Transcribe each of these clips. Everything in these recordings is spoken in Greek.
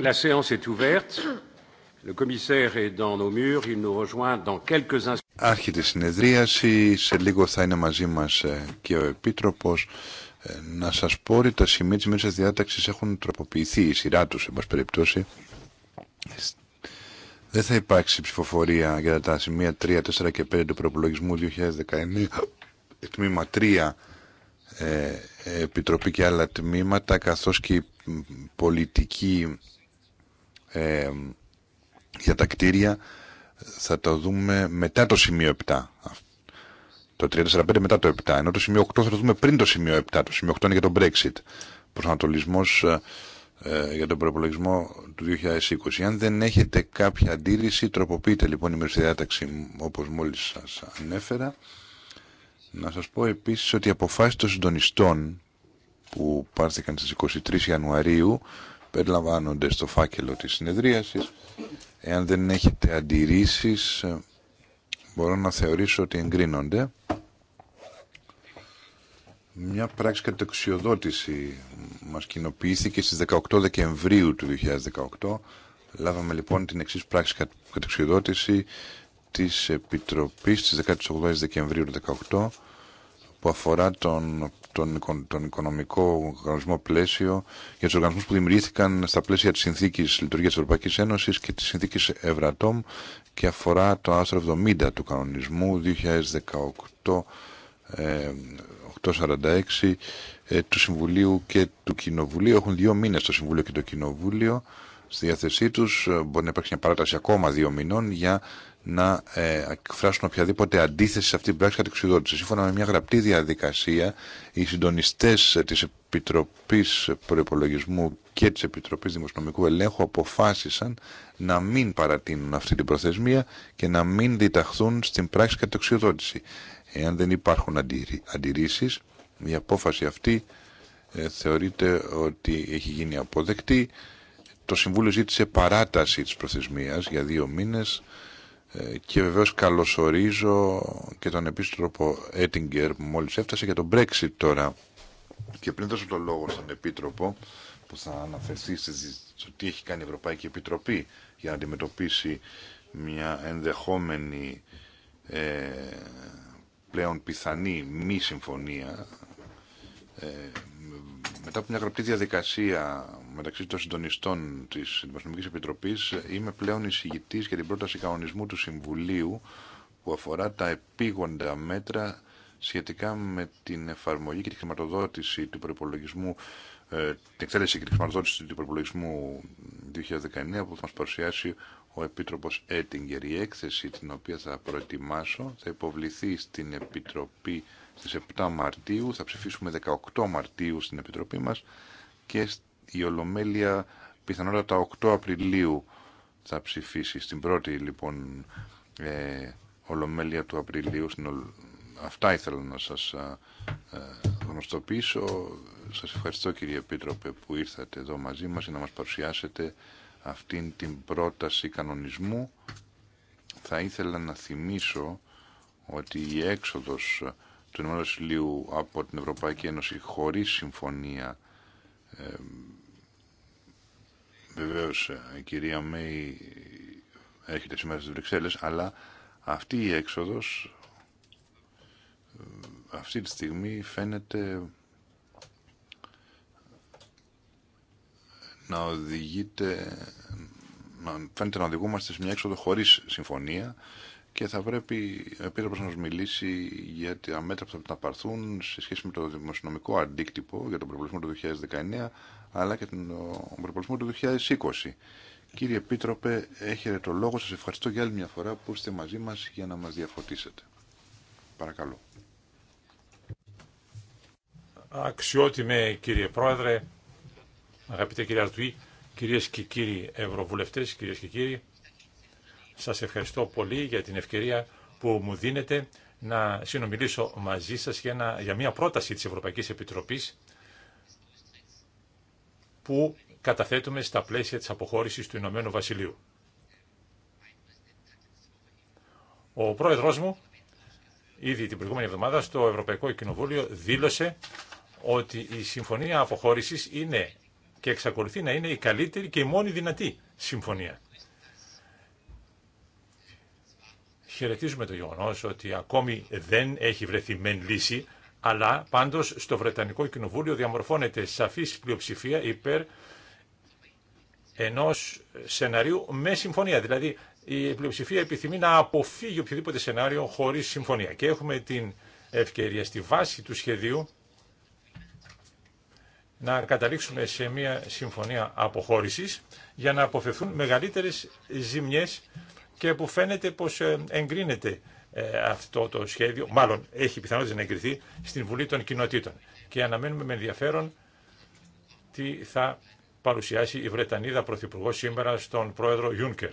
La séance est ouverte. Le commissaire est dans nos murs. Il nous rejoint dans quelques instants. Άρχεται η συνεδρίαση. Σε λίγο θα είναι μαζί μας ε, και ο Επίτροπος. Ε, να σας πω ότι τα σημεία της Μέσης διάταξης έχουν τροποποιηθεί η σειρά τους, εν πάση περιπτώσει. Δεν θα υπάρξει ψηφοφορία για τα σημεία 3, 4 και 5 του προπολογισμού 2019. Τμήμα 3 ε, Επιτροπή και άλλα τμήματα καθώς και η πολιτική ε, για τα κτίρια θα το δούμε μετά το σημείο 7. Το 345 μετά το 7. Ενώ το σημείο 8 θα το δούμε πριν το σημείο 7. Το σημείο 8 είναι για τον Brexit. Προσανατολισμό ε, ε, για τον προπολογισμό του 2020. Αν δεν έχετε κάποια αντίρρηση, τροποποιείτε λοιπόν η διάταξη όπω μόλι σα ανέφερα. Να σα πω επίση ότι οι αποφάσει των συντονιστών που πάρθηκαν στι 23 Ιανουαρίου περιλαμβάνονται στο φάκελο της συνεδρίασης. Εάν δεν έχετε αντιρρήσεις, ε, μπορώ να θεωρήσω ότι εγκρίνονται. Μια πράξη κατεξιοδότηση μας κοινοποιήθηκε στις 18 Δεκεμβρίου του 2018. Λάβαμε λοιπόν την εξής πράξη κατεξιοδότηση της Επιτροπής στις 18 Δεκεμβρίου του 2018 που αφορά τον, τον, τον οικονομικό οργανισμό πλαίσιο για του οργανισμού που δημιουργήθηκαν στα πλαίσια τη συνθήκη λειτουργία τη Ευρωπαϊκή Ένωση και τη συνθήκη Ευρατόμ και αφορά το άρθρο 70 του κανονισμού 2018. 846 ε, ε, του Συμβουλίου και του Κοινοβουλίου. Έχουν δύο μήνες το Συμβούλιο και το Κοινοβούλιο στη διάθεσή τους. Ε, μπορεί να υπάρξει μια παράταση ακόμα δύο μηνών για να ε, εκφράσουν οποιαδήποτε αντίθεση σε αυτή την πράξη κατεξουδότηση. Σύμφωνα με μια γραπτή διαδικασία, οι συντονιστέ τη Επιτροπή Προπολογισμού και τη Επιτροπή Δημοσιονομικού Ελέγχου αποφάσισαν να μην παρατείνουν αυτή την προθεσμία και να μην διταχθούν στην πράξη κατεξουδότηση. Εάν δεν υπάρχουν αντιρρήσει, η απόφαση αυτή ε, θεωρείται ότι έχει γίνει αποδεκτή. Το Συμβούλιο ζήτησε παράταση της προθεσμίας για δύο μήνες ε, και βεβαίως καλωσορίζω και τον επίστροπο Έτιγκερ που μόλις έφτασε για τον Brexit τώρα και πριν δώσω το λόγο στον επίτροπο που θα αναφερθεί σε τι έχει κάνει η Ευρωπαϊκή Επιτροπή για να αντιμετωπίσει μια ενδεχόμενη ε, πλέον πιθανή μη συμφωνία ε, μετά από μια γραπτή διαδικασία μεταξύ των συντονιστών τη Δημοσιονομική Επιτροπή είμαι πλέον εισηγητή για την πρόταση κανονισμού του Συμβουλίου που αφορά τα επίγοντα μέτρα σχετικά με την εφαρμογή και τη χρηματοδότηση του προπολογισμού ε, την εκτέλεση και τη χρηματοδότηση του προπολογισμού 2019 που θα μα παρουσιάσει ο Επίτροπος Έτιγκερ. Η έκθεση την οποία θα προετοιμάσω θα υποβληθεί στην Επιτροπή στις 7 Μαρτίου, θα ψηφίσουμε 18 Μαρτίου στην Επιτροπή μας και η Ολομέλεια πιθανότατα 8 Απριλίου θα ψηφίσει στην πρώτη λοιπόν ε, Ολομέλεια του Απριλίου αυτά ήθελα να σας ε, ε, γνωστοποιήσω σας ευχαριστώ κύριε Επίτροπε που ήρθατε εδώ μαζί μας για να μας παρουσιάσετε αυτήν την πρόταση κανονισμού θα ήθελα να θυμίσω ότι η έξοδος του Ηνωμένου από την Ευρωπαϊκή Ένωση χωρίς συμφωνία Βεβαίω, βεβαίως ε, η κυρία Μέη έρχεται σήμερα στις Βρυξέλλες, αλλά αυτή η έξοδος ε, αυτή τη στιγμή φαίνεται να οδηγείται να φαίνεται να οδηγούμαστε σε μια έξοδο χωρίς συμφωνία και θα πρέπει επίτροπος να μας μιλήσει για τα μέτρα που θα να παρθούν σε σχέση με το δημοσιονομικό αντίκτυπο για τον προπολισμό του 2019 αλλά και τον προπολισμό του 2020. Κύριε Επίτροπε, έχετε το λόγο. Σας ευχαριστώ για άλλη μια φορά που είστε μαζί μας για να μας διαφωτίσετε. Παρακαλώ. Αξιότιμε κύριε Πρόεδρε, αγαπητέ κύριε Αρτουή, κυρίες και κύριοι Ευρωβουλευτές, κυρίες και κύριοι, σας ευχαριστώ πολύ για την ευκαιρία που μου δίνετε να συνομιλήσω μαζί σας για, μια πρόταση της Ευρωπαϊκής Επιτροπής που καταθέτουμε στα πλαίσια της αποχώρησης του Ηνωμένου Βασιλείου. Ο πρόεδρος μου ήδη την προηγούμενη εβδομάδα στο Ευρωπαϊκό Κοινοβούλιο δήλωσε ότι η συμφωνία αποχώρησης είναι και εξακολουθεί να είναι η καλύτερη και η μόνη δυνατή συμφωνία. χαιρετίζουμε το γεγονό ότι ακόμη δεν έχει βρεθεί μεν λύση, αλλά πάντως στο Βρετανικό Κοινοβούλιο διαμορφώνεται σαφής πλειοψηφία υπέρ ενός σενάριου με συμφωνία. Δηλαδή η πλειοψηφία επιθυμεί να αποφύγει οποιοδήποτε σενάριο χωρίς συμφωνία. Και έχουμε την ευκαιρία στη βάση του σχεδίου να καταλήξουμε σε μια συμφωνία αποχώρησης για να αποφευθούν μεγαλύτερες ζημιές και που φαίνεται πως ε, εγκρίνεται ε, αυτό το σχέδιο, μάλλον έχει πιθανότητα να εγκριθεί στην Βουλή των Κοινοτήτων. Και αναμένουμε με ενδιαφέρον τι θα παρουσιάσει η Βρετανίδα Πρωθυπουργό σήμερα στον πρόεδρο Γιούνκερ.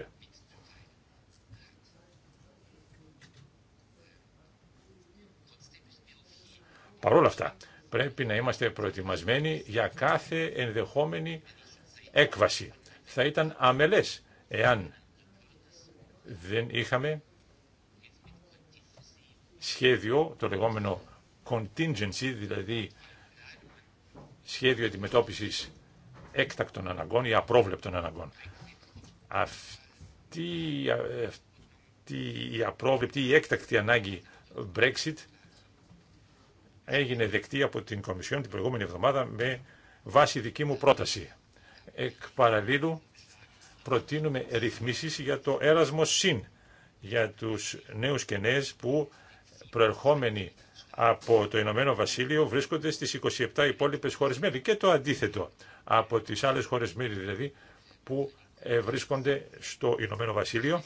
Παρ' όλα αυτά, πρέπει να είμαστε προετοιμασμένοι για κάθε ενδεχόμενη έκβαση. Θα ήταν αμελές εάν δεν είχαμε σχέδιο, το λεγόμενο contingency, δηλαδή σχέδιο αντιμετώπισης έκτακτων αναγκών ή απρόβλεπτων αναγκών. Αυτή, αυτή η απρόβλεπτη η έκτακτη ανάγκη Brexit έγινε δεκτή από την Κομισιόν την προηγούμενη εβδομάδα με βάση δική μου πρόταση. Εκ προτείνουμε ρυθμίσεις για το έρασμο συν, για τους νέους και νέες που προερχόμενοι από το Ηνωμένο Βασίλειο βρίσκονται στις 27 υπόλοιπες χώρες μέλη και το αντίθετο από τις άλλες χώρες μέλη δηλαδή που ε, βρίσκονται στο Ηνωμένο Βασίλειο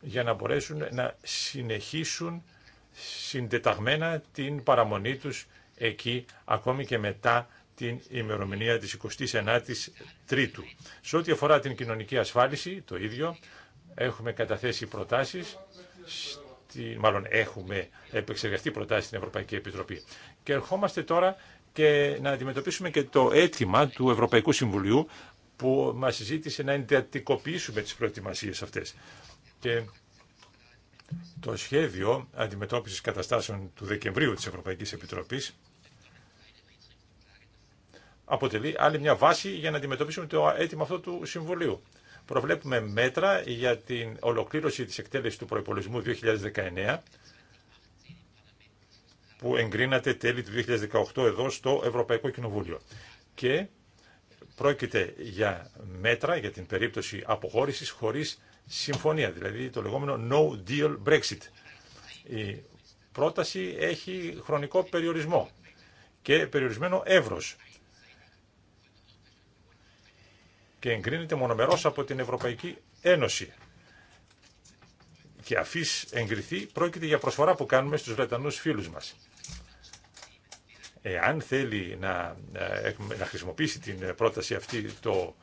για να μπορέσουν να συνεχίσουν συντεταγμένα την παραμονή τους εκεί ακόμη και μετά την ημερομηνία της 29ης Τρίτου. Σε ό,τι αφορά την κοινωνική ασφάλιση, το ίδιο, έχουμε καταθέσει προτάσεις, στη, μάλλον έχουμε επεξεργαστεί προτάσεις στην Ευρωπαϊκή Επιτροπή. Και ερχόμαστε τώρα και να αντιμετωπίσουμε και το αίτημα του Ευρωπαϊκού Συμβουλίου που μας ζήτησε να εντατικοποιήσουμε τις προετοιμασίες αυτές. Και το σχέδιο αντιμετώπισης καταστάσεων του Δεκεμβρίου της Ευρωπαϊκής Επιτροπής αποτελεί άλλη μια βάση για να αντιμετωπίσουμε το αίτημα αυτό του Συμβουλίου. Προβλέπουμε μέτρα για την ολοκλήρωση της εκτέλεσης του προϋπολογισμού 2019 που εγκρίνατε τέλη του 2018 εδώ στο Ευρωπαϊκό Κοινοβούλιο. Και πρόκειται για μέτρα για την περίπτωση αποχώρησης χωρίς συμφωνία, δηλαδή το λεγόμενο no deal Brexit. Η πρόταση έχει χρονικό περιορισμό και περιορισμένο εύρος και εγκρίνεται μονομερός από την Ευρωπαϊκή Ένωση. Και αφής εγκριθεί πρόκειται για προσφορά που κάνουμε στους Βρετανούς φίλους μας. Εάν θέλει να, ε, χρησιμοποιήσει την πρόταση αυτή το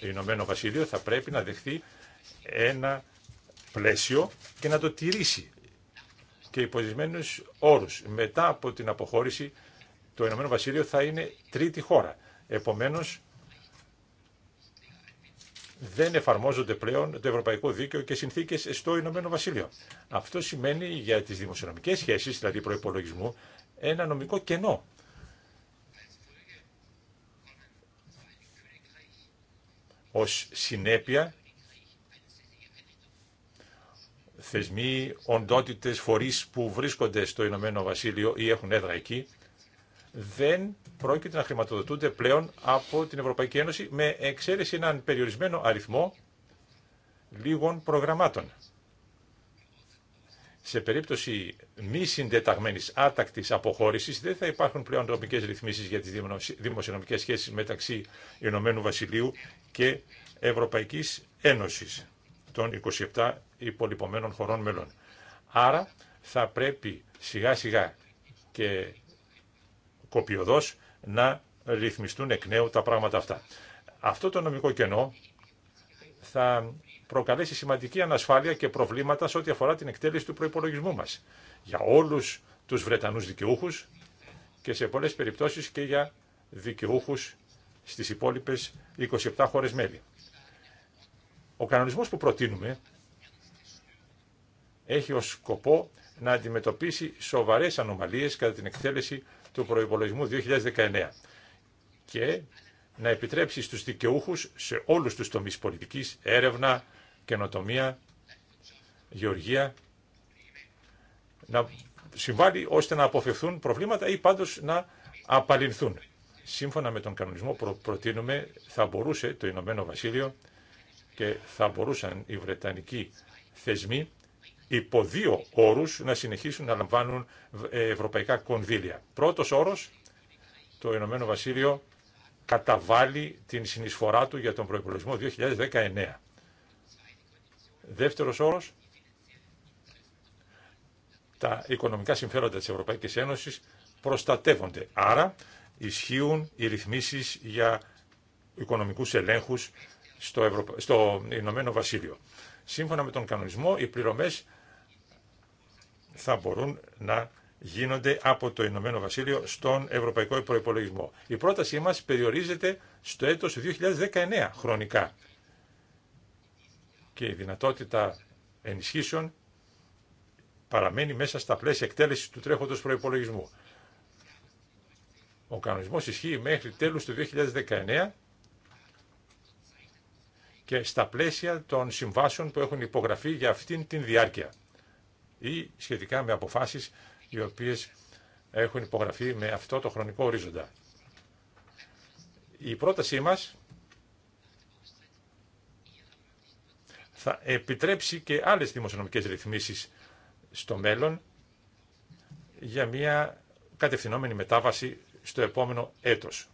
Ηνωμένο Βασίλειο θα πρέπει να δεχθεί ένα πλαίσιο και να το τηρήσει και υπορισμένους όρους. Μετά από την αποχώρηση το Ηνωμένο Βασίλειο θα είναι τρίτη χώρα. Επομένως δεν εφαρμόζονται πλέον το ευρωπαϊκό δίκαιο και συνθήκες στο Ηνωμένο Βασίλειο. Αυτό σημαίνει για τις δημοσιονομικές σχέσει, δηλαδή προπολογισμού, ένα νομικό κενό. Ως συνέπεια, θεσμοί, οντότητες, φορεί που βρίσκονται στο Ηνωμένο Βασίλειο ή έχουν έδρα εκεί, δεν πρόκειται να χρηματοδοτούνται πλέον από την Ευρωπαϊκή Ένωση με εξαίρεση έναν περιορισμένο αριθμό λίγων προγραμμάτων. Σε περίπτωση μη συντεταγμένη άτακτη αποχώρηση, δεν θα υπάρχουν πλέον νομικέ ρυθμίσει για τι δημοσιονομικέ σχέσει μεταξύ Ηνωμένου Βασιλείου και Ευρωπαϊκή Ένωση των 27 υπολοιπωμένων χωρών μελών. Άρα θα πρέπει σιγά σιγά και να ρυθμιστούν εκ νέου τα πράγματα αυτά. Αυτό το νομικό κενό θα προκαλέσει σημαντική ανασφάλεια και προβλήματα σε ό,τι αφορά την εκτέλεση του προϋπολογισμού μας. Για όλους τους Βρετανούς δικαιούχου και σε πολλές περιπτώσεις και για δικαιούχου στις υπόλοιπε 27 χώρε μέλη. Ο κανονισμός που προτείνουμε έχει ως σκοπό να αντιμετωπίσει σοβαρές ανομαλίες κατά την εκτέλεση του προϋπολογισμού 2019 και να επιτρέψει στους δικαιούχους σε όλους τους τομείς πολιτικής, έρευνα, καινοτομία, γεωργία, να συμβάλλει ώστε να αποφευθούν προβλήματα ή πάντως να απαλληλθούν. Σύμφωνα με τον κανονισμό που προτείνουμε, θα μπορούσε το Ηνωμένο Βασίλειο και θα μπορούσαν οι Βρετανικοί θεσμοί υπό δύο όρους να συνεχίσουν να λαμβάνουν ε, ευρωπαϊκά κονδύλια. Πρώτος όρο, το Ηνωμένο Βασίλειο καταβάλει την συνεισφορά του για τον προϋπολογισμό 2019. Δεύτερος όρο, τα οικονομικά συμφέροντα της Ευρωπαϊκής Ένωσης προστατεύονται. Άρα ισχύουν οι ρυθμίσει για οικονομικούς ελέγχους στο, στο Ηνωμένο Βασίλειο. Σύμφωνα με τον κανονισμό, οι πληρωμές θα μπορούν να γίνονται από το Ηνωμένο Βασίλειο στον Ευρωπαϊκό Προπολογισμό. Η πρότασή μας περιορίζεται στο έτος 2019 χρονικά και η δυνατότητα ενισχύσεων παραμένει μέσα στα πλαίσια εκτέλεσης του τρέχοντος προϋπολογισμού. Ο κανονισμός ισχύει μέχρι τέλους του 2019 και στα πλαίσια των συμβάσεων που έχουν υπογραφεί για αυτήν την διάρκεια ή σχετικά με αποφάσεις οι οποίες έχουν υπογραφεί με αυτό το χρονικό ορίζοντα. Η πρότασή μας θα επιτρέψει και άλλες δημοσιονομικές ρυθμίσεις στο μέλλον για μια κατευθυνόμενη μετάβαση στο επόμενο έτος.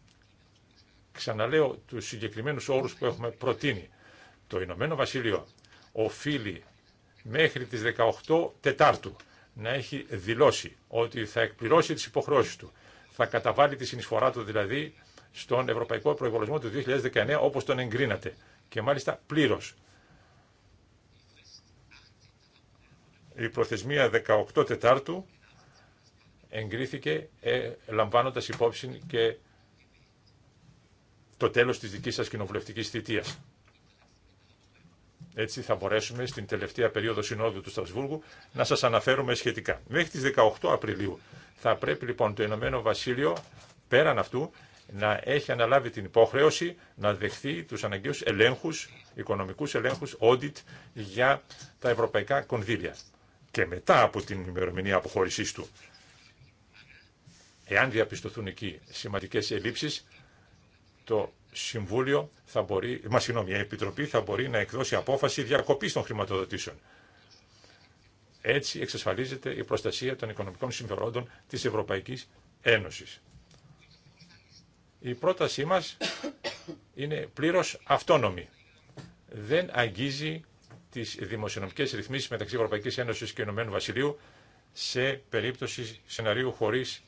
Ξαναλέω τους συγκεκριμένους όρους που έχουμε προτείνει. Το Ηνωμένο Βασίλειο οφείλει μέχρι τις 18 Τετάρτου να έχει δηλώσει ότι θα εκπληρώσει τις υποχρεώσεις του. Θα καταβάλει τη συνεισφορά του δηλαδή στον Ευρωπαϊκό Προϋπολογισμό του 2019 όπως τον εγκρίνατε και μάλιστα πλήρως. Η προθεσμία 18 Τετάρτου εγκρίθηκε ε, λαμβάνοντας υπόψη και το τέλος της δικής σας κοινοβουλευτικής θητείας. Έτσι θα μπορέσουμε στην τελευταία περίοδο συνόδου του Στρασβούργου να σας αναφέρουμε σχετικά. Μέχρι τις 18 Απριλίου θα πρέπει λοιπόν το Ηνωμένο Βασίλειο πέραν αυτού να έχει αναλάβει την υποχρέωση να δεχθεί τους αναγκαίους ελέγχους, οικονομικούς ελέγχους, audit για τα ευρωπαϊκά κονδύλια. Και μετά από την ημερομηνία αποχώρησή του, εάν διαπιστωθούν εκεί σημαντικές ελλείψεις, το Συμβούλιο θα μα η Επιτροπή θα μπορεί να εκδώσει απόφαση διακοπή των χρηματοδοτήσεων. Έτσι εξασφαλίζεται η προστασία των οικονομικών συμφερόντων της Ευρωπαϊκής Ένωσης. Η πρότασή μα είναι πλήρω αυτόνομη. Δεν αγγίζει τις δημοσιονομικές ρυθμίσεις μεταξύ Ευρωπαϊκής Ένωσης και Ηνωμένου Βασιλείου σε περίπτωση σεναρίου χωρίς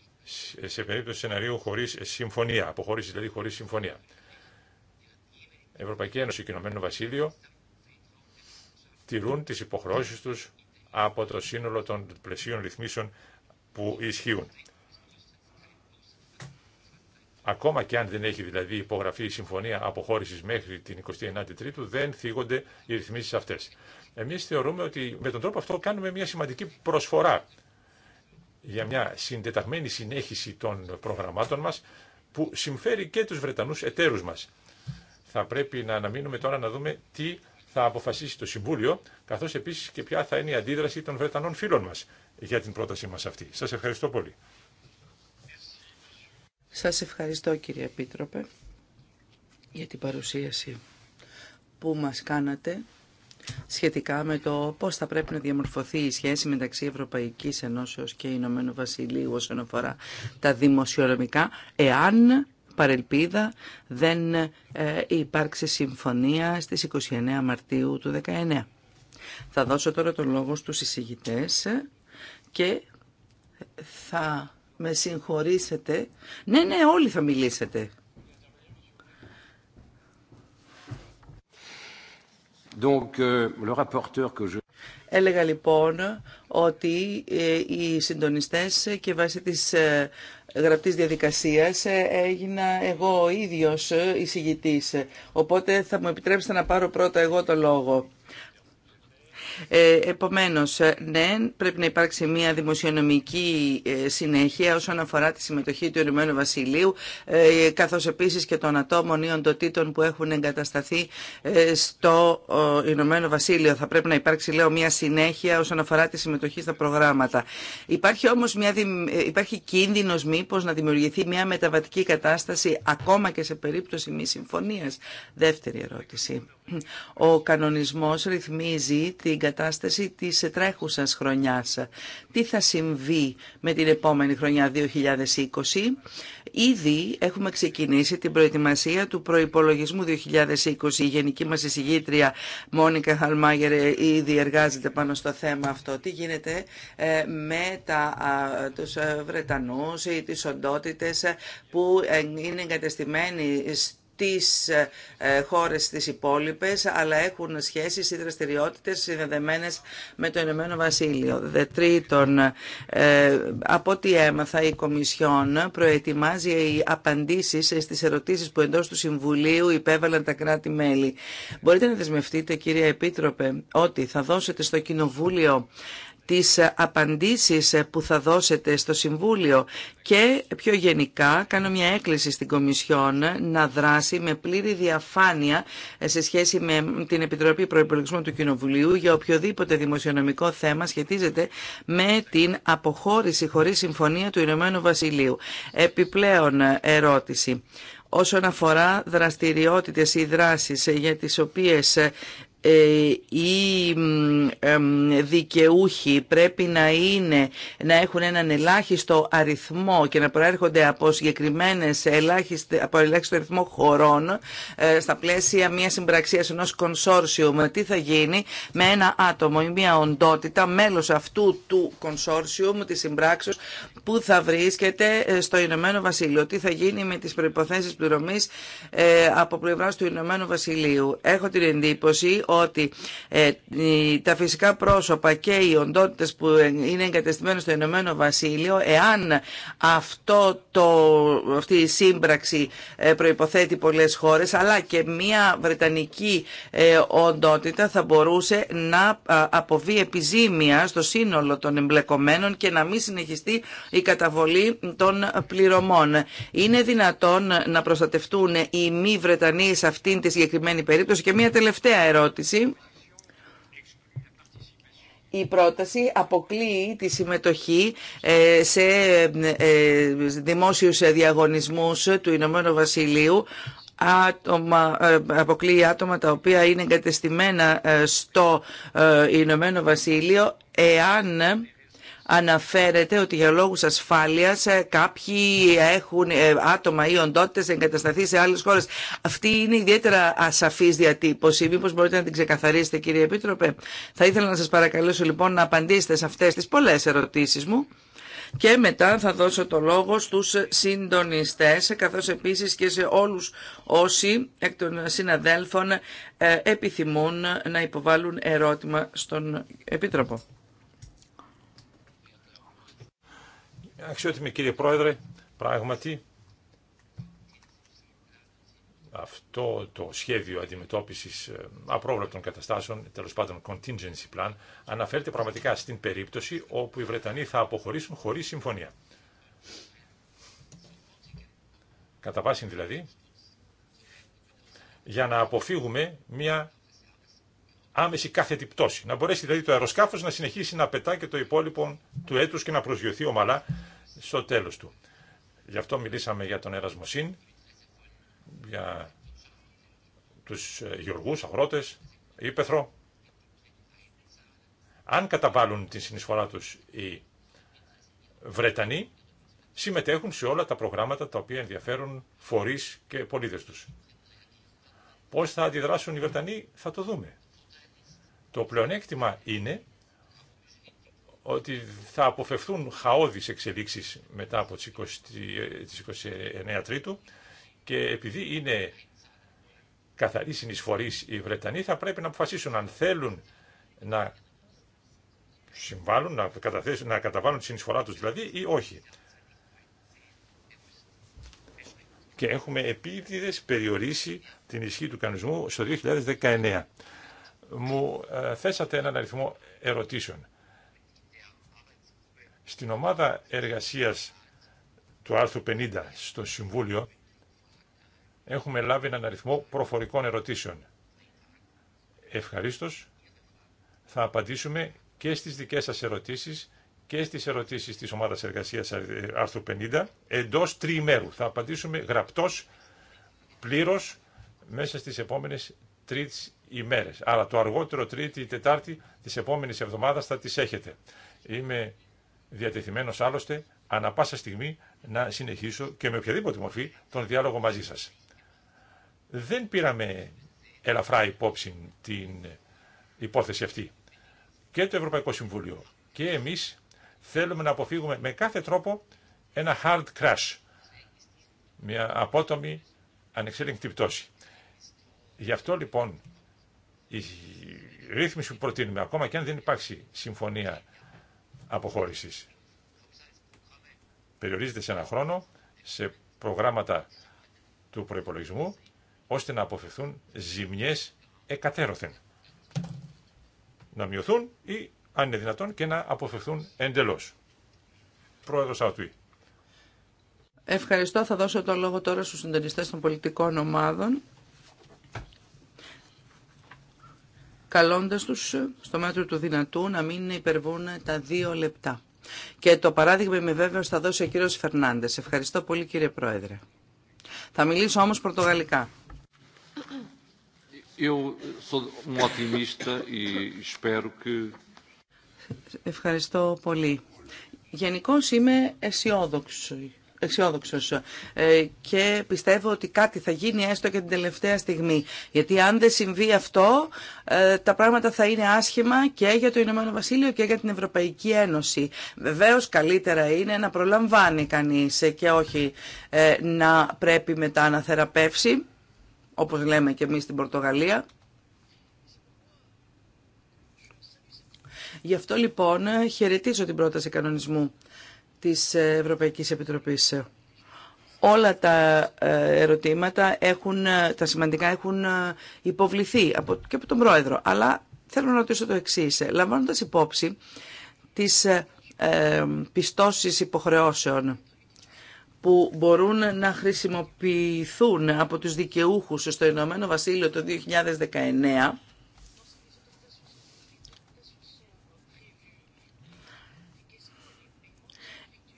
σε περίπτωση σεναρίου χωρίς συμφωνία, δηλαδή χωρίς συμφωνία. Ευρωπαϊκή Ένωση και Ηνωμένο Βασίλειο τηρούν τις υποχρεώσεις τους από το σύνολο των πλαισίων ρυθμίσεων που ισχύουν. Ακόμα και αν δεν έχει δηλαδή υπογραφεί η συμφωνία αποχώρησης μέχρι την 29η Τρίτου, δεν θίγονται οι ρυθμίσεις αυτές. Εμείς θεωρούμε ότι με τον τρόπο αυτό κάνουμε μια σημαντική προσφορά για μια συντεταγμένη συνέχιση των προγραμμάτων μας που συμφέρει και τους Βρετανούς εταίρους μας θα πρέπει να αναμείνουμε τώρα να δούμε τι θα αποφασίσει το Συμβούλιο, καθώ επίση και ποια θα είναι η αντίδραση των Βρετανών φίλων μα για την πρότασή μα αυτή. Σα ευχαριστώ πολύ. Σα ευχαριστώ κύριε Επίτροπε για την παρουσίαση που μας κάνατε σχετικά με το πώς θα πρέπει να διαμορφωθεί η σχέση μεταξύ Ευρωπαϊκής Ενώσεως και Ηνωμένου Βασιλείου όσον αφορά τα δημοσιονομικά, εάν παρελπίδα δεν ε, υπάρξει συμφωνία στις 29 Μαρτίου του 19. Θα δώσω τώρα το λόγο στους εισηγητές και θα με συγχωρήσετε. Ναι, ναι, όλοι θα μιλήσετε. Donc, euh, le rapporteur que je... Έλεγα λοιπόν ότι ε, οι συντονιστές και βάσει της ε, γραπτής διαδικασίας ε, έγινα εγώ ο ίδιος εισηγητής. Οπότε θα μου επιτρέψετε να πάρω πρώτα εγώ το λόγο. Ε, επομένως, ε, ναι, πρέπει να υπάρξει μια δημοσιονομική ε, συνέχεια όσον αφορά τη συμμετοχή του Ηνωμένου Βασιλείου, καθώς επίσης και των ατόμων ή οντοτήτων που έχουν εγκατασταθεί στο Ηνωμένο Βασίλειο. Θα πρέπει να υπάρξει, λέω, μια συνέχεια όσον αφορά τη συμμετοχή στα προγράμματα. Υπάρχει όμως μια, υπάρχει κίνδυνος μήπως να δημιουργηθεί μια μεταβατική κατάσταση ακόμα και σε περίπτωση μη συμφωνίας. Δεύτερη ερώτηση. Ο κανονισμός ρυθμίζει την κατάσταση της τρέχουσας χρονιάς. Τι θα συμβεί με την επόμενη χρονιά 2020. Ήδη έχουμε ξεκινήσει την προετοιμασία του προϋπολογισμού 2020. Η γενική μας εισηγήτρια Μόνικα Χαλμάγερ ήδη εργάζεται πάνω στο θέμα αυτό. Τι γίνεται ε, με τα, τους ε, Βρετανούς ή τις οντότητες που ε, είναι εγκατεστημένοι τις ε, χώρες τις υπόλοιπες, αλλά έχουν σχέσεις ή δραστηριότητες συνδεδεμένες με το Ηνωμένο Βασίλειο. Δε τρίτον, από ό,τι έμαθα η Κομισιόν προετοιμάζει οι απαντήσεις στις ερωτήσεις που εντός του Συμβουλίου υπέβαλαν τα κράτη-μέλη. Μπορείτε να δεσμευτείτε, κυρία Επίτροπε, ότι θα δώσετε στο Κοινοβούλιο τις απαντήσεις που θα δώσετε στο Συμβούλιο και πιο γενικά κάνω μια έκκληση στην Κομισιόν να δράσει με πλήρη διαφάνεια σε σχέση με την Επιτροπή Προϋπολογισμού του Κοινοβουλίου για οποιοδήποτε δημοσιονομικό θέμα σχετίζεται με την αποχώρηση χωρίς συμφωνία του Ηνωμένου Βασιλείου. Επιπλέον ερώτηση όσον αφορά δραστηριότητες ή δράσεις για τις οποίες ε, οι δικαιούχοι πρέπει να, είναι, να έχουν έναν ελάχιστο αριθμό και να προέρχονται από συγκεκριμένες ελάχιστε, από ελάχιστο αριθμό χωρών ε, στα πλαίσια μια συμπραξία ενό κονσόρσιου. Τι θα γίνει με ένα άτομο ή μια οντότητα μέλος αυτού του κονσόρσιου τη συμπράξεως που θα βρίσκεται ε, στο Ηνωμένο Βασίλειο. Τι θα γίνει με τις προϋποθέσεις πληρωμής από πλευράς του Ηνωμένου Βασιλείου. Έχω την εντύπωση ότι ε, τα φυσικά πρόσωπα και οι οντότητες που είναι εγκατεστημένοι στο Ηνωμένο Βασίλειο, εάν αυτό το, αυτή η σύμπραξη ε, προϋποθέτει πολλές χώρες, αλλά και μια βρετανική ε, οντότητα θα μπορούσε να αποβεί επιζήμια στο σύνολο των εμπλεκομένων και να μην συνεχιστεί η καταβολή των πληρωμών. Είναι δυνατόν να προστατευτούν οι μη Βρετανοί σε αυτήν τη συγκεκριμένη περίπτωση. Και μια τελευταία ερώτηση η πρόταση αποκλείει τη συμμετοχή ε, σε ε, δημόσιους διαγωνισμούς του Ηνωμένου Βασιλείου άτομα, ε, αποκλείει άτομα τα οποία είναι εγκατεστημένα στο Ηνωμένο Βασίλειο εάν αναφέρεται ότι για λόγου ασφάλεια, ε, κάποιοι έχουν ε, άτομα ή οντότητε εγκατασταθεί σε άλλε χώρε. Αυτή είναι ιδιαίτερα ασαφή διατύπωση. μήπω μπορείτε να την ξεκαθαρίσετε κύριε Επίτροπε. Θα ήθελα να σα παρακαλέσω λοιπόν να απαντήσετε σε αυτές τις πολλές ερωτήσεις μου. Και μετά θα δώσω το λόγο στους συντονιστές, καθώς επίσης και σε όλους όσοι εκ των συναδέλφων ε, επιθυμούν να υποβάλουν ερώτημα στον Επίτροπο. Αξιότιμη κύριε Πρόεδρε, πράγματι αυτό το σχέδιο αντιμετώπισης ε, απρόβλεπτων καταστάσεων, τέλος πάντων contingency plan, αναφέρεται πραγματικά στην περίπτωση όπου οι Βρετανοί θα αποχωρήσουν χωρίς συμφωνία. Κατά βάση δηλαδή, για να αποφύγουμε μια άμεση κάθετη πτώση. Να μπορέσει δηλαδή το αεροσκάφο να συνεχίσει να πετά και το υπόλοιπο του έτου και να προσγειωθεί ομαλά στο τέλο του. Γι' αυτό μιλήσαμε για τον Ερασμοσύν, για του ε, γεωργού, αγρότε, Ήπεθρο. Αν καταβάλουν την συνεισφορά του οι Βρετανοί, συμμετέχουν σε όλα τα προγράμματα τα οποία ενδιαφέρουν φορείς και πολίτες τους. Πώς θα αντιδράσουν οι Βρετανοί θα το δούμε. Το πλεονέκτημα είναι ότι θα αποφευθούν χαόδεις εξελίξεις μετά από τις 29 ε, Τρίτου και επειδή είναι καθαρή συνεισφορής οι Βρετανοί θα πρέπει να αποφασίσουν αν θέλουν να συμβάλλουν, να, καταθέσουν, να καταβάλουν τη συνεισφορά τους δηλαδή ή όχι. Και έχουμε επίτηδες περιορίσει την ισχύ του κανονισμού στο 2019 μου ε, θέσατε έναν αριθμό ερωτήσεων. Στην ομάδα εργασίας του άρθρου 50 στο Συμβούλιο έχουμε λάβει έναν αριθμό προφορικών ερωτήσεων. Ευχαρίστως θα απαντήσουμε και στις δικές σας ερωτήσεις και στις ερωτήσεις της ομάδας εργασίας ε, άρθρου 50 εντός τριημέρου. Θα απαντήσουμε γραπτός, πλήρως, μέσα στις επόμενες Τρίτη ημέρες. Άρα το αργότερο τρίτη ή τετάρτη της επόμενης εβδομάδας θα τις έχετε. Είμαι διατεθειμένος άλλωστε ανα πάσα στιγμή να συνεχίσω και με οποιαδήποτε μορφή τον διάλογο μαζί σας. Δεν πήραμε ελαφρά υπόψη την υπόθεση αυτή. Και το Ευρωπαϊκό Συμβούλιο και εμείς θέλουμε να αποφύγουμε με κάθε τρόπο ένα hard crash, μια απότομη ανεξέλεγκτη πτώση. Γι' αυτό λοιπόν η ρύθμιση που προτείνουμε, ακόμα και αν δεν υπάρξει συμφωνία αποχώρησης, περιορίζεται σε ένα χρόνο, σε προγράμματα του προϋπολογισμού, ώστε να αποφευθούν ζημιές εκατέρωθεν. Να μειωθούν ή, αν είναι δυνατόν, και να αποφευθούν εντελώς. Πρόεδρος Αουτουή. Ευχαριστώ. Θα δώσω το λόγο τώρα στους συντονιστές των πολιτικών ομάδων. καλώντας τους ε, στο μέτρο του δυνατού να μην υπερβούν τα δύο λεπτά. Και το παράδειγμα είμαι βέβαιος θα δώσει ο κύριος Φερνάντες. Ευχαριστώ πολύ κύριε Πρόεδρε. Θα μιλήσω όμως πορτογαλικά. Um e Ευχαριστώ πολύ. Γενικώ είμαι αισιόδοξη ε, και πιστεύω ότι κάτι θα γίνει έστω και την τελευταία στιγμή. Γιατί αν δεν συμβεί αυτό, ε, τα πράγματα θα είναι άσχημα και για το Ηνωμένο Βασίλειο και για την Ευρωπαϊκή Ένωση. Βεβαίω καλύτερα είναι να προλαμβάνει κανείς και όχι ε, να πρέπει μετά να θεραπεύσει, όπως λέμε και εμεί στην Πορτογαλία. Γι' αυτό λοιπόν χαιρετίζω την πρόταση κανονισμού της Ευρωπαϊκής Επιτροπής. Όλα τα ε, ερωτήματα έχουν, τα σημαντικά έχουν ε, υποβληθεί από, και από τον Πρόεδρο. Αλλά θέλω να ρωτήσω το εξής. Λαμβάνοντας υπόψη τις ε, πιστώσεις υποχρεώσεων που μπορούν να χρησιμοποιηθούν από τους δικαιούχους στο Ηνωμένο Βασίλειο το 2019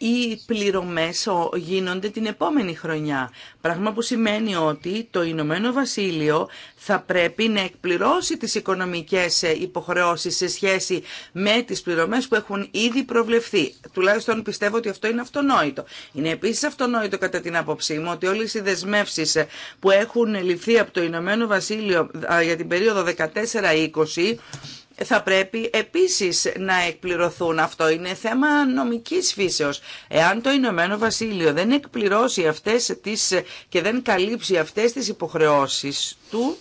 οι πληρωμές γίνονται την επόμενη χρονιά. Πράγμα που σημαίνει ότι το Ηνωμένο Βασίλειο θα πρέπει να εκπληρώσει τις οικονομικές ε, υποχρεώσεις σε σχέση με τις πληρωμές που έχουν ήδη προβλεφθεί. Τουλάχιστον πιστεύω ότι αυτό είναι αυτονόητο. Είναι επίσης αυτονόητο κατά την άποψή μου ότι όλες οι δεσμεύσεις ε, που έχουν ληφθεί από το Ηνωμένο Βασίλειο για την περίοδο 14-20 θα πρέπει επίσης να εκπληρωθούν. Αυτό είναι θέμα νομικής φύσεως. Εάν το Ηνωμένο Βασίλειο δεν εκπληρώσει αυτές τις και δεν καλύψει αυτές τις υποχρεώσεις του,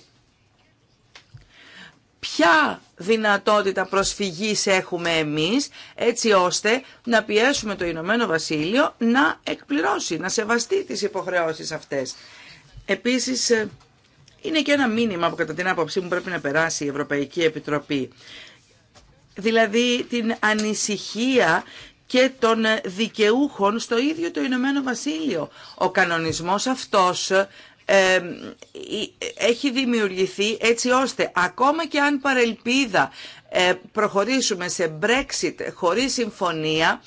ποια δυνατότητα προσφυγής έχουμε εμείς έτσι ώστε να πιέσουμε το Ηνωμένο Βασίλειο να εκπληρώσει, να σεβαστεί τις υποχρεώσεις αυτές. Επίσης, ε, είναι και ένα μήνυμα που κατά την άποψή μου πρέπει να περάσει η Ευρωπαϊκή Επιτροπή. Δηλαδή την ανησυχία και των δικαιούχων στο ίδιο το Ηνωμένο Βασίλειο. Ο κανονισμός αυτός ε, ε, έχει δημιουργηθεί έτσι ώστε ακόμα και αν παρελπίδα ε, προχωρήσουμε σε Brexit χωρίς συμφωνία,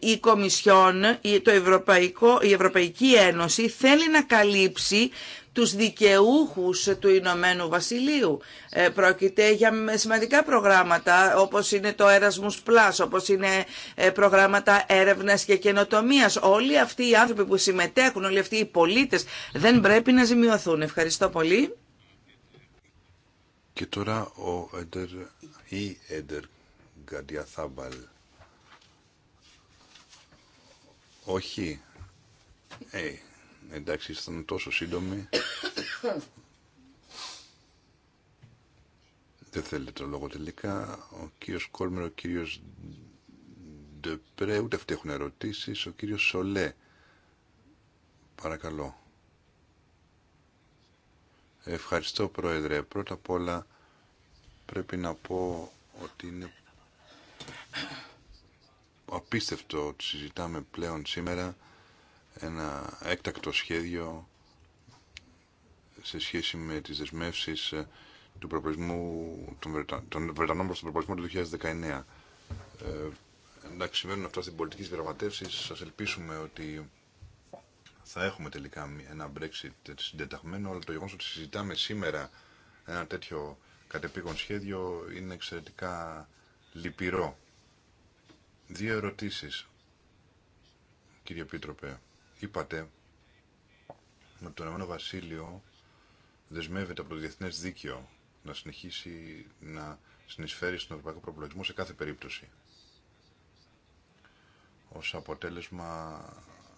η Κομισιόν, το Ευρωπαϊκό, η Ευρωπαϊκή Ένωση θέλει να καλύψει τους δικαιούχους του Ηνωμένου Βασιλείου. Ε, πρόκειται για σημαντικά προγράμματα όπως είναι το Erasmus Plus, όπως είναι ε, προγράμματα έρευνας και καινοτομίας. Όλοι αυτοί οι άνθρωποι που συμμετέχουν, όλοι αυτοί οι πολίτες δεν πρέπει να ζημιωθούν. Ευχαριστώ πολύ. Και τώρα ο Έντερ ή Έντερ Γκαντιαθάμπαλ. Όχι. Hey. Ε, Εντάξει, ήσασταν τόσο σύντομη; Δεν θέλετε το λόγο τελικά. Ο κύριος Κόλμερ, ο κύριος Ντεπρέ, ούτε αυτοί έχουν ερωτήσεις. Ο κύριος Σολέ. Παρακαλώ. Ευχαριστώ Πρόεδρε. Πρώτα απ' όλα πρέπει να πω ότι είναι απίστευτο ότι συζητάμε πλέον σήμερα ένα έκτακτο σχέδιο σε σχέση με τις δεσμεύσεις ε, του προπολισμού των, Βρετα... των Βρετανών προς τον προπολισμό του 2019. Ε, εντάξει, σημαίνουν αυτά στην πολιτική διαπραγματεύση. Σας ελπίσουμε ότι θα έχουμε τελικά ένα Brexit συντεταγμένο, αλλά το γεγονός ότι συζητάμε σήμερα ένα τέτοιο κατεπήγον σχέδιο είναι εξαιρετικά λυπηρό. Δύο ερωτήσεις, κύριε Πίτροπε είπατε ότι το Ηνωμένο Βασίλειο δεσμεύεται από το διεθνές δίκαιο να συνεχίσει να συνεισφέρει στον ευρωπαϊκό προπολογισμό σε κάθε περίπτωση. Ως αποτέλεσμα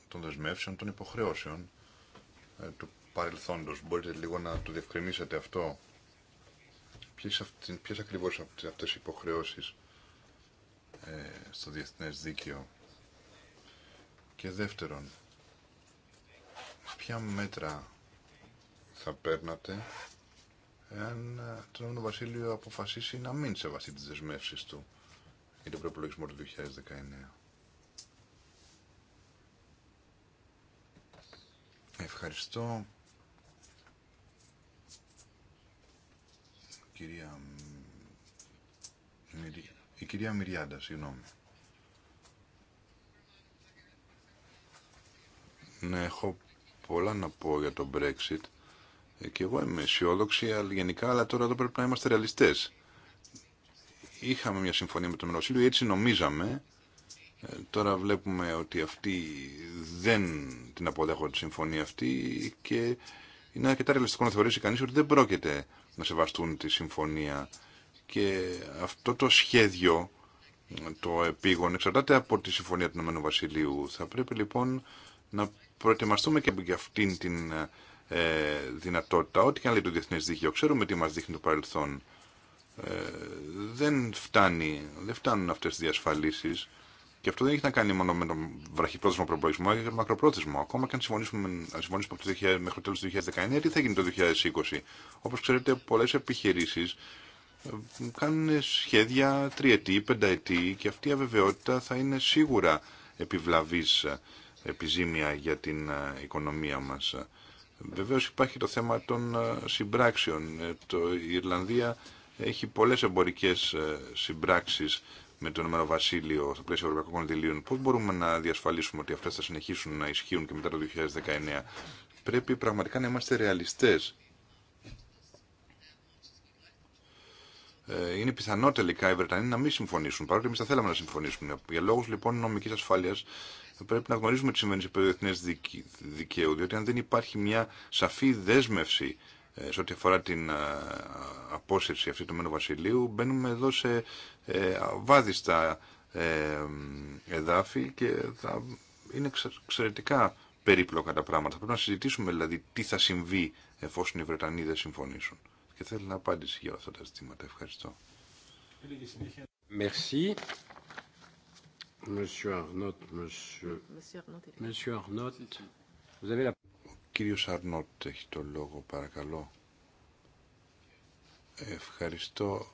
των δεσμεύσεων, των υποχρεώσεων ε, του παρελθόντος. Μπορείτε λίγο να το διευκρινίσετε αυτό. Ποιες, ποιες ακριβώς αυτές οι υποχρεώσεις ε, στο διεθνές δίκαιο. Και δεύτερον, ποια μέτρα θα παίρνατε εάν το Ηνωμένο Βασίλειο αποφασίσει να μην σεβαστεί τις δεσμεύσεις του για τον προπολογισμό του 2019. Ευχαριστώ κυρία η κυρία Μυριάντα, συγγνώμη. Ναι, έχω πολλά να πω για το Brexit. Ε, και εγώ είμαι αισιόδοξη αλλά γενικά, αλλά τώρα εδώ πρέπει να είμαστε ρεαλιστές. Είχαμε μια συμφωνία με το Μεροσύλλο, έτσι νομίζαμε. Ε, τώρα βλέπουμε ότι αυτοί δεν την αποδέχονται τη συμφωνία αυτή και είναι αρκετά ρεαλιστικό να θεωρήσει κανείς ότι δεν πρόκειται να σεβαστούν τη συμφωνία. Και αυτό το σχέδιο, το επίγον, εξαρτάται από τη συμφωνία του Ηνωμένου Βασιλείου. Θα πρέπει λοιπόν να προετοιμαστούμε και για αυτήν την ε, δυνατότητα, ό,τι και αν λέει το διεθνέ δίκαιο. Ξέρουμε τι μα δείχνει το παρελθόν. Ε, δεν, φτάνει, δεν φτάνουν αυτέ τι διασφαλίσει. Και αυτό δεν έχει να κάνει μόνο με τον βραχυπρόθεσμο προπολογισμό, αλλά και με τον μακροπρόθεσμο. Ακόμα και αν συμφωνήσουμε, αν συμφωνήσουμε το 2000, μέχρι το τέλο του 2019, τι θα γίνει το 2020. Όπω ξέρετε, πολλέ επιχειρήσει ε, κάνουν σχέδια τριετή, πενταετή και αυτή η αβεβαιότητα θα είναι σίγουρα επιβλαβής επιζήμια για την ε, οικονομία μας. Βεβαίως υπάρχει το θέμα των ε, συμπράξεων. Ε, το, η Ιρλανδία έχει πολλές εμπορικές συμπράξεις με το Ηνωμένο Βασίλειο στο πλαίσιο Ευρωπαϊκών Κονδυλίων. Πώς μπορούμε να διασφαλίσουμε ότι αυτές θα συνεχίσουν να ισχύουν και μετά το 2019. Πρέπει πραγματικά να είμαστε ρεαλιστές. Είναι πιθανό τελικά οι Βρετανοί να μην συμφωνήσουν, παρότι εμεί θα θέλαμε να συμφωνήσουμε. Για λόγου λοιπόν νομική ασφάλεια θα πρέπει να γνωρίζουμε τι σημαίνει σε δικαίου, διότι αν δεν υπάρχει μια σαφή δέσμευση ε, σε ό,τι αφορά την ε, απόσυρση αυτή του Μένου Βασιλείου, μπαίνουμε εδώ σε ε, βάδιστα εδάφη και θα είναι εξαιρετικά περίπλοκα τα πράγματα. Θα πρέπει να συζητήσουμε δηλαδή τι θα συμβεί εφόσον οι Βρετανοί δεν συμφωνήσουν. Και θέλω να απάντηση για αυτά τα ζητήματα. Ευχαριστώ. Merci. Ο κύριος Αρνότ έχει το λόγο, παρακαλώ. Ευχαριστώ.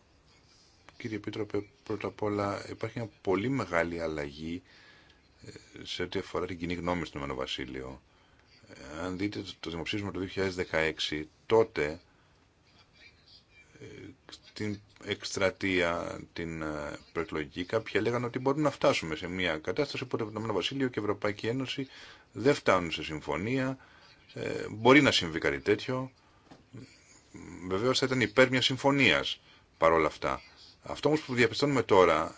Κύριε Επίτροπε, πρώτα απ' όλα υπάρχει μια πολύ μεγάλη αλλαγή ε, σε ό,τι αφορά την κοινή γνώμη στον Μενοβασίλειο. Ε, αν δείτε το δημοψήφισμα του 2016, τότε την εκστρατεία την ε, προεκλογική. Κάποιοι έλεγαν ότι μπορούμε να φτάσουμε σε μια κατάσταση που το Ευρωπαϊκό Βασίλειο και η Ευρωπαϊκή Ένωση δεν φτάνουν σε συμφωνία. Ε, μπορεί να συμβεί κάτι τέτοιο. Βεβαίω θα ήταν υπέρ μια συμφωνία παρόλα αυτά. Αυτό όμω που διαπιστώνουμε τώρα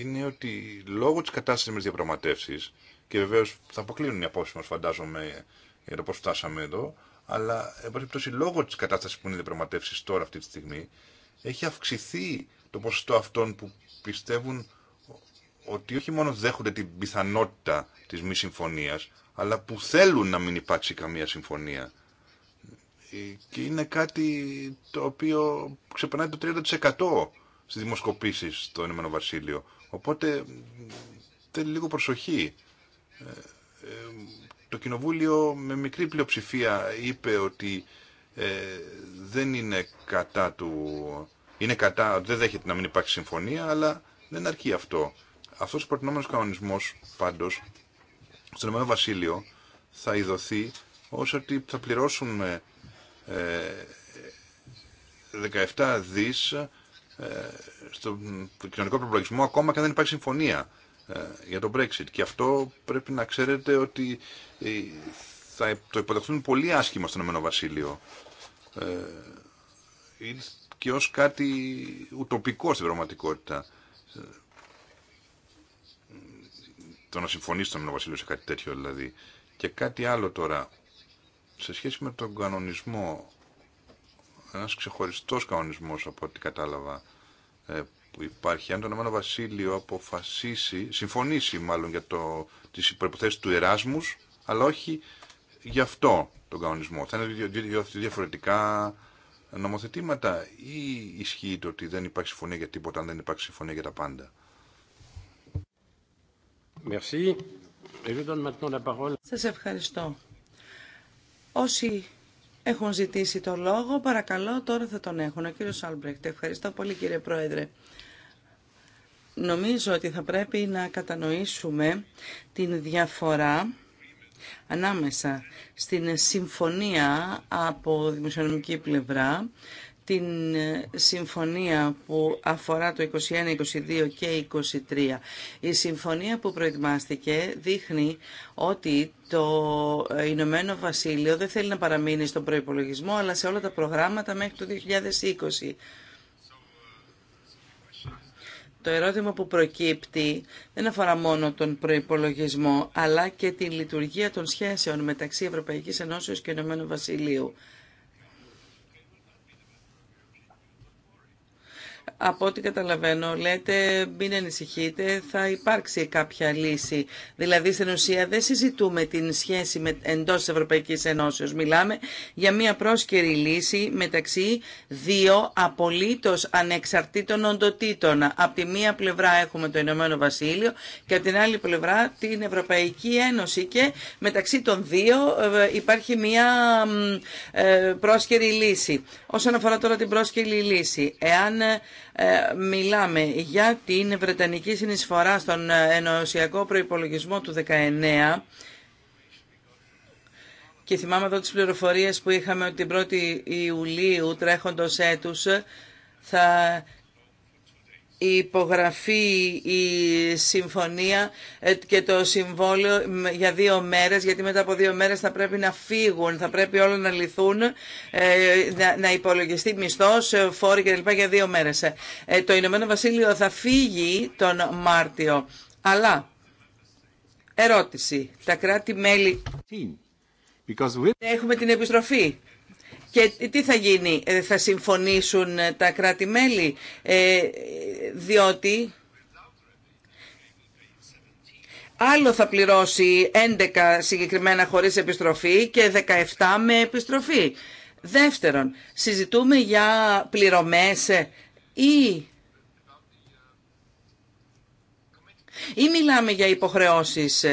είναι ότι λόγω τη κατάσταση με τι διαπραγματεύσει και βεβαίω θα αποκλίνουν οι απόψει μα, φαντάζομαι, για το πώ φτάσαμε εδώ, αλλά εν πάση λόγω τη κατάσταση που είναι διαπραγματεύσει τώρα αυτή τη στιγμή, έχει αυξηθεί το ποσοστό αυτών που πιστεύουν ότι όχι μόνο δέχονται την πιθανότητα της μη συμφωνία, αλλά που θέλουν να μην υπάρξει καμία συμφωνία. Ε, και είναι κάτι το οποίο ξεπερνάει το 30% στι δημοσκοπήσεις στο Ηνωμένο Βασίλειο. Οπότε θέλει λίγο προσοχή. Ε, ε, το Κοινοβούλιο με μικρή πλειοψηφία είπε ότι ε, δεν είναι κατά του... Είναι κατά, δεν δέχεται να μην υπάρχει συμφωνία, αλλά δεν αρκεί αυτό. Αυτός ο προτινόμενος κανονισμός, πάντως, στο Ηνωμένο Βασίλειο θα ειδωθεί όσο ότι θα πληρώσουν ε, 17 δις ε, στο κοινωνικό προπολογισμό ακόμα και αν δεν υπάρχει συμφωνία. Ε, για το Brexit. Και αυτό πρέπει να ξέρετε ότι ε, θα το υποδεχθούν πολύ άσχημα στον Ηνωμένο Βασίλειο. Ε, και ως κάτι ουτοπικό στην πραγματικότητα. Το να συμφωνεί στον Ηνωμένο Βασίλειο σε κάτι τέτοιο δηλαδή. Και κάτι άλλο τώρα. Σε σχέση με τον κανονισμό, ένας ξεχωριστός κανονισμός από ό,τι κατάλαβα, που υπάρχει. Αν το Ηνωμένο Βασίλειο αποφασίσει, συμφωνήσει μάλλον για το, τις προϋποθέσεις του Εράσμους, αλλά όχι γι' αυτό τον κανονισμό. Θα είναι διαφορετικά νομοθετήματα ή ισχύει το ότι δεν υπάρχει συμφωνία για τίποτα αν δεν υπάρχει συμφωνία για τα πάντα. Σας ευχαριστώ. Όσοι έχουν ζητήσει το λόγο. Παρακαλώ, τώρα θα τον έχουν. Ο κύριος Άλμπρεχτ, ευχαριστώ πολύ κύριε Πρόεδρε. Νομίζω ότι θα πρέπει να κατανοήσουμε την διαφορά ανάμεσα στην συμφωνία από δημοσιονομική πλευρά την ε, συμφωνία που αφορά το 21, 22 και 23. Η συμφωνία που προετοιμάστηκε δείχνει ότι το ε, Ηνωμένο Βασίλειο δεν θέλει να παραμείνει στον προϋπολογισμό, αλλά σε όλα τα προγράμματα μέχρι το 2020. Το ερώτημα που προκύπτει δεν αφορά μόνο τον προϋπολογισμό, αλλά και τη λειτουργία των σχέσεων μεταξύ Ευρωπαϊκής Ενώσεως και Ηνωμένου Βασιλείου. Από ό,τι καταλαβαίνω, λέτε μην ανησυχείτε, θα υπάρξει κάποια λύση. Δηλαδή, στην ουσία δεν συζητούμε την σχέση με, εντός της Ευρωπαϊκής Μιλάμε για μια πρόσκαιρη λύση μεταξύ δύο απολύτως ανεξαρτήτων οντοτήτων. Από τη μία πλευρά έχουμε το Ηνωμένο Βασίλειο και από την άλλη πλευρά την Ευρωπαϊκή Ένωση και μεταξύ των δύο ε, υπάρχει μια ε, πρόσκαιρη λύση. Όσον αφορά τώρα την πρόσκαιρη λύση, εάν ε, μιλάμε για την Βρετανική συνεισφορά στον ε, ενωσιακό προϋπολογισμό του 19 και θυμάμαι εδώ τις πληροφορίες που είχαμε ότι την 1η Ιουλίου τρέχοντος έτους θα η υπογραφή, η συμφωνία ε, και το συμβόλαιο για δύο μέρες, γιατί μετά από δύο μέρες θα πρέπει να φύγουν, θα πρέπει όλα να λυθούν, ε, να υπολογιστεί μισθός, ε, φόροι κλπ. για δύο μέρες. Το Ηνωμένο Βασίλειο θα φύγει τον Μάρτιο, αλλά ερώτηση, τα κράτη-μέλη... Έχουμε την επιστροφή και τι θα γίνει, ε, θα συμφωνήσουν ε, τα κράτη-μέλη, ε, διότι... Άλλο θα πληρώσει 11 συγκεκριμένα χωρίς επιστροφή και 17 με επιστροφή. Δεύτερον, συζητούμε για πληρωμές ή... ή μιλάμε για υποχρεώσεις.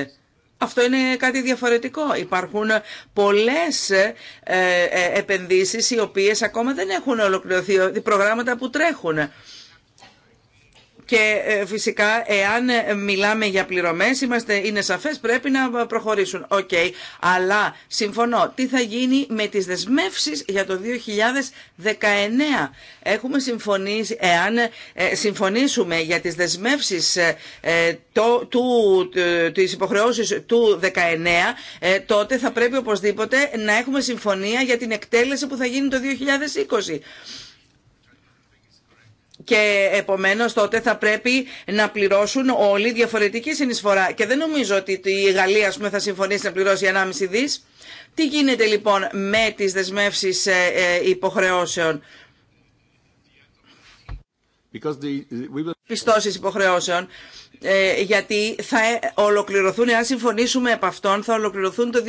Αυτό είναι κάτι διαφορετικό. Υπάρχουν πολλές ε, ε, ε, επενδύσεις οι οποίες ακόμα δεν έχουν ολοκληρωθεί, προγράμματα που τρέχουν και ε, φυσικά εάν ε, μιλάμε για πληρωμές είμαστε, είναι σαφές πρέπει να ε, προχωρήσουν. Οκ, αλλά συμφωνώ τι θα γίνει με τις δεσμεύσεις για το 2019. Έχουμε συμφωνήσει, εάν συμφωνήσουμε για τις δεσμεύσεις το, του, 2019, τις υποχρεώσεις του 2019, τότε θα πρέπει οπωσδήποτε να έχουμε συμφωνία για την εκτέλεση που θα γίνει το 2020 και επομένως τότε θα πρέπει να πληρώσουν όλοι διαφορετική συνεισφορά. Και δεν νομίζω ότι η Γαλλία πούμε, θα συμφωνήσει να πληρώσει 1,5 δις. Τι γίνεται λοιπόν με τις δεσμεύσεις ε, ε, υποχρεώσεων. Πιστώσεις υποχρεώσεων. Ε, γιατί θα ολοκληρωθούν, εάν συμφωνήσουμε από αυτόν, θα ολοκληρωθούν το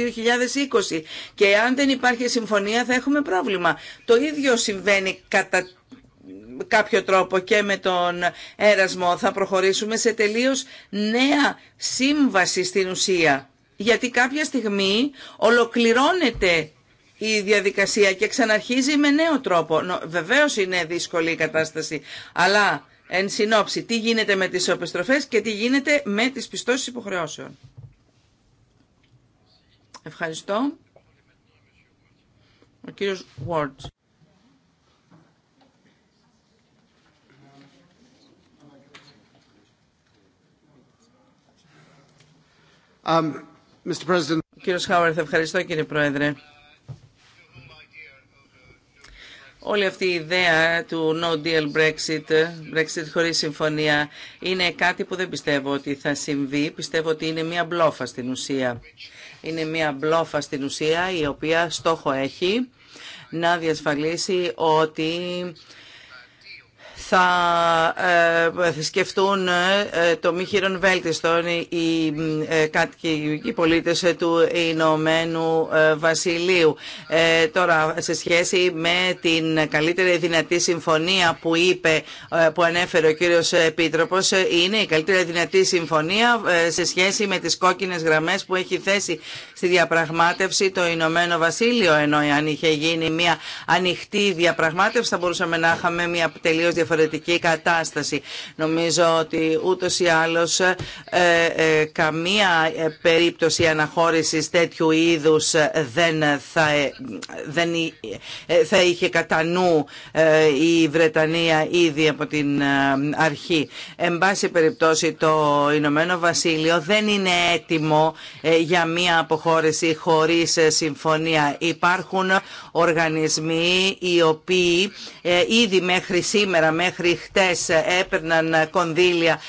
2020. Και αν δεν υπάρχει συμφωνία θα έχουμε πρόβλημα. Το ίδιο συμβαίνει κατά κάποιο τρόπο και με τον έρασμο θα προχωρήσουμε σε τελείως νέα σύμβαση στην ουσία. Γιατί κάποια στιγμή ολοκληρώνεται η διαδικασία και ξαναρχίζει με νέο τρόπο. Βεβαίως είναι δύσκολη η κατάσταση, αλλά εν συνόψη τι γίνεται με τις επιστροφές και τι γίνεται με τις πιστώσεις υποχρεώσεων. Ευχαριστώ. Um, Mr. ευχαριστώ κύριε Πρόεδρε. Όλη αυτή η ιδέα του no deal Brexit, Brexit χωρίς συμφωνία, είναι κάτι που δεν πιστεύω ότι θα συμβεί. Πιστεύω ότι είναι μια μπλόφα στην ουσία. Είναι μια μπλόφα στην ουσία η οποία στόχο έχει να διασφαλίσει ότι ε, θα σκεφτούν ε, ε, το μη χειρον βέλτιστον οι κάτοικοι οι πολίτες του Ηνωμένου Βασιλείου. Τώρα, σε σχέση με την καλύτερη δυνατή συμφωνία που είπε, που ανέφερε ο κύριος Επίτροπος, είναι η καλύτερη δυνατή συμφωνία σε σχέση με τις κόκκινες γραμμές που έχει θέσει στη διαπραγμάτευση το Ηνωμένο Βασίλειο, ενώ αν είχε γίνει μια ανοιχτή διαπραγμάτευση θα μπορούσαμε να είχαμε μια τελείως διαφορετική διαφορετική κατάσταση. Νομίζω ότι ούτως ή άλλως ε, ε, καμία ε, περίπτωση αναχώρησης τέτοιου είδους δεν θα, δεν, θα είχε κατά νου η Βρετανία ήδη από την αρχή. Εν πάση περιπτώσει το Ηνωμένο Βασίλειο δεν είναι έτοιμο για μία αποχώρηση χωρίς συμφωνία. Υπάρχουν οργανισμοί οι οποίοι ήδη μέχρι σήμερα, μέχρι χτες έπαιρναν κονδύλια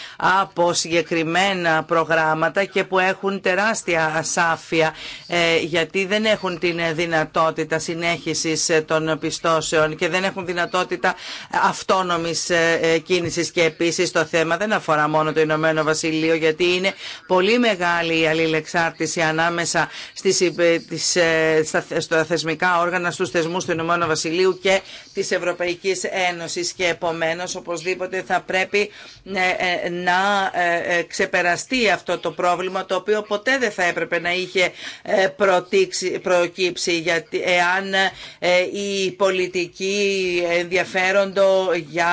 από συγκεκριμένα προγράμματα και που έχουν τεράστια ασάφεια ε, γιατί δεν έχουν την δυνατότητα συνέχισης των πιστώσεων και δεν έχουν δυνατότητα αυτόνομης ε, ε, κίνησης και επίσης το θέμα δεν αφορά μόνο το Ηνωμένο Βασιλείο γιατί είναι πολύ μεγάλη η αλληλεξάρτηση ανάμεσα στις, στα, στα θεσμικά όργανα, στους θεσμούς του Ηνωμένου Βασιλείου και της Ευρωπαϊκής Ένωσης και ενώ οπωσδήποτε θα πρέπει ε, ε, να ε, ξεπεραστεί αυτό το πρόβλημα το οποίο ποτέ δεν θα έπρεπε να είχε προκύψει γιατί εάν οι πολιτικοί ενδιαφέροντο για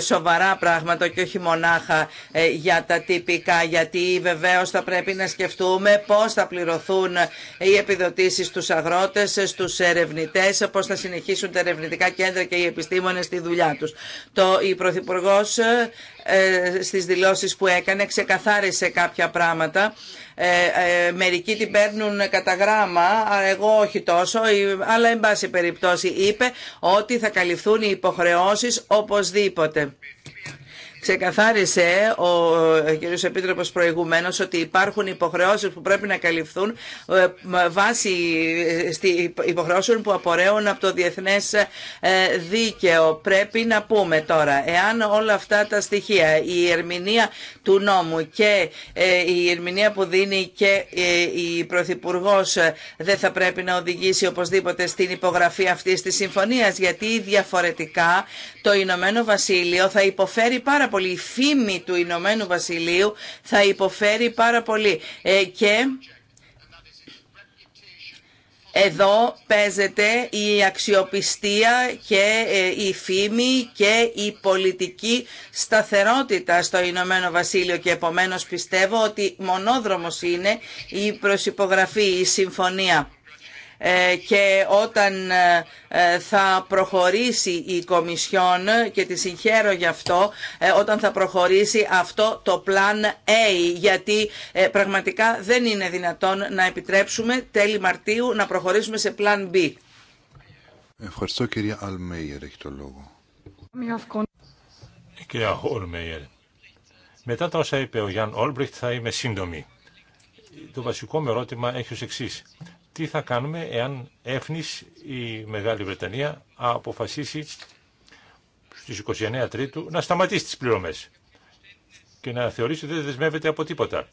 σοβαρά πράγματα και όχι μονάχα για τα τυπικά γιατί βεβαίως θα πρέπει να σκεφτούμε πώς θα πληρωθούν οι επιδοτήσεις στους αγρότες, στους ερευνητές, πώς θα συνεχίσουν τα ερευνητικά κέντρα και οι επιστήμονες στη το, η Πρωθυπουργό ε, ε, στις δηλώσεις που έκανε ξεκαθάρισε κάποια πράγματα. Ε, ε μερικοί την παίρνουν κατά γράμμα, εγώ όχι τόσο, αλλά εν πάση περιπτώσει είπε ότι θα καλυφθούν οι υποχρεώσεις οπωσδήποτε. Ξεκαθάρισε ο ε, κ. Επίτροπος προηγουμένως ότι υπάρχουν υποχρεώσεις που πρέπει να καλυφθούν ε, βάσει υποχρεώσεων που απορρέουν από το διεθνές ε, δίκαιο. Πρέπει να πούμε τώρα, εάν όλα αυτά τα στοιχεία, η ερμηνεία του νόμου και η ερμηνεία που δίνει και η Πρωθυπουργό δεν θα πρέπει να οδηγήσει οπωσδήποτε στην υπογραφή αυτή τη συμφωνία, γιατί διαφορετικά το Ηνωμένο Βασίλειο θα υποφέρει πάρα πολύ. Η φήμη του Ηνωμένου Βασιλείου θα υποφέρει πάρα πολύ. Ε, και εδώ παίζεται η αξιοπιστία και ε, η φήμη και η πολιτική σταθερότητα στο Ηνωμένο Βασίλειο και επομένως πιστεύω ότι μονόδρομος είναι η προσυπογραφή, η συμφωνία. Ε, και όταν ε, ε, θα προχωρήσει η Κομισιόν και τη συγχαίρω γι' αυτό όταν θα προχωρήσει αυτό το Plan A γιατί πραγματικά δεν είναι δυνατόν να επιτρέψουμε τέλη Μαρτίου να προχωρήσουμε σε Plan B. Ευχαριστώ κυρία Αλμέιερ έχει το λόγο. Κυρία μετά τα όσα είπε ο Γιάνν Όλμπριχτ θα είμαι σύντομη. Το βασικό μου ερώτημα έχει ως εξής τι θα κάνουμε εάν έφνης η Μεγάλη Βρετανία αποφασίσει στις 29 Τρίτου να σταματήσει τις πληρωμές και να θεωρήσει ότι δεν δεσμεύεται από τίποτα.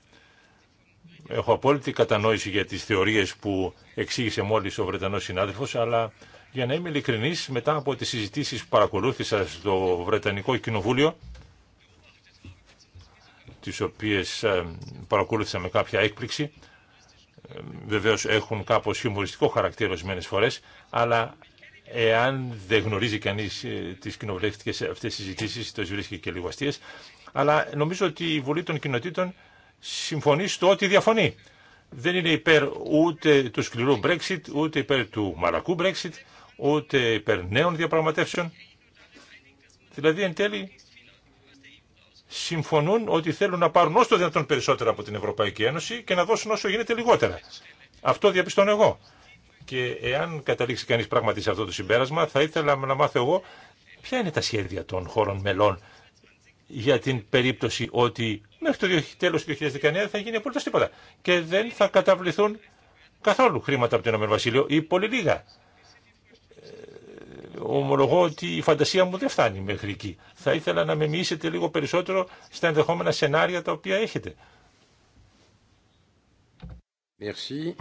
Έχω απόλυτη κατανόηση για τις θεωρίες που εξήγησε μόλις ο Βρετανός συνάδελφος, αλλά για να είμαι ειλικρινής, μετά από τις συζητήσεις που παρακολούθησα στο Βρετανικό Κοινοβούλιο, τις οποίες ε, παρακολούθησα με κάποια έκπληξη, Βεβαίω έχουν κάπω χιουμοριστικό χαρακτήρα ορισμένε φορέ, αλλά εάν δεν γνωρίζει κανεί ε, τι κοινοβουλευτικέ αυτέ συζητήσει, το βρίσκει και λίγο αστείε. αλλά νομίζω ότι η Βουλή των Κοινοτήτων συμφωνεί στο ότι διαφωνεί. Δεν είναι υπέρ ούτε του σκληρού Brexit, ούτε υπέρ του μαλακού Brexit, ούτε υπέρ νέων διαπραγματεύσεων. Δηλαδή, εν τέλει, συμφωνούν ότι θέλουν να πάρουν όσο το δυνατόν περισσότερα από την Ευρωπαϊκή Ένωση και να δώσουν όσο γίνεται λιγότερα. Αυτό διαπιστώνω εγώ. Και εάν καταλήξει κανεί πράγματι σε αυτό το συμπέρασμα, θα ήθελα να μάθω εγώ ποια είναι τα σχέδια των χώρων μελών για την περίπτωση ότι μέχρι το τέλο του 2019 θα γίνει απολύτω τίποτα και δεν θα καταβληθούν καθόλου χρήματα από το Ηνωμένο ή πολύ λίγα ομολογώ ότι η φαντασία μου δεν φτάνει μέχρι εκεί. Θα ήθελα να με μιλήσετε λίγο περισσότερο στα ενδεχόμενα σενάρια τα οποία έχετε. Merci.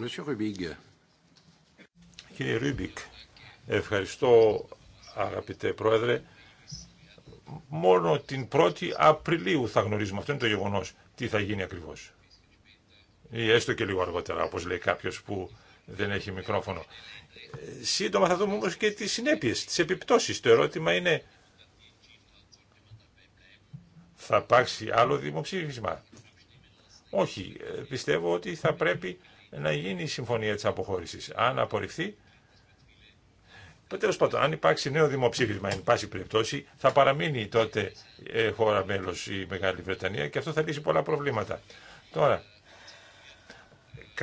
Monsieur Rubig. Κύριε Ρούμπικ, ευχαριστώ αγαπητέ Πρόεδρε. Μόνο την 1η Απριλίου θα γνωρίζουμε, αυτό είναι το γεγονός, τι θα γίνει ακριβώς. Ή έστω και λίγο αργότερα, όπως λέει κάποιος που δεν έχει μικρόφωνο. Σύντομα θα δούμε όμως και τις συνέπειες, τις επιπτώσεις. Το ερώτημα είναι θα υπάρξει άλλο δημοψήφισμα. Όχι, πιστεύω ότι θα πρέπει να γίνει η συμφωνία της αποχώρησης. Αν απορριφθεί, τελος πάντων, αν υπάρξει νέο δημοψήφισμα, εν πάση περιπτώσει, θα παραμείνει τότε ε, χώρα μέλος η Μεγάλη Βρετανία και αυτό θα λύσει πολλά προβλήματα. Τώρα,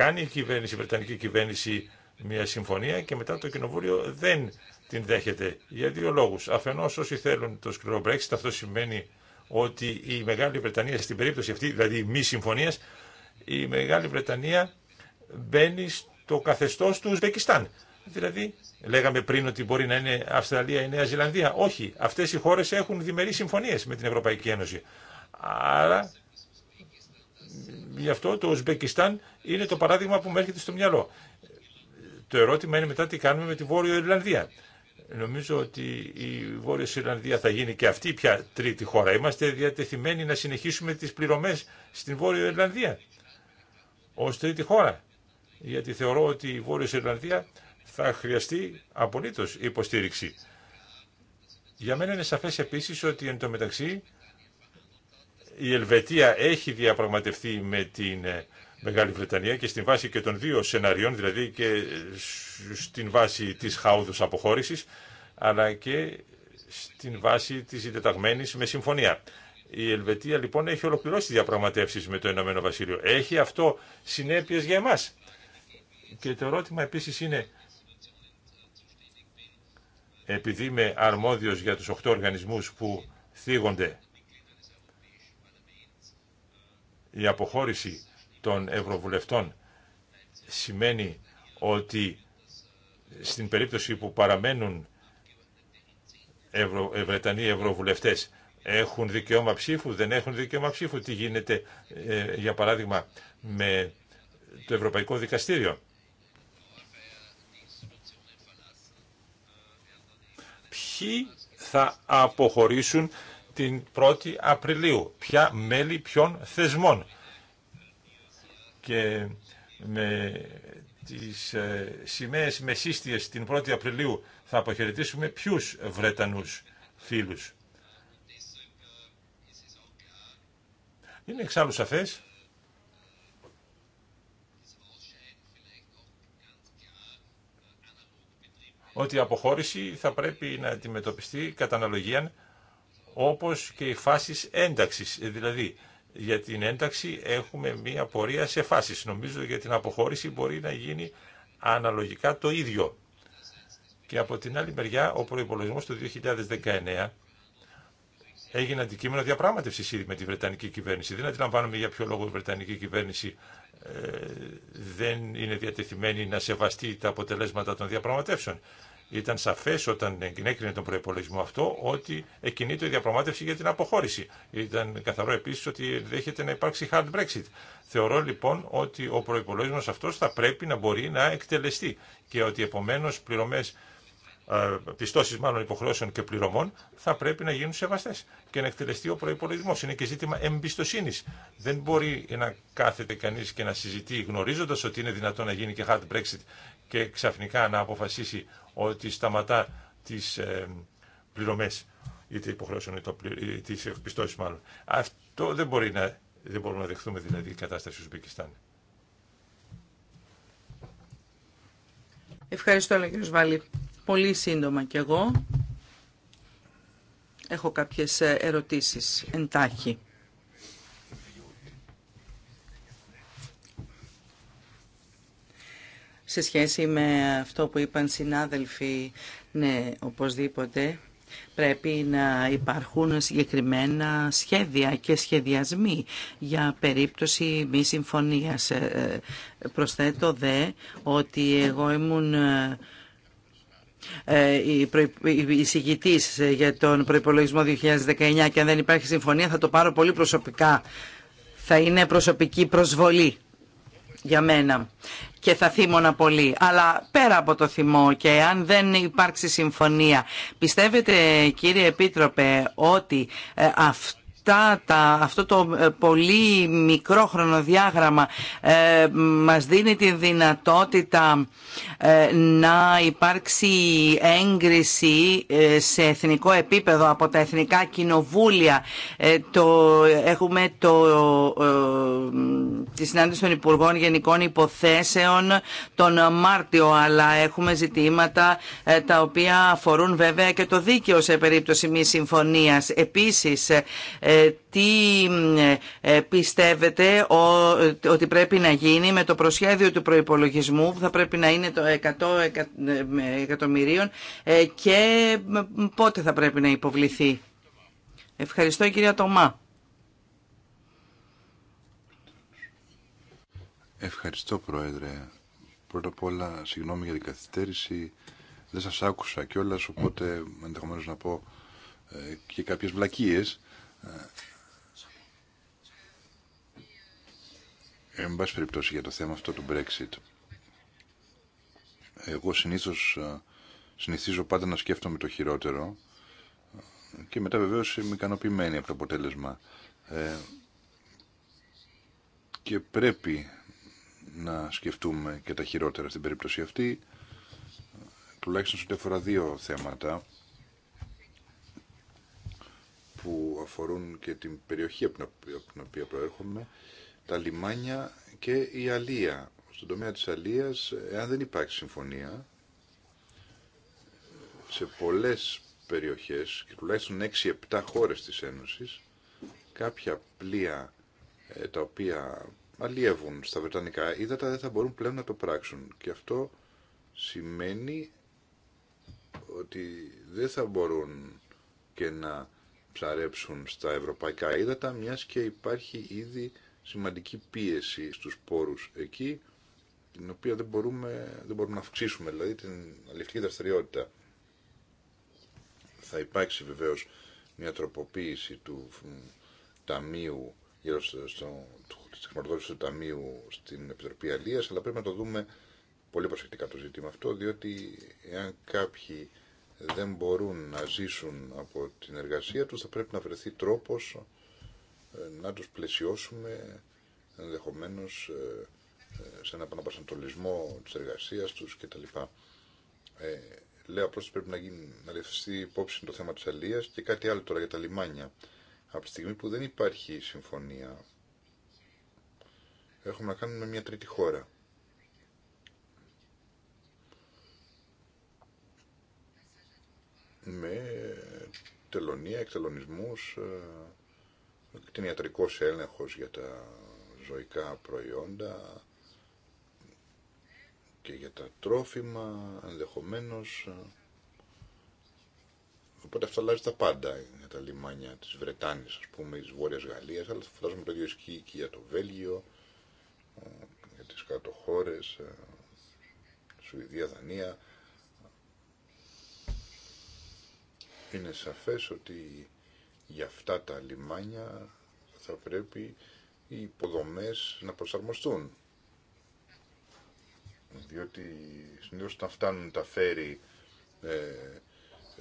κάνει η κυβέρνηση, η Βρετανική κυβέρνηση μια συμφωνία και μετά το κοινοβούλιο δεν την δέχεται για δύο λόγους. Αφενός όσοι θέλουν το σκληρό Brexit, αυτό σημαίνει ότι η Μεγάλη Βρετανία στην περίπτωση αυτή, δηλαδή μη συμφωνίας, η Μεγάλη Βρετανία μπαίνει στο καθεστώς του Ουσβεκιστάν. Δηλαδή, λέγαμε πριν ότι μπορεί να είναι Αυστραλία ή Νέα Ζηλανδία. Όχι, αυτές οι χώρες έχουν διμερεί συμφωνίες με την Ευρωπαϊκή Ένωση. Άρα Γι' αυτό το Ουσμπεκιστάν είναι το παράδειγμα που μου έρχεται στο μυαλό. Το ερώτημα είναι μετά τι κάνουμε με τη Βόρεια Ιρλανδία. Νομίζω ότι η Βόρεια Ιρλανδία θα γίνει και αυτή πια τρίτη χώρα. Είμαστε διατεθειμένοι να συνεχίσουμε τις πληρωμές στην Βόρεια Ιρλανδία ως τρίτη χώρα. Γιατί θεωρώ ότι η Βόρεια Ιρλανδία θα χρειαστεί απολύτως υποστήριξη. Για μένα είναι σαφές επίσης ότι εν τω μεταξύ η Ελβετία έχει διαπραγματευτεί με την ε, Μεγάλη Βρετανία και στην βάση και των δύο σεναριών, δηλαδή και στην βάση της χαούδους αποχώρησης, αλλά και στην βάση της διδεταγμένης με συμφωνία. Η Ελβετία λοιπόν έχει ολοκληρώσει διαπραγματεύσεις με το Ηνωμένο Βασίλειο. Έχει αυτό συνέπειες για εμάς. Και το ερώτημα επίσης είναι, επειδή είμαι αρμόδιος για τους οχτώ οργανισμούς που θίγονται η αποχώρηση των ευρωβουλευτών σημαίνει ότι στην περίπτωση που παραμένουν Ευρω... Ε, Βρετανοί ευρωβουλευτές έχουν δικαίωμα ψήφου, δεν έχουν δικαίωμα ψήφου. Τι γίνεται, ε, για παράδειγμα, με το Ευρωπαϊκό Δικαστήριο. Ποιοι θα αποχωρήσουν την 1η Απριλίου. Ποια μέλη ποιων θεσμών. Και με τις ε, σημαίες μεσίστιες την 1η Απριλίου θα αποχαιρετήσουμε ποιους Βρετανούς φίλους. Είναι εξάλλου σαφές ότι η αποχώρηση θα πρέπει να αντιμετωπιστεί κατά αναλογία όπως και οι φάσεις ένταξης. Ε, δηλαδή, για την ένταξη έχουμε μία πορεία σε φάσεις. Νομίζω για την αποχώρηση μπορεί να γίνει αναλογικά το ίδιο. Και από την άλλη μεριά, ο προϋπολογισμός του 2019 έγινε αντικείμενο διαπράγματευση ήδη με τη Βρετανική κυβέρνηση. Δεν αντιλαμβάνομαι για ποιο λόγο η Βρετανική κυβέρνηση ε, δεν είναι διατεθειμένη να σεβαστεί τα αποτελέσματα των διαπραγματεύσεων. Ήταν σαφέ όταν ενέκρινε τον προπολογισμό αυτό ότι εκινείται η διαπραγμάτευση για την αποχώρηση. Ήταν καθαρό επίση ότι ενδέχεται να υπάρξει hard Brexit. Θεωρώ λοιπόν ότι ο προπολογισμό αυτό θα πρέπει να μπορεί να εκτελεστεί και ότι επομένω πληρωμέ ε, πιστώσει μάλλον υποχρεώσεων και πληρωμών θα πρέπει να γίνουν σεβαστέ και να εκτελεστεί ο προπολογισμό. Είναι και ζήτημα εμπιστοσύνη. Δεν μπορεί να κάθεται κανεί και να συζητεί γνωρίζοντα ότι είναι δυνατό να γίνει και hard Brexit και ξαφνικά να αποφασίσει ότι σταματά τις ε, πληρωμές είτε υποχρεώσεων είτε τις πιστώσει, μάλλον. Αυτό δεν, μπορεί να, δεν μπορούμε να δεχθούμε δηλαδή η κατάσταση του Ουσμπεκιστάν. Ευχαριστώ, κύριε Βάλλη. Πολύ σύντομα κι εγώ. Έχω κάποιες ε, ερωτήσεις εντάχει. σε σχέση με αυτό που είπαν συνάδελφοι, ναι, οπωσδήποτε πρέπει να υπάρχουν συγκεκριμένα σχέδια και σχεδιασμοί για περίπτωση μη συμφωνίας. Ε, ε, προσθέτω δε ότι εγώ ήμουν ε, εισηγητής για τον προϋπολογισμό 2019 και αν δεν υπάρχει συμφωνία θα το πάρω πολύ προσωπικά. Θα είναι προσωπική προσβολή για μένα και θα θύμωνα πολύ. Αλλά πέρα από το θυμό και αν δεν υπάρξει συμφωνία, πιστεύετε κύριε Επίτροπε ότι ε, αυτό αυτό το ε, πολύ μικρό χρονοδιάγραμμα ε, μας δίνει τη δυνατότητα ε, να υπάρξει έγκριση ε, σε εθνικό επίπεδο από τα εθνικά κοινοβούλια. το, έχουμε το, τη συνάντηση των Υπουργών Γενικών Υποθέσεων τον Μάρτιο, αλλά έχουμε ζητήματα τα οποία αφορούν βέβαια και το δίκαιο σε περίπτωση μη συμφωνίας. Επίσης, τι ε, πιστεύετε ότι πρέπει να γίνει με το προσχέδιο του προϋπολογισμού που θα πρέπει να είναι το 100 ε, εκατομμυρίων ε, και πότε θα πρέπει να υποβληθεί. Ευχαριστώ κυρία Τωμά. Ευχαριστώ Πρόεδρε. Πρώτα απ' όλα συγγνώμη για την καθυστέρηση. Δεν σας άκουσα κιόλας οπότε ενδεχομένως να πω και κάποιες βλακίες ε, εν πάση περιπτώσει για το θέμα αυτό του Brexit. Εγώ συνήθως ε, συνηθίζω πάντα να σκέφτομαι το χειρότερο ε, και μετά βεβαίως είμαι ικανοποιημένη από το αποτέλεσμα. και πρέπει να σκεφτούμε και τα χειρότερα στην περίπτωση αυτή, τουλάχιστον σε ό,τι δύο θέματα που αφορούν και την περιοχή από την οποία προέρχομαι, τα λιμάνια και η αλία. Στον τομέα της αλίας, εάν δεν υπάρχει συμφωνία, σε πολλές περιοχές, και τουλάχιστον 6-7 χώρες της Ένωσης, κάποια πλοία ε, τα οποία αλλιεύουν στα Βρετανικά ύδατα δεν θα μπορούν πλέον να το πράξουν. Και αυτό σημαίνει ότι δεν θα μπορούν και να ψαρέψουν στα ευρωπαϊκά ύδατα, μιας και υπάρχει ήδη σημαντική πίεση στους πόρους εκεί, την οποία δεν μπορούμε, δεν μπορούμε να αυξήσουμε, δηλαδή την αληφτική δραστηριότητα. Θα υπάρξει βεβαίως μια τροποποίηση του Ταμείου, γύρω στο, στο, του Ταμείου στην Επιτροπή Αλίας, αλλά πρέπει να το δούμε πολύ προσεκτικά το ζήτημα αυτό, διότι εάν κάποιοι δεν μπορούν να ζήσουν από την εργασία τους, θα πρέπει να βρεθεί τρόπος ε, να τους πλαισιώσουμε ενδεχομένως ε, ε, σε ένα παναπασαντολισμό της εργασίας τους κτλ. Ε, λέω απλώς ότι πρέπει να, γίνει, να υπόψη το θέμα της αλίας και κάτι άλλο τώρα για τα λιμάνια. Από τη στιγμή που δεν υπάρχει συμφωνία, έχουμε να κάνουμε μια τρίτη χώρα. με τελωνία, εκτελονισμούς, ε, ιατρικός έλεγχος για τα ζωικά προϊόντα και για τα τρόφιμα ενδεχομένως. Ε, οπότε αυτό αλλάζει τα πάντα για τα λιμάνια της Βρετάνης, ας πούμε, της Βόρειας Γαλλίας, αλλά φαντάζομαι το ίδιο ισχύει και για το Βέλγιο, ε, για τις κάτω χώρες, Σουηδία, Δανία. είναι σαφές ότι για αυτά τα λιμάνια θα πρέπει οι υποδομές να προσαρμοστούν. Διότι συνήθως όταν φτάνουν τα φέρι ε,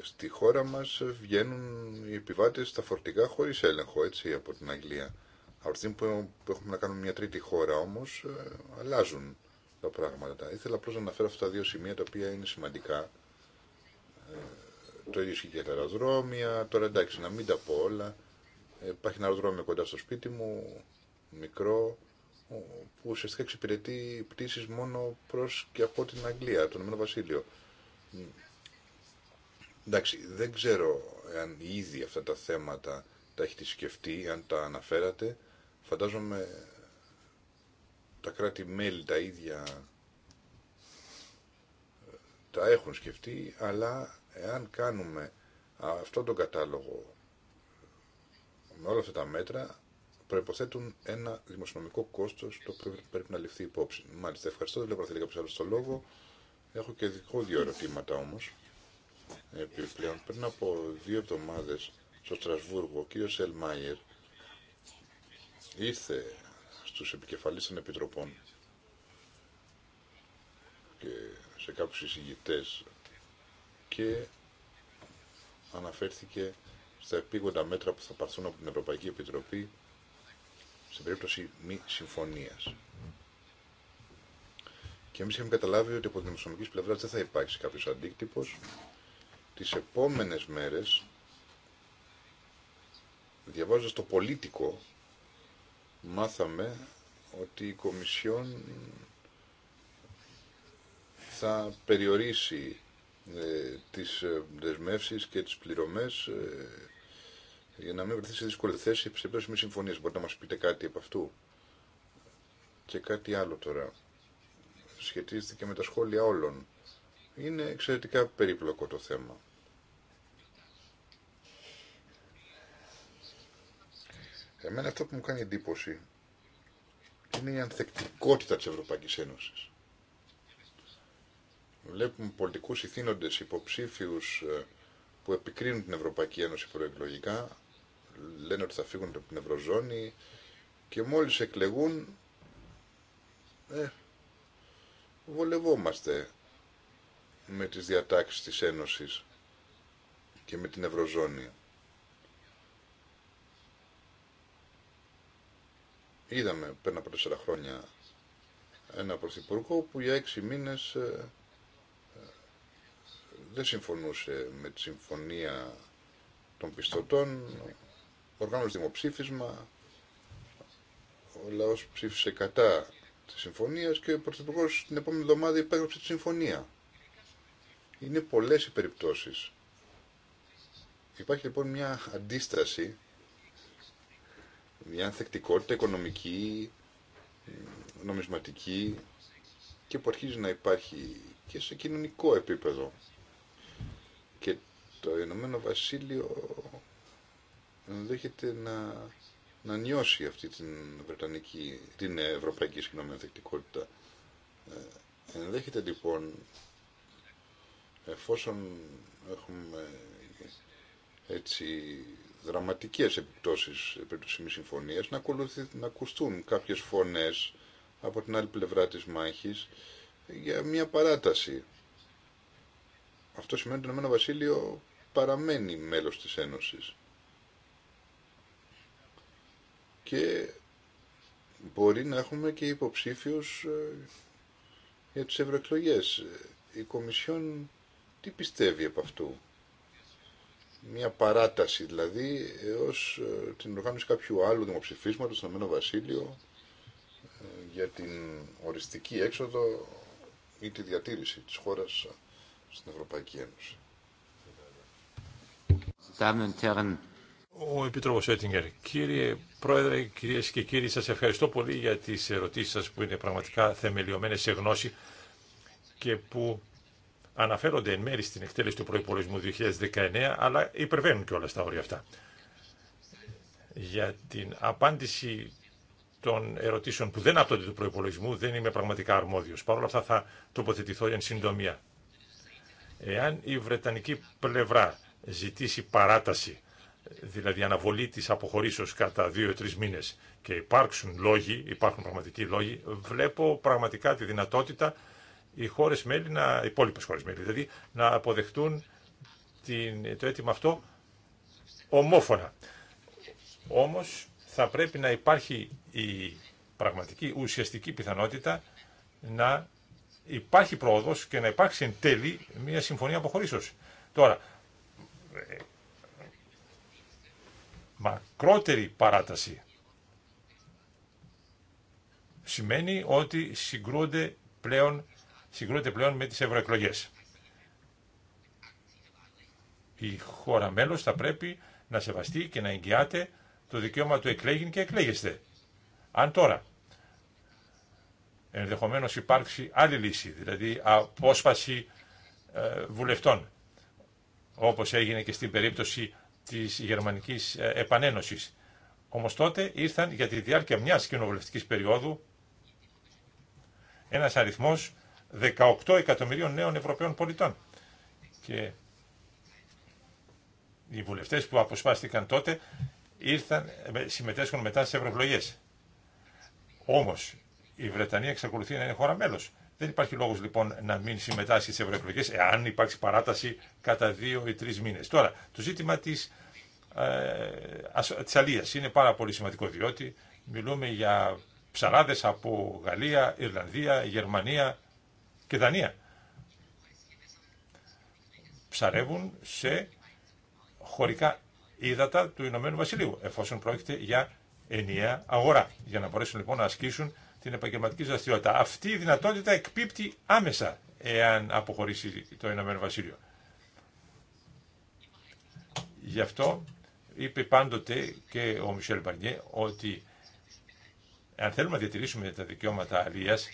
στη χώρα μας βγαίνουν οι επιβάτες στα φορτικά χωρίς έλεγχο, έτσι, από την Αγγλία. Από που έχουμε να κάνουμε μια τρίτη χώρα όμως, ε, αλλάζουν τα πράγματα. Ήθελα απλώς να αναφέρω αυτά τα δύο σημεία τα οποία είναι σημαντικά. Ε, το ίδιο ισχύει για τα αεροδρόμια. Τώρα εντάξει, να μην τα πω όλα. Υπάρχει ένα αεροδρόμιο κοντά στο σπίτι μου, μικρό, που ουσιαστικά εξυπηρετεί πτήσει μόνο προ και από την Αγγλία, τον Ηνωμένο Βασίλειο. Εντάξει, δεν ξέρω αν ήδη αυτά τα θέματα τα έχετε σκεφτεί, αν τα αναφέρατε. Φαντάζομαι τα κράτη-μέλη τα ίδια ε, τα έχουν σκεφτεί, αλλά Εάν κάνουμε αυτό τον κατάλογο με όλα αυτά τα μέτρα, προποθέτουν ένα δημοσιονομικό κόστο το οποίο πρέπει να ληφθεί υπόψη. Μάλιστα, ευχαριστώ. Δεν βλέπω να θέλει κάποιο άλλο το λόγο. Έχω και δικό δύο ερωτήματα όμω. Επιπλέον, πριν από δύο εβδομάδε στο Στρασβούργο, ο κ. Σέλμαιερ ήρθε στου επικεφαλεί των επιτροπών και σε κάποιου εισηγητέ και αναφέρθηκε στα επίγοντα μέτρα που θα παρθούν από την Ευρωπαϊκή Επιτροπή σε περίπτωση μη συμφωνίας. Και εμείς είχαμε καταλάβει ότι από την οικονομική πλευρά δεν θα υπάρξει κάποιος αντίκτυπος. Τις επόμενες μέρες, διαβάζοντας το πολίτικο, μάθαμε ότι η Κομισιόν θα περιορίσει ε, τις ε, δεσμεύσεις και τις πληρωμές ε, για να μην βρεθεί σε δύσκολη θέση σε περίπτωση μη συμφωνίας. Μπορείτε να μας πείτε κάτι από αυτού. Και κάτι άλλο τώρα. Σχετίζεται και με τα σχόλια όλων. Είναι εξαιρετικά περίπλοκο το θέμα. Εμένα αυτό που μου κάνει εντύπωση είναι η ανθεκτικότητα της Ευρωπαϊκής Ένωσης βλέπουμε πολιτικούς ηθήνοντες υποψήφιους ε, που επικρίνουν την Ευρωπαϊκή Ένωση προεκλογικά, λένε ότι θα φύγουν από την Ευρωζώνη και μόλις εκλεγούν, ε, βολευόμαστε με τις διατάξεις της Ένωσης και με την Ευρωζώνη. Είδαμε πριν από τέσσερα χρόνια ένα πρωθυπουργό που για έξι μήνες ε, δεν συμφωνούσε με τη συμφωνία των πιστωτών, οργάνωσε δημοψήφισμα, ο λαός ψήφισε κατά τη συμφωνίας και ο Πρωθυπουργό την επόμενη εβδομάδα υπέγραψε τη συμφωνία. Είναι πολλές οι περιπτώσεις. Υπάρχει λοιπόν μια αντίσταση, μια ανθεκτικότητα οικονομική, νομισματική και που αρχίζει να υπάρχει και σε κοινωνικό επίπεδο το Ηνωμένο Βασίλειο ενδέχεται να, να νιώσει αυτή την, βρετανική, την ευρωπαϊκή συγγνώμη ανθεκτικότητα. Ε, ενδέχεται λοιπόν εφόσον έχουμε έτσι δραματικές επιπτώσεις περί του σημείς συμφωνίας να, να ακουστούν κάποιες φωνές από την άλλη πλευρά της μάχης για μια παράταση. Αυτό σημαίνει ότι το Ηνωμένο Βασίλειο παραμένει μέλος της Ένωσης. Και μπορεί να έχουμε και υποψήφιους ε, για τις ευρωεκλογέ. Η Κομισιόν τι πιστεύει από αυτού. Μια παράταση δηλαδή έως ε, την οργάνωση κάποιου άλλου δημοψηφίσματος στο Μένο Βασίλειο ε, για την οριστική έξοδο ή τη διατήρηση της χώρας στην Ευρωπαϊκή Ένωση. Ο Επίτροπος Έτιγκερ, κύριε Πρόεδρε, κυρίε και κύριοι, σας ευχαριστώ πολύ για τις ερωτήσεις σας που είναι πραγματικά θεμελιωμένες σε γνώση και που αναφέρονται εν μέρη στην εκτέλεση του προϋπολογισμού 2019, αλλά υπερβαίνουν και όλα στα όρια αυτά. Για την απάντηση των ερωτήσεων που δεν άπτονται του προϋπολογισμού δεν είμαι πραγματικά αρμόδιος. Παρ' όλα αυτά θα τοποθετηθώ εν συντομία. Εάν η Βρετανική πλευρά ζητήσει παράταση, δηλαδή αναβολή τη αποχωρησεω κατα κατά δύο-τρει μήνε και υπάρξουν λόγοι, υπάρχουν πραγματικοί λόγοι, βλέπω πραγματικά τη δυνατότητα οι χώρε μέλη, να, οι υπόλοιπε χώρε μέλη, δηλαδή να αποδεχτούν την, το αίτημα αυτό ομόφωνα. Όμως θα πρέπει να υπάρχει η πραγματική ουσιαστική πιθανότητα να υπάρχει πρόοδος και να υπάρξει εν τέλει μια συμφωνία αποχωρήσεως. Τώρα, μακρότερη παράταση σημαίνει ότι συγκρούνται πλέον, πλέον με τις ευρωεκλογέ. Η χώρα μέλος θα πρέπει να σεβαστεί και να εγγυάται το δικαίωμα του εκλέγην και εκλέγεστε. Αν τώρα ενδεχομένως υπάρξει άλλη λύση, δηλαδή απόσπαση ε, βουλευτών όπως έγινε και στην περίπτωση της Γερμανικής ε, Επανένωσης. Όμως τότε ήρθαν για τη διάρκεια μιας κοινοβουλευτικής περίοδου ένας αριθμός 18 εκατομμυρίων νέων Ευρωπαίων πολιτών. Και οι βουλευτές που αποσπάστηκαν τότε ήρθαν, συμμετέσχουν μετά στις ευρωεκλογέ. Όμως η Βρετανία εξακολουθεί να είναι χώρα μέλος. Δεν υπάρχει λόγο λοιπόν να μην συμμετάσχει στι ευρωεκλογέ εάν υπάρξει παράταση κατά δύο ή τρει μήνε. Τώρα, το ζήτημα τη ε, της είναι πάρα πολύ σημαντικό διότι μιλούμε για ψαράδε από Γαλλία, Ιρλανδία, Γερμανία και Δανία. Ψαρεύουν σε χωρικά ύδατα του Ηνωμένου Βασιλείου εφόσον πρόκειται για ενιαία αγορά για να μπορέσουν λοιπόν να ασκήσουν την επαγγελματική δραστηριότητα. Αυτή η δυνατότητα εκπίπτει άμεσα εάν αποχωρήσει το Ηνωμένο Βασίλειο. Γι' αυτό είπε πάντοτε και ο Μισελ Μπαρνιέ ότι αν θέλουμε να διατηρήσουμε τα δικαιώματα αλίας,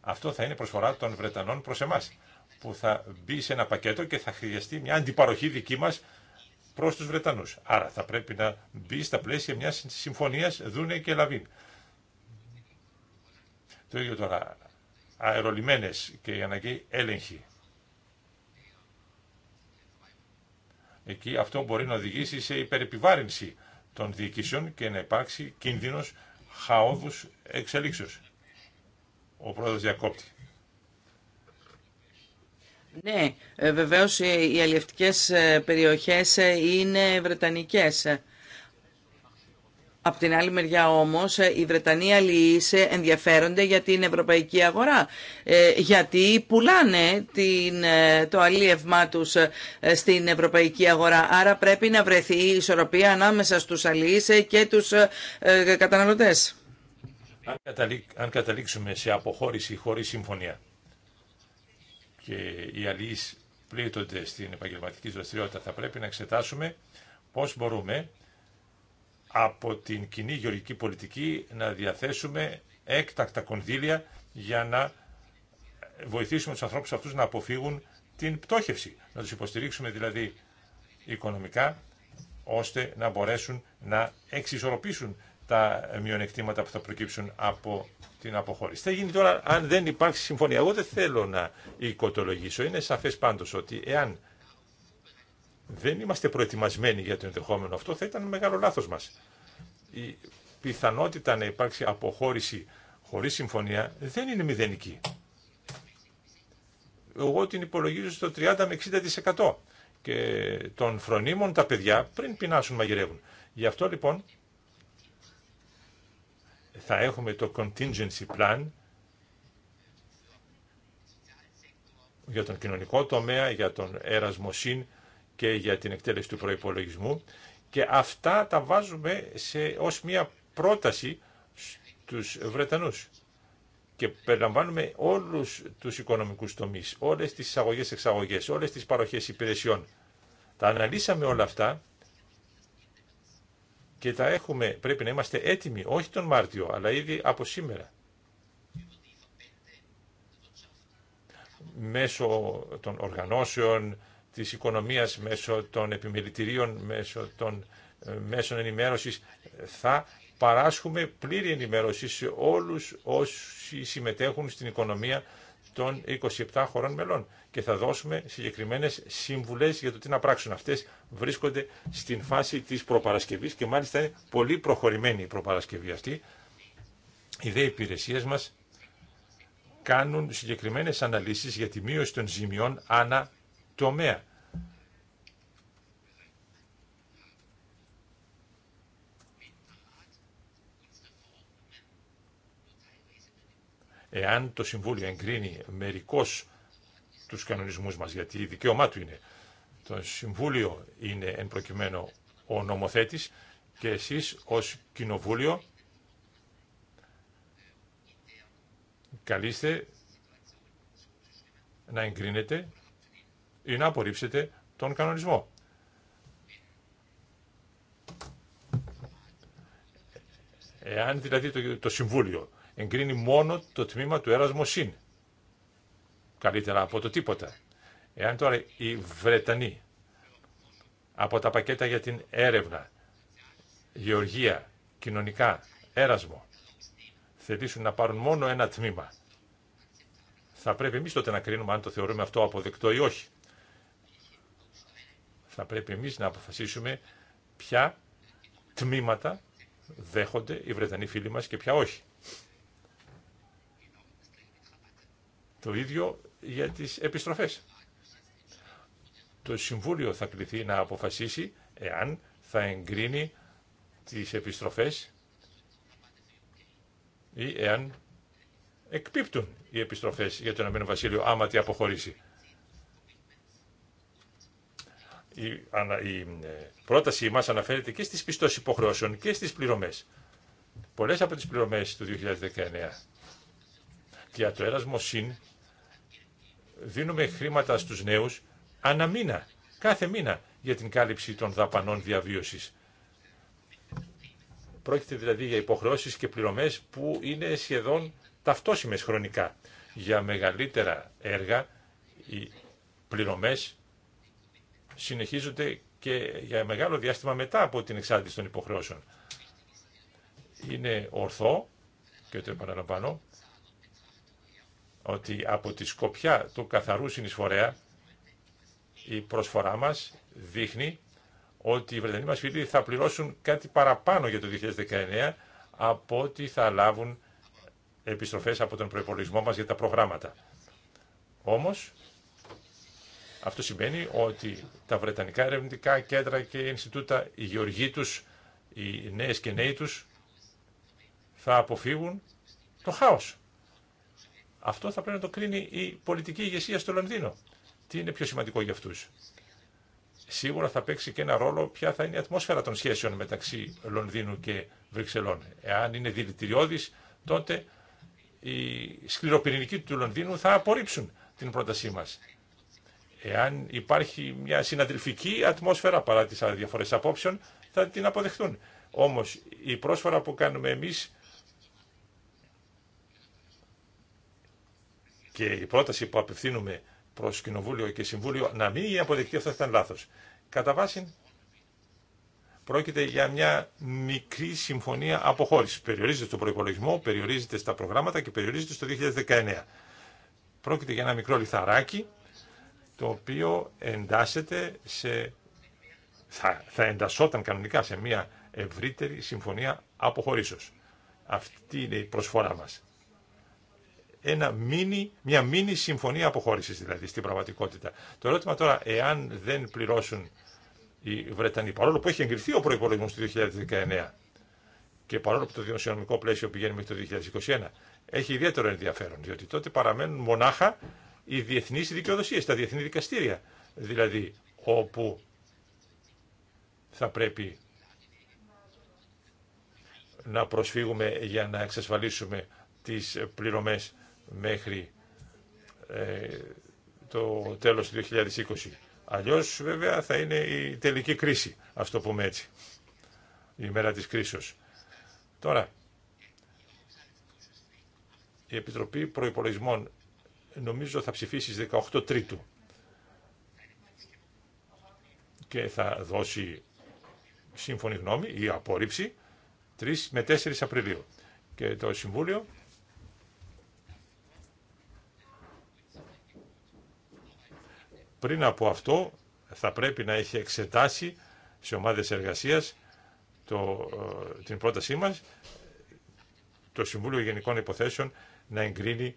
αυτό θα είναι προσφορά των Βρετανών προς εμάς, που θα μπει σε ένα πακέτο και θα χρειαστεί μια αντιπαροχή δική μας προς τους Βρετανούς. Άρα θα πρέπει να μπει στα πλαίσια μιας συμφωνίας Δούνε και Λαβίν. Το ίδιο τώρα. Αερολιμένες και η αναγκαία έλεγχη. Εκεί αυτό μπορεί να οδηγήσει σε υπερεπιβάρυνση των διοικήσεων και να υπάρξει κίνδυνος χαόδου εξελίξεως. Ο πρόεδρος διακόπτη. Ναι, ε, βεβαίως ε, οι αλλιευτικές ε, περιοχές είναι βρετανικές. Από την άλλη μεριά όμως οι ε, Βρετανοί αλληλείς ενδιαφέρονται για την ευρωπαϊκή αγορά ε, γιατί πουλάνε την, ε, το αλλήλευμά τους στην ευρωπαϊκή αγορά άρα πρέπει να βρεθεί η ισορροπία ανάμεσα στους αλληλείς και τους καταναλωτές. Αν καταλήξουμε σε αποχώρηση χωρίς συμφωνία και οι αλληλείς πλήττονται στην επαγγελματική δραστηριότητα θα πρέπει να εξετάσουμε πώς μπορούμε από την κοινή γεωργική πολιτική να διαθέσουμε έκτακτα κονδύλια για να βοηθήσουμε τους ανθρώπους αυτούς να αποφύγουν την πτώχευση. Να τους υποστηρίξουμε δηλαδή οικονομικά ώστε να μπορέσουν να εξισορροπήσουν τα μειονεκτήματα που θα προκύψουν από την αποχώρηση. Θα γίνει τώρα αν δεν υπάρχει συμφωνία. Εγώ δεν θέλω να οικοτολογήσω. Είναι σαφές πάντως ότι εάν δεν είμαστε προετοιμασμένοι για το ενδεχόμενο αυτό, θα ήταν μεγάλο λάθος μας. Η πιθανότητα να υπάρξει αποχώρηση χωρίς συμφωνία δεν είναι μηδενική. Εγώ την υπολογίζω στο 30 με 60% και των φρονίμων τα παιδιά πριν πεινάσουν μαγειρεύουν. Γι' αυτό λοιπόν θα έχουμε το contingency plan για τον κοινωνικό τομέα, για τον συν και για την εκτέλεση του προϋπολογισμού και αυτά τα βάζουμε σε, ως μια πρόταση στους Βρετανούς και περιλαμβάνουμε όλους τους οικονομικούς τομείς, όλες τις εισαγωγές-εξαγωγές, όλες τις παροχές υπηρεσιών. Τα αναλύσαμε όλα αυτά και τα έχουμε, πρέπει να είμαστε έτοιμοι, όχι τον Μάρτιο, αλλά ήδη από σήμερα. Μέσω των οργανώσεων, της οικονομίας μέσω των επιμελητηρίων, μέσω των ε, μέσων ενημέρωσης θα παράσχουμε πλήρη ενημέρωση σε όλους όσοι συμμετέχουν στην οικονομία των 27 χωρών μελών και θα δώσουμε συγκεκριμένες συμβουλές για το τι να πράξουν. Αυτές βρίσκονται στην φάση της προπαρασκευής και μάλιστα είναι πολύ προχωρημένη η προπαρασκευή αυτή. Οι δε υπηρεσίες μας κάνουν συγκεκριμένες αναλύσεις για τη μείωση των ζημιών ανά τομέα. Εάν το Συμβούλιο εγκρίνει μερικώς τους κανονισμού μας, γιατί η δικαίωμά του είναι, το Συμβούλιο είναι εν προκειμένου ο νομοθέτης και εσείς ως Κοινοβούλιο καλείστε να εγκρίνετε ή να απορρίψετε τον κανονισμό. Εάν δηλαδή το, το Συμβούλιο εγκρίνει μόνο το τμήμα του έρασμο συν. Καλύτερα από το τίποτα. Εάν τώρα οι Βρετανοί από τα πακέτα για την έρευνα, γεωργία, κοινωνικά, έρασμο, θελήσουν να πάρουν μόνο ένα τμήμα, θα πρέπει εμείς τότε να κρίνουμε αν το θεωρούμε αυτό αποδεκτό ή όχι. Θα πρέπει εμείς να αποφασίσουμε ποια τμήματα δέχονται οι Βρετανοί φίλοι μας και ποια όχι. Το ίδιο για τις επιστροφές. Το Συμβούλιο θα κληθεί να αποφασίσει εάν θα εγκρίνει τις επιστροφές ή εάν εκπίπτουν οι επιστροφές για το Αμένο Βασίλειο άμα τη αποχωρήσει. Η, η ε, πρότασή μας αναφέρεται και στις πιστώσεις υποχρεώσεων και στις πληρωμές. Πολλές από τις πληρωμές του 2019 για το έρασμο συν δίνουμε χρήματα στους νέους μήνα, κάθε μήνα για την κάλυψη των δαπανών διαβίωσης. Πρόκειται δηλαδή για υποχρεώσεις και πληρωμές που είναι σχεδόν ταυτόσιμες χρονικά. Για μεγαλύτερα έργα οι πληρωμές συνεχίζονται και για μεγάλο διάστημα μετά από την εξάρτηση των υποχρεώσεων. Είναι ορθό, και το επαναλαμβάνω, ότι από τη σκοπιά του καθαρού συνεισφορέα η προσφορά μας δείχνει ότι οι Βρετανοί μας φίλοι θα πληρώσουν κάτι παραπάνω για το 2019 από ότι θα λάβουν επιστροφές από τον προϋπολογισμό μας για τα προγράμματα. Όμως, αυτό σημαίνει ότι τα Βρετανικά ερευνητικά κέντρα και οι Ινστιτούτα, οι γεωργοί τους, οι νέες και νέοι τους, θα αποφύγουν το χάος. Αυτό θα πρέπει να το κρίνει η πολιτική ηγεσία στο Λονδίνο. Τι είναι πιο σημαντικό για αυτού. Σίγουρα θα παίξει και ένα ρόλο ποια θα είναι η ατμόσφαιρα των σχέσεων μεταξύ Λονδίνου και Βρυξελών. Εάν είναι δηλητηριώδη, τότε οι σκληροπυρηνικοί του Λονδίνου θα απορρίψουν την πρότασή μα. Εάν υπάρχει μια συναντριφική ατμόσφαιρα παρά τι διαφορέ απόψεων, θα την αποδεχτούν. Όμω η πρόσφορα που κάνουμε εμεί και η πρόταση που απευθύνουμε προ Κοινοβούλιο και Συμβούλιο να μην είναι αποδεκτή, αυτό ήταν λάθο. Κατά βάση, πρόκειται για μια μικρή συμφωνία αποχώρηση. Περιορίζεται στον προπολογισμό, περιορίζεται στα προγράμματα και περιορίζεται στο 2019. Πρόκειται για ένα μικρό λιθαράκι, το οποίο εντάσσεται σε. Θα, θα εντασσόταν κανονικά σε μια ευρύτερη συμφωνία αποχωρήσεως. Αυτή είναι η προσφορά μας ένα μίνι, μια μίνι συμφωνία αποχώρησης δηλαδή στην πραγματικότητα. Το ερώτημα τώρα, εάν δεν πληρώσουν οι Βρετανοί, παρόλο που έχει εγκριθεί ο προπολογισμό του 2019 και παρόλο που το δημοσιονομικό πλαίσιο πηγαίνει μέχρι το 2021, έχει ιδιαίτερο ενδιαφέρον, διότι τότε παραμένουν μονάχα οι διεθνεί δικαιοδοσίε, τα διεθνή δικαστήρια. Δηλαδή, όπου θα πρέπει να προσφύγουμε για να εξασφαλίσουμε τις πληρωμές μέχρι ε, το τέλος του 2020. Αλλιώς βέβαια θα είναι η τελική κρίση, ας το πούμε έτσι, η ημέρα της κρίσεως. Τώρα, η Επιτροπή Προϋπολογισμών νομίζω θα ψηφίσει 18 Τρίτου και θα δώσει σύμφωνη γνώμη ή απόρριψη 3 με 4 Απριλίου. Και το Συμβούλιο Πριν από αυτό θα πρέπει να έχει εξετάσει σε ομάδες εργασίας το, ε, την πρότασή μας το Συμβούλιο Γενικών Υποθέσεων να εγκρίνει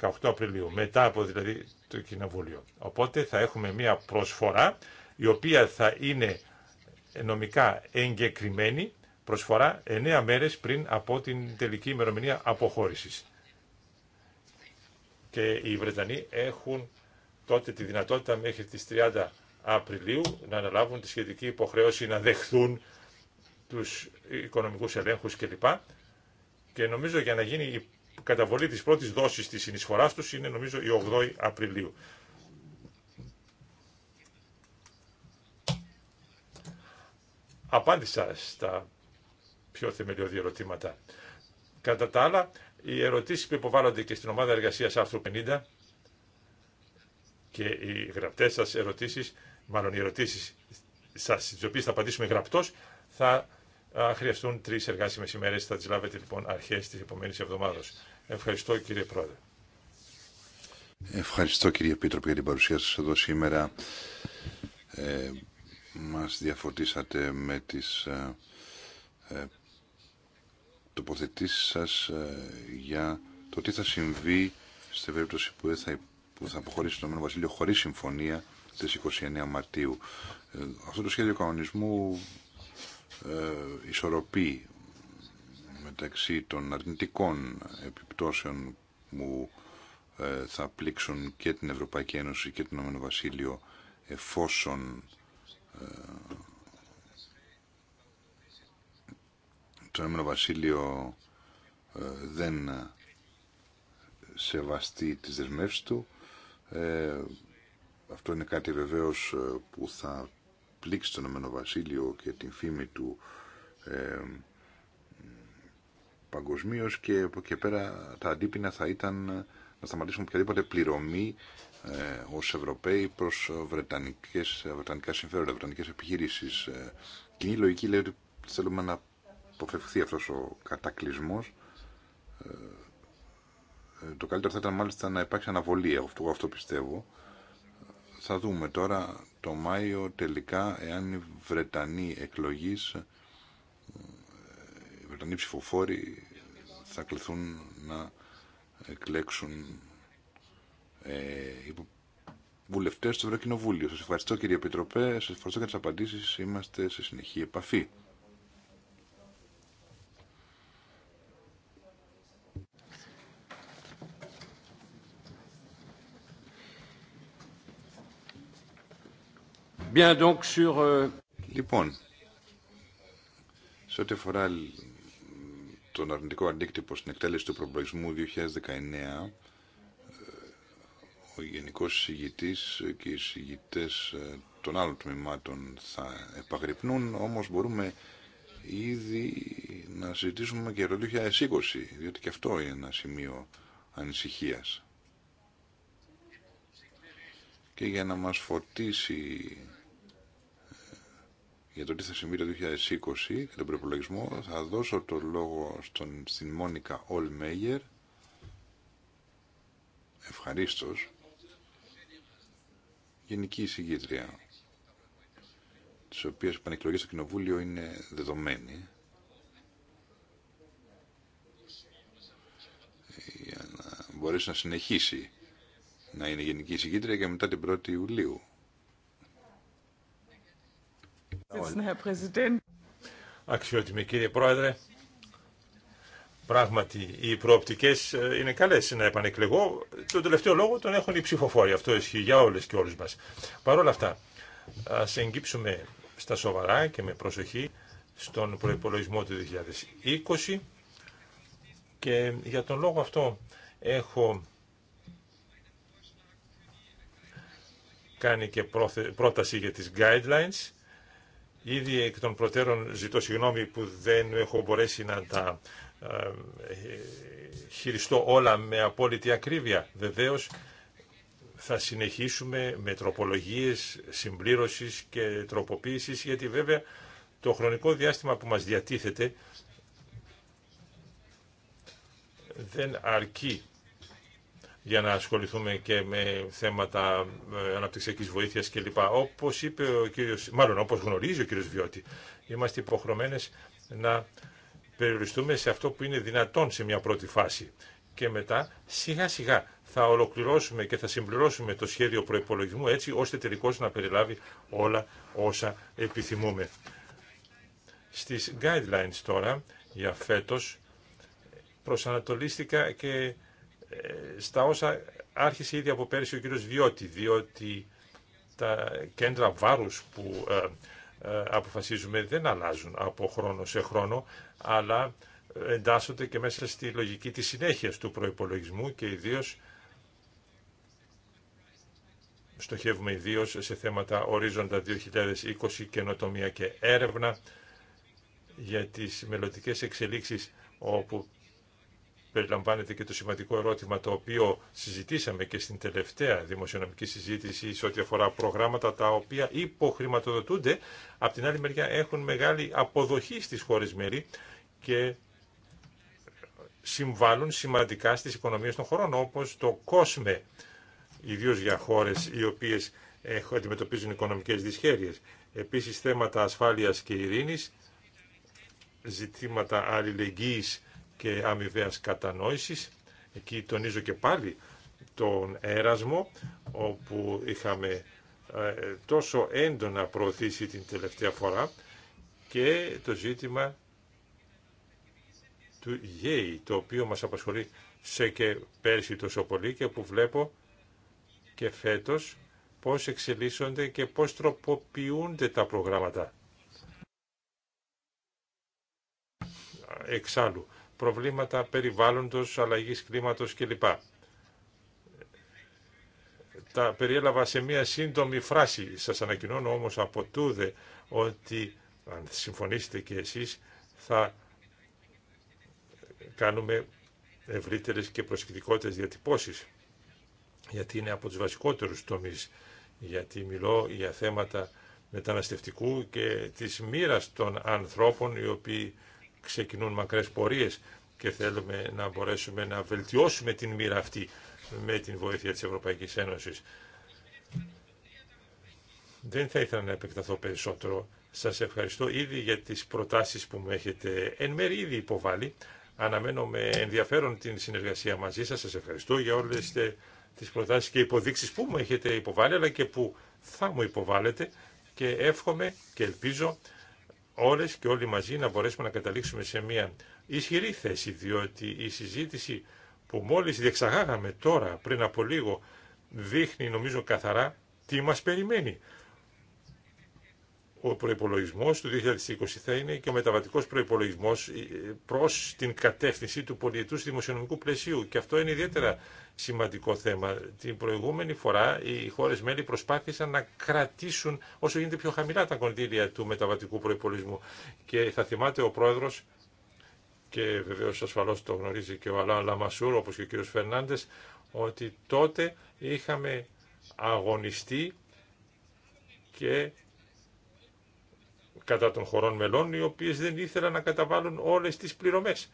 18 Απριλίου, μετά από δηλαδή το Κοινοβούλιο. Οπότε θα έχουμε μία προσφορά η οποία θα είναι νομικά εγκεκριμένη προσφορά 9 μέρες πριν από την τελική ημερομηνία αποχώρησης. Και οι Βρετανοί έχουν τότε τη δυνατότητα μέχρι τις 30 Απριλίου να αναλάβουν τη σχετική υποχρέωση να δεχθούν τους οικονομικούς ελέγχους κλπ. Και νομίζω για να γίνει η καταβολή της πρώτης δόσης της συνεισφοράς τους είναι νομίζω η 8η Απριλίου. Απάντησα στα πιο θεμελιώδη ερωτήματα. Κατά τα άλλα, οι ερωτήσεις που υποβάλλονται και στην ομάδα εργασίας άρθρου 50 και οι γραπτές σας ερωτήσεις, μάλλον οι ερωτήσεις σας, τις οποίες θα απαντήσουμε γραπτός, θα χρειαστούν τρεις εργάσιμες ημέρες. Θα τις λάβετε λοιπόν αρχές της επόμενης εβδομάδας. Ευχαριστώ κύριε Πρόεδρε. Ευχαριστώ κύριε Επίτροπη για την παρουσία σας εδώ σήμερα. Ε, μας διαφωτίσατε με τις ε, ε τοποθετήσεις σας ε, για το τι θα συμβεί στην περίπτωση που δεν θα που θα αποχωρήσει το ΕΒ Βασίλειο χωρί συμφωνία στι 29 Μαρτίου. Ε, αυτό το σχέδιο κανονισμού ε, ισορροπεί μεταξύ των αρνητικών επιπτώσεων που ε, θα πλήξουν και την Ευρωπαϊκή Ένωση και το ΕΒ εφόσον ε, το ΕΒ Βασίλειο ε, δεν σεβαστεί τις δεσμεύσεις του ε, αυτό είναι κάτι βεβαίω ε, που θα πλήξει τον Ηνωμένο Βασίλειο και την φήμη του ε, παγκοσμίω και από εκεί πέρα τα αντίπεινα θα ήταν να σταματήσουμε οποιαδήποτε πληρωμή ε, ως Ευρωπαίοι προς βρετανικά συμφέροντα, βρετανικές επιχείρησει Ε, κοινή λογική λέει ότι θέλουμε να αποφευχθεί αυτό ο κατακλυσμό. Ε, ε, το καλύτερο θα ήταν μάλιστα να υπάρξει αναβολή, αυτό, αυτό πιστεύω. Θα δούμε τώρα το Μάιο τελικά εάν οι Βρετανοί εκλογής ε, οι Βρετανοί ψηφοφόροι θα κληθούν να εκλέξουν ε, βουλευτές στο Ευρωκοινοβούλιο. Σας ευχαριστώ κύριε Επιτροπέ, σας ευχαριστώ για τις απαντήσεις, είμαστε σε συνεχή επαφή. Euh, λοιπόν, σε ό,τι αφορά τον αρνητικό αντίκτυπο στην εκτέλεση του προπολογισμού 2019, ε, ο Γενικός Συγητής και οι συγητές ε, των άλλων τμήματων θα επαγρυπνούν, όμως μπορούμε ήδη να συζητήσουμε και το 2020, διότι και αυτό είναι ένα σημείο ανησυχίας. Και για να μας φωτίσει για το τι θα συμβεί το 2020 και τον προπολογισμό θα δώσω το λόγο στον, στην Μόνικα Ολμέγερ ευχαρίστως γενική συγκίτρια, της οποίας η πανεκλογή στο Κοινοβούλιο είναι δεδομένη για να μπορέσει να συνεχίσει να είναι γενική συγκίτρια και μετά την 1η Ιουλίου Αξιότιμη κύριε Πρόεδρε, πράγματι οι προοπτικέ ε, είναι καλέ να επανεκλεγώ. Τον τελευταίο λόγο τον έχουν οι ψηφοφόροι. Αυτό ισχύει για όλες και όλους μας. Παρ' όλα αυτά, σε εγγύψουμε στα σοβαρά και με προσοχή στον προπολογισμό του 2020 και για τον λόγο αυτό έχω κάνει και πρόταση για τις guidelines Ήδη εκ των προτέρων ζητώ συγγνώμη που δεν έχω μπορέσει να τα ε, ε, χειριστώ όλα με απόλυτη ακρίβεια. Βεβαίως θα συνεχίσουμε με τροπολογίες συμπλήρωσης και τροποποίησης γιατί βέβαια το χρονικό διάστημα που μας διατίθεται δεν αρκεί για να ασχοληθούμε και με θέματα ε, αναπτυξιακής βοήθειας κλπ. Όπως είπε ο κύριος, μάλλον όπως γνωρίζει ο κύριο Βιώτη, είμαστε υποχρεωμένες να περιοριστούμε σε αυτό που είναι δυνατόν σε μια πρώτη φάση. Και μετά σιγά σιγά θα ολοκληρώσουμε και θα συμπληρώσουμε το σχέδιο προπολογισμού έτσι ώστε τελικώ να περιλάβει όλα όσα επιθυμούμε. Στις guidelines τώρα για φέτος προσανατολίστηκα και στα όσα άρχισε ήδη από πέρυσι ο κύριος Βιώτη, διότι τα κέντρα βάρους που ε, ε, αποφασίζουμε δεν αλλάζουν από χρόνο σε χρόνο, αλλά εντάσσονται και μέσα στη λογική της συνέχειας του προϋπολογισμού και ιδίως στοχεύουμε ιδίως σε θέματα ορίζοντα 2020 καινοτομία και έρευνα για τις μελλοντικέ εξελίξεις όπου περιλαμβάνεται και το σημαντικό ερώτημα το οποίο συζητήσαμε και στην τελευταία δημοσιονομική συζήτηση σε ό,τι αφορά προγράμματα τα οποία υποχρηματοδοτούνται, από την άλλη μεριά έχουν μεγάλη αποδοχή στις χώρες μέρη και συμβάλλουν σημαντικά στις οικονομίες των χωρών, όπως το κόσμε ιδίω για χώρες οι οποίες αντιμετωπίζουν οικονομικές δυσχέρειες. Επίσης θέματα ασφάλειας και ειρήνης, ζητήματα αλληλεγγύης και αμοιβαία κατανόησης. Εκεί τονίζω και πάλι τον έρασμο, όπου είχαμε ε, τόσο έντονα προωθήσει την τελευταία φορά και το ζήτημα του ΓΕΙ, το οποίο μας απασχολεί σε και πέρσι τόσο πολύ και που βλέπω και φέτος πώς εξελίσσονται και πώς τροποποιούνται τα προγράμματα. Εξάλλου, προβλήματα περιβάλλοντος, αλλαγής κλίματος κλπ. Τα περιέλαβα σε μία σύντομη φράση. Σας ανακοινώνω όμως από τούδε ότι, αν συμφωνήσετε και εσείς, θα κάνουμε ευρύτερες και προσεκτικότερες διατυπώσεις, γιατί είναι από τους βασικότερους τομείς, γιατί μιλώ για θέματα μεταναστευτικού και της μοίρας των ανθρώπων οι οποίοι ξεκινούν μακρές πορείες και θέλουμε να μπορέσουμε να βελτιώσουμε την μοίρα αυτή με την βοήθεια της Ευρωπαϊκής Ένωσης. Δεν θα ήθελα να επεκταθώ περισσότερο. Σας ευχαριστώ ήδη για τις προτάσεις που μου έχετε εν μέρει ήδη υποβάλει. Αναμένω με ενδιαφέρον την συνεργασία μαζί σας. Σας ευχαριστώ για όλες τις προτάσεις και υποδείξεις που μου έχετε υποβάλει αλλά και που θα μου υποβάλλετε και εύχομαι και ελπίζω όλες και όλοι μαζί να μπορέσουμε να καταλήξουμε σε μια ισχυρή θέση, διότι η συζήτηση που μόλις διεξαγάγαμε τώρα πριν από λίγο δείχνει νομίζω καθαρά τι μας περιμένει ο προπολογισμό του 2020 θα είναι και ο μεταβατικό προπολογισμό ε, προ την κατεύθυνση του πολιετούς δημοσιονομικού πλαισίου. Και αυτό είναι ιδιαίτερα σημαντικό θέμα. Την προηγούμενη φορά οι χώρε μέλη προσπάθησαν να κρατήσουν όσο γίνεται πιο χαμηλά τα κονδύλια του μεταβατικού προπολογισμού. Και θα θυμάται ο πρόεδρο, και βεβαίω ασφαλώς το γνωρίζει και ο Αλάν Λαμασούρ όπω και ο κύριος Φερνάντε, ότι τότε είχαμε αγωνιστεί και κατά των χωρών μελών οι οποίες δεν ήθελαν να καταβάλουν όλες τις πληρωμές.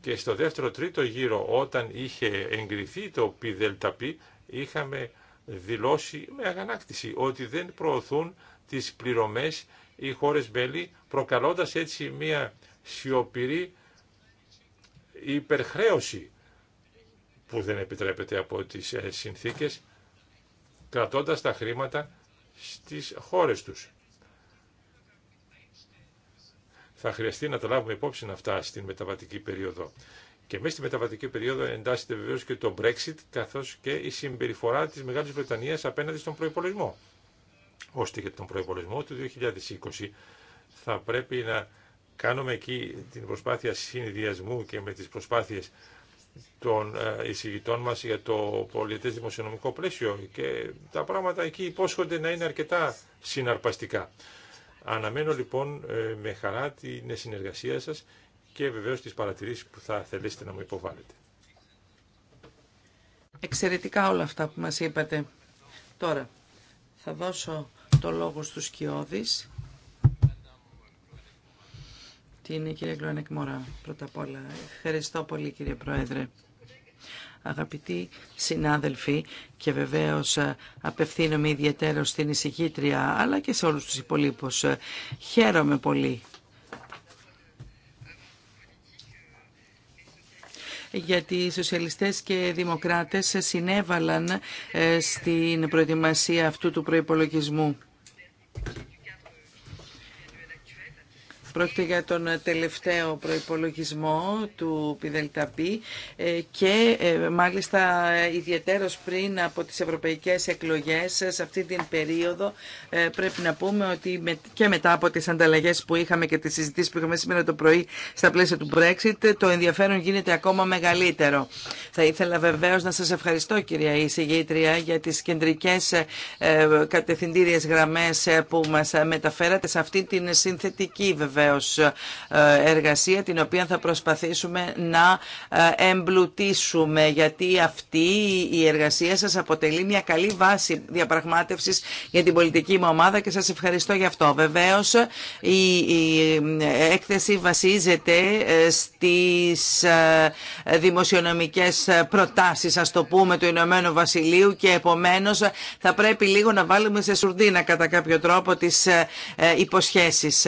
Και στο δεύτερο τρίτο γύρο όταν είχε εγκριθεί το ΠΔΠ είχαμε δηλώσει με αγανάκτηση ότι δεν προωθούν τις πληρωμές οι χώρες μέλη προκαλώντας έτσι μια σιωπηρή υπερχρέωση που δεν επιτρέπεται από τις ε, συνθήκες κρατώντας τα χρήματα στις χώρες τους θα χρειαστεί να τα λάβουμε υπόψη αυτά στην μεταβατική περίοδο. Και μέσα στη μεταβατική περίοδο εντάσσεται βεβαίω και το Brexit, καθώ και η συμπεριφορά τη Μεγάλη Βρετανία απέναντι στον προπολογισμό. Ώστε για τον προπολογισμό του 2020 θα πρέπει να κάνουμε εκεί την προσπάθεια συνδυασμού και με τι προσπάθειε των ε, εισηγητών μα για το πολιτέ δημοσιονομικό πλαίσιο. Και τα πράγματα εκεί υπόσχονται να είναι αρκετά συναρπαστικά. Αναμένω λοιπόν ε, με χαρά την συνεργασία σας και βεβαίως τις παρατηρήσεις που θα θελήσετε να μου υποβάλλετε. Εξαιρετικά όλα αυτά που μας είπατε. Τώρα θα δώσω το λόγο στους Σκιώδης. Την κυρία Κλωνεκ Μωρά πρώτα απ' όλα. Ευχαριστώ πολύ κύριε Πρόεδρε. Αγαπητοί συνάδελφοι, και βεβαίως ε, απευθύνομαι ιδιαίτερο στην εισηγήτρια, αλλά και σε όλους τους υπολείπους. Ε, χαίρομαι πολύ γιατί οι σοσιαλιστές και οι δημοκράτες συνέβαλαν ε, στην προετοιμασία αυτού του προϋπολογισμού. Πρόκειται για τον ε, τελευταίο προϋπολογισμό του ΠΙΔΕΛΤΑΠΗ και ε, μάλιστα ε, ιδιαίτερος πριν από τις ευρωπαϊκές εκλογές σε αυτή την περίοδο πρέπει να πούμε ότι και μετά από τις ανταλλαγές που είχαμε και τις συζητήσεις που είχαμε σήμερα το πρωί στα πλαίσια του Brexit το ενδιαφέρον γίνεται ακόμα μεγαλύτερο. Θα ήθελα βεβαίως να σας ευχαριστώ κυρία Ισηγήτρια για τις κεντρικές κατευθυντήριες γραμμές που μας μεταφέρατε σε αυτή την συνθετική βεβαίως ε, εργασία την οποία θα προσπαθήσουμε να ε, εμπλουτίσουμε γιατί αυτή η εργασία σας αποτελεί μια καλή βάση διαπραγμάτευσης για την πολιτική μου ομάδα και σας ευχαριστώ γι' αυτό. Βεβαίως η, ε, έκθεση βασίζεται στις δημοσιονομικές προτάσεις ας το πούμε του Ηνωμένου Βασιλείου και επομένως θα πρέπει λίγο να βάλουμε σε σουρδίνα κατά κάποιο τρόπο τις υποσχέσεις.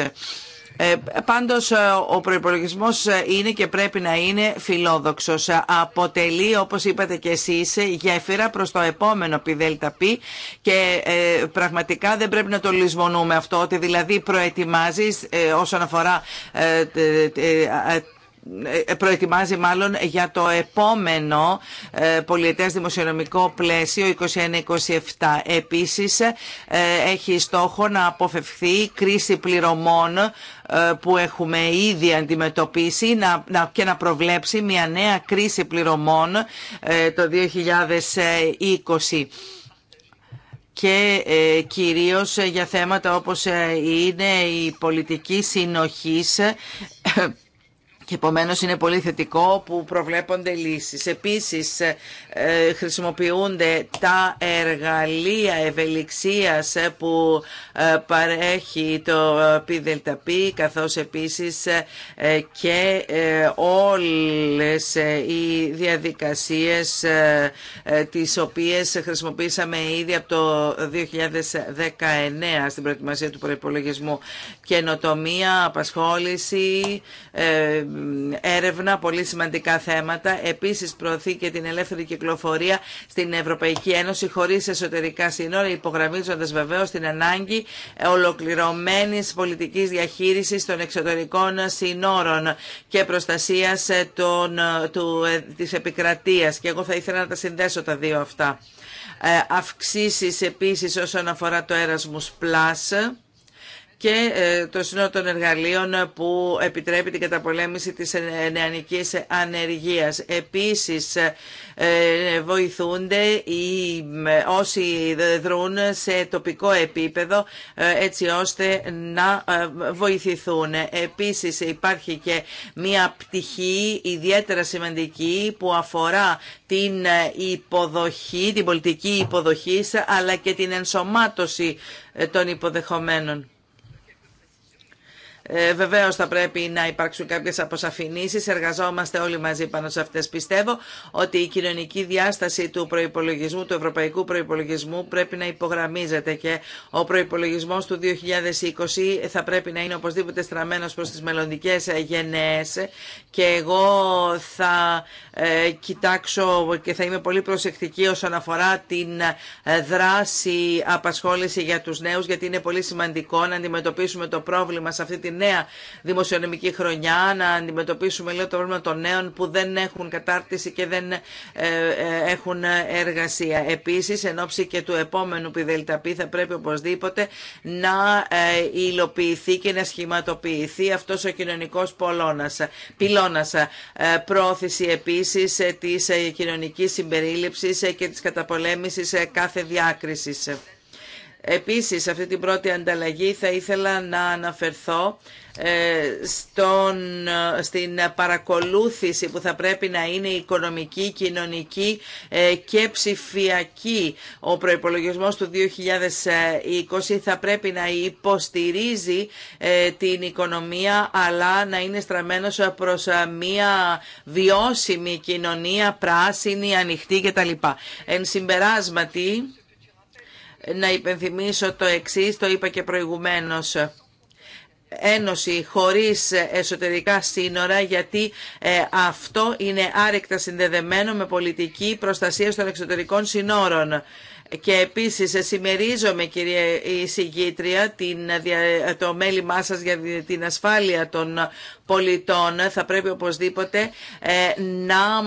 Ε, πάντως ε, ο προπολογισμό ε, είναι και πρέπει να είναι φιλόδοξος. Αποτελεί όπως είπατε και εσείς γέφυρα προ το επόμενο πι και πραγματικά δεν πρέπει να το λησμονούμε αυτό ότι δηλαδή προετοιμάζεις όσον αφορά ε, προετοιμάζει μάλλον για το επόμενο ε, πολιετές δημοσιονομικό πλαίσιο 21-27. Επίσης ε, έχει στόχο να αποφευχθεί κρίση πληρωμών που έχουμε ήδη αντιμετωπίσει και να προβλέψει μια νέα κρίση πληρωμών το 2020 και κυρίως για θέματα όπως είναι η πολιτική συνοχής Επομένως είναι πολύ θετικό που προβλέπονται λύσεις. Επίσης ε, ε, χρησιμοποιούνται τα εργαλεία ευελιξίας που ε, παρέχει το ΠΙΔΕΛΤΑΠΙ, καθώς επίσης και όλες οι διαδικασίες τις οποίες χρησιμοποίησαμε ήδη από το 2019 στην προετοιμασία του προϋπολογισμού. Καινοτομία, απασχόληση, έρευνα, πολύ σημαντικά θέματα. Επίση, προωθεί και την ελεύθερη κυκλοφορία στην Ευρωπαϊκή Ένωση χωρίς εσωτερικά σύνορα, υπογραμμίζοντας βεβαίω την ανάγκη ολοκληρωμένη πολιτικής διαχείρισης των εξωτερικών σύνορων και προστασίας τη επικρατεία. της Και εγώ θα ήθελα να τα συνδέσω τα δύο αυτά. Αυξήσει αυξήσεις επίσης όσον αφορά το Erasmus Plus και ε, το σύνολο των εργαλείων που επιτρέπει την καταπολέμηση της ε, νεανικής ανεργίας. Επίσης ε, βοηθούνται οι, όσοι δρούν σε τοπικό επίπεδο έτσι ώστε να βοηθηθούν. Επίσης υπάρχει και μια πτυχή ιδιαίτερα σημαντική που αφορά την υποδοχή, την πολιτική υποδοχή, αλλά και την ενσωμάτωση των υποδεχομένων. Ε, Βεβαίω θα πρέπει να υπάρξουν κάποιε αποσαφηνήσει. Εργαζόμαστε όλοι μαζί πάνω σε αυτέ. Πιστεύω ότι η κοινωνική διάσταση του προπολογισμού, του ευρωπαϊκού προπολογισμού, πρέπει να υπογραμμίζεται και ο προπολογισμό του 2020 θα πρέπει να είναι οπωσδήποτε στραμμένο προ τι μελλοντικέ γενναίε. Και εγώ θα ε, κοιτάξω και θα είμαι πολύ προσεκτική όσον αφορά την ε, δράση απασχόληση για του νέου, γιατί είναι πολύ σημαντικό να αντιμετωπίσουμε το πρόβλημα σε αυτή την νέα δημοσιονομική χρονιά, να αντιμετωπίσουμε λέω, το πρόβλημα των νέων που δεν έχουν κατάρτιση και δεν ε, ε, έχουν εργασία. Επίσης, εν ώψη και του επόμενου πιδελταπή θα πρέπει οπωσδήποτε να ε, υλοποιηθεί και να σχηματοποιηθεί αυτός ο κοινωνικός πολώνας, πυλώνας. Πρόθεση επίσης της κοινωνικής συμπερίληψης και της καταπολέμησης κάθε διάκρισης. Επίσης, σε αυτή την πρώτη ανταλλαγή θα ήθελα να αναφερθώ ε, στον, στην παρακολούθηση που θα πρέπει να είναι οικονομική, κοινωνική ε, και ψηφιακή. Ο προϋπολογισμός του 2020 θα πρέπει να υποστηρίζει ε, την οικονομία αλλά να είναι στραμμένος προς μια βιώσιμη κοινωνία, πράσινη, ανοιχτή κτλ. Εν συμπεράσματι, να υπενθυμίσω το εξή, το είπα και προηγουμένω: Ένωση χωρίς εσωτερικά σύνορα γιατί ε, αυτό είναι άρεκτα συνδεδεμένο με πολιτική προστασία των εξωτερικών σύνορων. Και επίσης συμμερίζομαι κυρία η την, το μέλημά σα για την ασφάλεια των πολιτών. Θα πρέπει οπωσδήποτε ε, να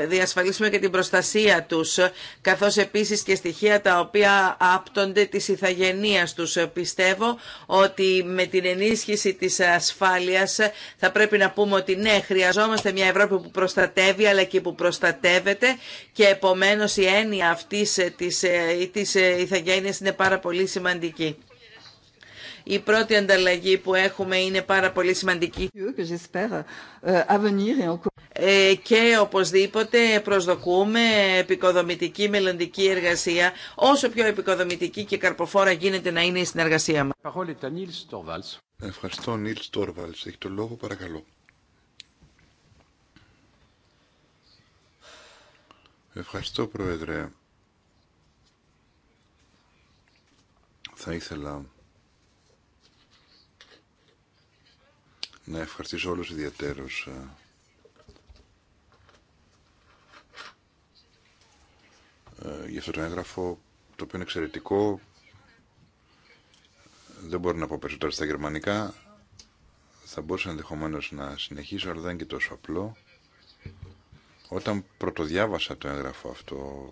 ε, διασφαλίσουμε και την προστασία τους, καθώς επίσης και στοιχεία τα οποία άπτονται τη ηθαγενεία τους. Πιστεύω ότι με την ενίσχυση της ασφάλειας θα πρέπει να πούμε ότι ναι, χρειαζόμαστε μια Ευρώπη που προστατεύει αλλά και που προστατεύεται και επομένως η έννοια αυτής της, ε, της ε, είναι πάρα πολύ σημαντική. Η πρώτη ανταλλαγή που έχουμε είναι πάρα πολύ σημαντική. Euh, ε, και οπωσδήποτε προσδοκούμε επικοδομητική μελλοντική εργασία, όσο πιο επικοδομητική και καρποφόρα γίνεται να είναι η συνεργασία μας. Ευχαριστώ, Νίλ Στόρβαλς. Έχει το λόγο, παρακαλώ. Ευχαριστώ, Πρόεδρε. Θα ήθελα να ευχαριστήσω όλους ιδιαίτερους ε, ε, για αυτό το έγγραφο το οποίο είναι εξαιρετικό δεν μπορώ να πω περισσότερα στα γερμανικά θα μπορούσα ενδεχομένω να συνεχίσω αλλά δεν είναι και τόσο απλό όταν πρωτοδιάβασα το έγγραφο αυτό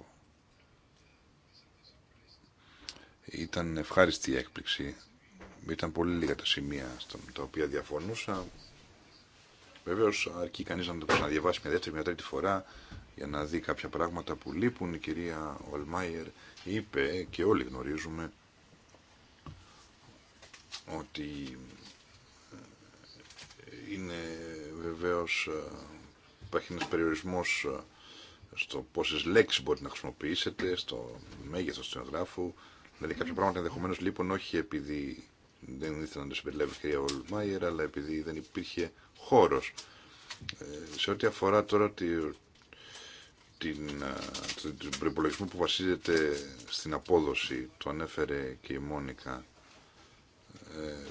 Ήταν ευχάριστη η έκπληξη. Ήταν πολύ λίγα τα σημεία στα τα οποία διαφωνούσα. Βεβαίω, αρκεί κανεί να το ξαναδιαβάσει μια δεύτερη, μια τρίτη φορά για να δει κάποια πράγματα που λείπουν. Η κυρία Ολμάιερ είπε και όλοι γνωρίζουμε ότι ε, είναι βεβαίως ε, υπάρχει ένας περιορισμός ε, στο πόσες λέξεις μπορείτε να χρησιμοποιήσετε, στο μέγεθος του εγγράφου, Δηλαδή κάποια πράγματα ενδεχομένω λείπουν όχι επειδή δεν ήθελα να το συμπεριλάβει η κυρία Ολμάιερ, αλλά επειδή δεν υπήρχε χώρο. Ε, σε ό,τι αφορά τώρα τη, την, τον προπολογισμό που βασίζεται στην απόδοση, το ανέφερε και η Μόνικα. Ε,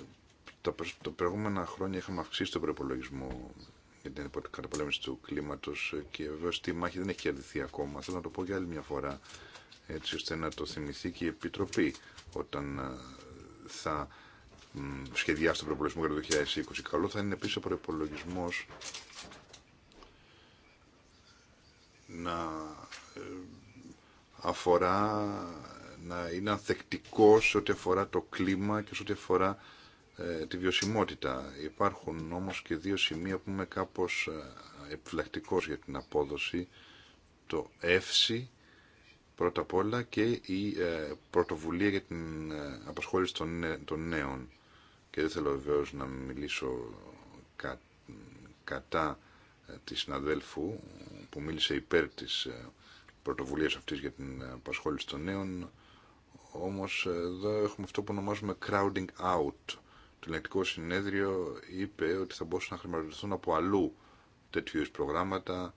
τα, τα προηγούμενα χρόνια είχαμε αυξήσει τον προπολογισμό για την καταπολέμηση του κλίματο και βέβαια στη μάχη δεν έχει κερδιθεί ακόμα. Θέλω να το πω για άλλη μια φορά έτσι ώστε να το θυμηθεί και η Επιτροπή όταν ε, θα σχεδιάσει τον προπολογισμό για το 2020. Καλό θα είναι επίσης ο προπολογισμό να ε, αφορά να είναι ανθεκτικό σε ό,τι αφορά το κλίμα και σε ό,τι αφορά ε, τη βιωσιμότητα. Υπάρχουν όμως και δύο σημεία που είμαι κάπως επιφυλακτικός για την απόδοση. Το εύση πρώτα απ' όλα και η ε, πρωτοβουλία για την ε, απασχόληση των νέων. Και δεν θέλω βεβαίω να μιλήσω κατά ε, της συναδέλφου που μίλησε υπέρ της πρωτοβουλίας αυτής για την απασχόληση των νέων. Όμως εδώ έχουμε αυτό που ονομάζουμε crowding out. Το ελεκτικό συνέδριο είπε ότι θα μπορούσαν να χρηματοδοτηθούν από αλλού τέτοιου προγράμματα.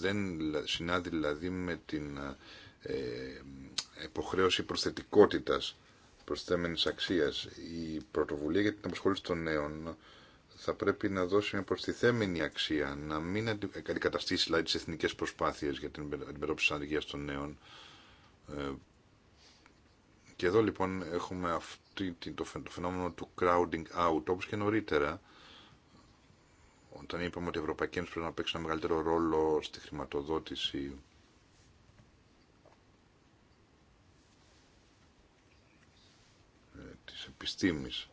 Δεν συνάδει δηλαδή με την ε, υποχρέωση προσθετικότητας προσθέμενης αξία Η πρωτοβουλία για την αποσχόληση των νέων θα πρέπει να δώσει μια προστιθέμενη αξία, να μην ε, αντικαταστήσει δηλαδή, τις εθνικές προσπάθειες για την αντιμετώπιση της ανεργίας των νέων. Ε, και εδώ λοιπόν έχουμε αυτή, το φαινόμενο του crowding out, όπως και νωρίτερα, όταν είπαμε ότι η Ευρωπαϊκή Ένωση πρέπει να παίξει ένα μεγαλύτερο ρόλο στη χρηματοδότηση της επιστήμης.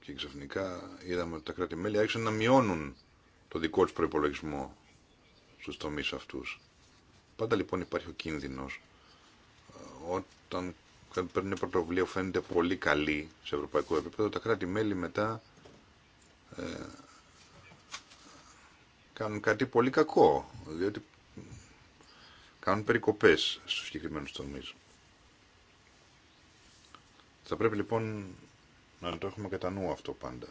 Και ξαφνικά είδαμε ότι τα κράτη-μέλη άρχισαν να μειώνουν το δικό τους προϋπολογισμό στους τομείς αυτούς. Πάντα λοιπόν υπάρχει ο κίνδυνος ε, όταν παίρνει μια πρωτοβουλία που φαίνεται πολύ καλή σε ευρωπαϊκό επίπεδο, τα κράτη-μέλη μετά ε, κάνουν κάτι πολύ κακό, διότι κάνουν περικοπές στους συγκεκριμένους τομείς. Θα πρέπει λοιπόν να το έχουμε κατά νου αυτό πάντα.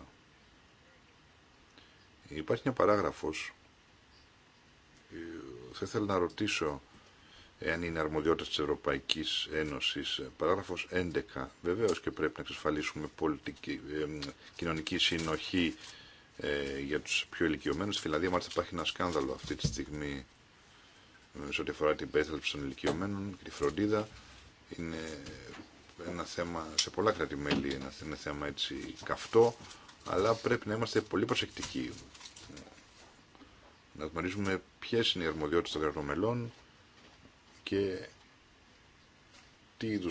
Υπάρχει μια παράγραφος. Ε, θα ήθελα να ρωτήσω εάν είναι αρμοδιότητα της Ευρωπαϊκής Ένωσης. Ε, παράγραφος 11. Βεβαίως και πρέπει να εξασφαλίσουμε πολιτική, ε, κοινωνική συνοχή για τους πιο ηλικιωμένους. Στη Φιλανδία μάλιστα υπάρχει ένα σκάνδαλο αυτή τη στιγμή σε ό,τι αφορά την πέθαλψη των ηλικιωμένων και τη φροντίδα. Είναι ένα θέμα σε πολλά κράτη-μέλη, ένα, θέμα έτσι καυτό, αλλά πρέπει να είμαστε πολύ προσεκτικοί. Να γνωρίζουμε ποιε είναι οι αρμοδιότητε των κρατών και τι είδου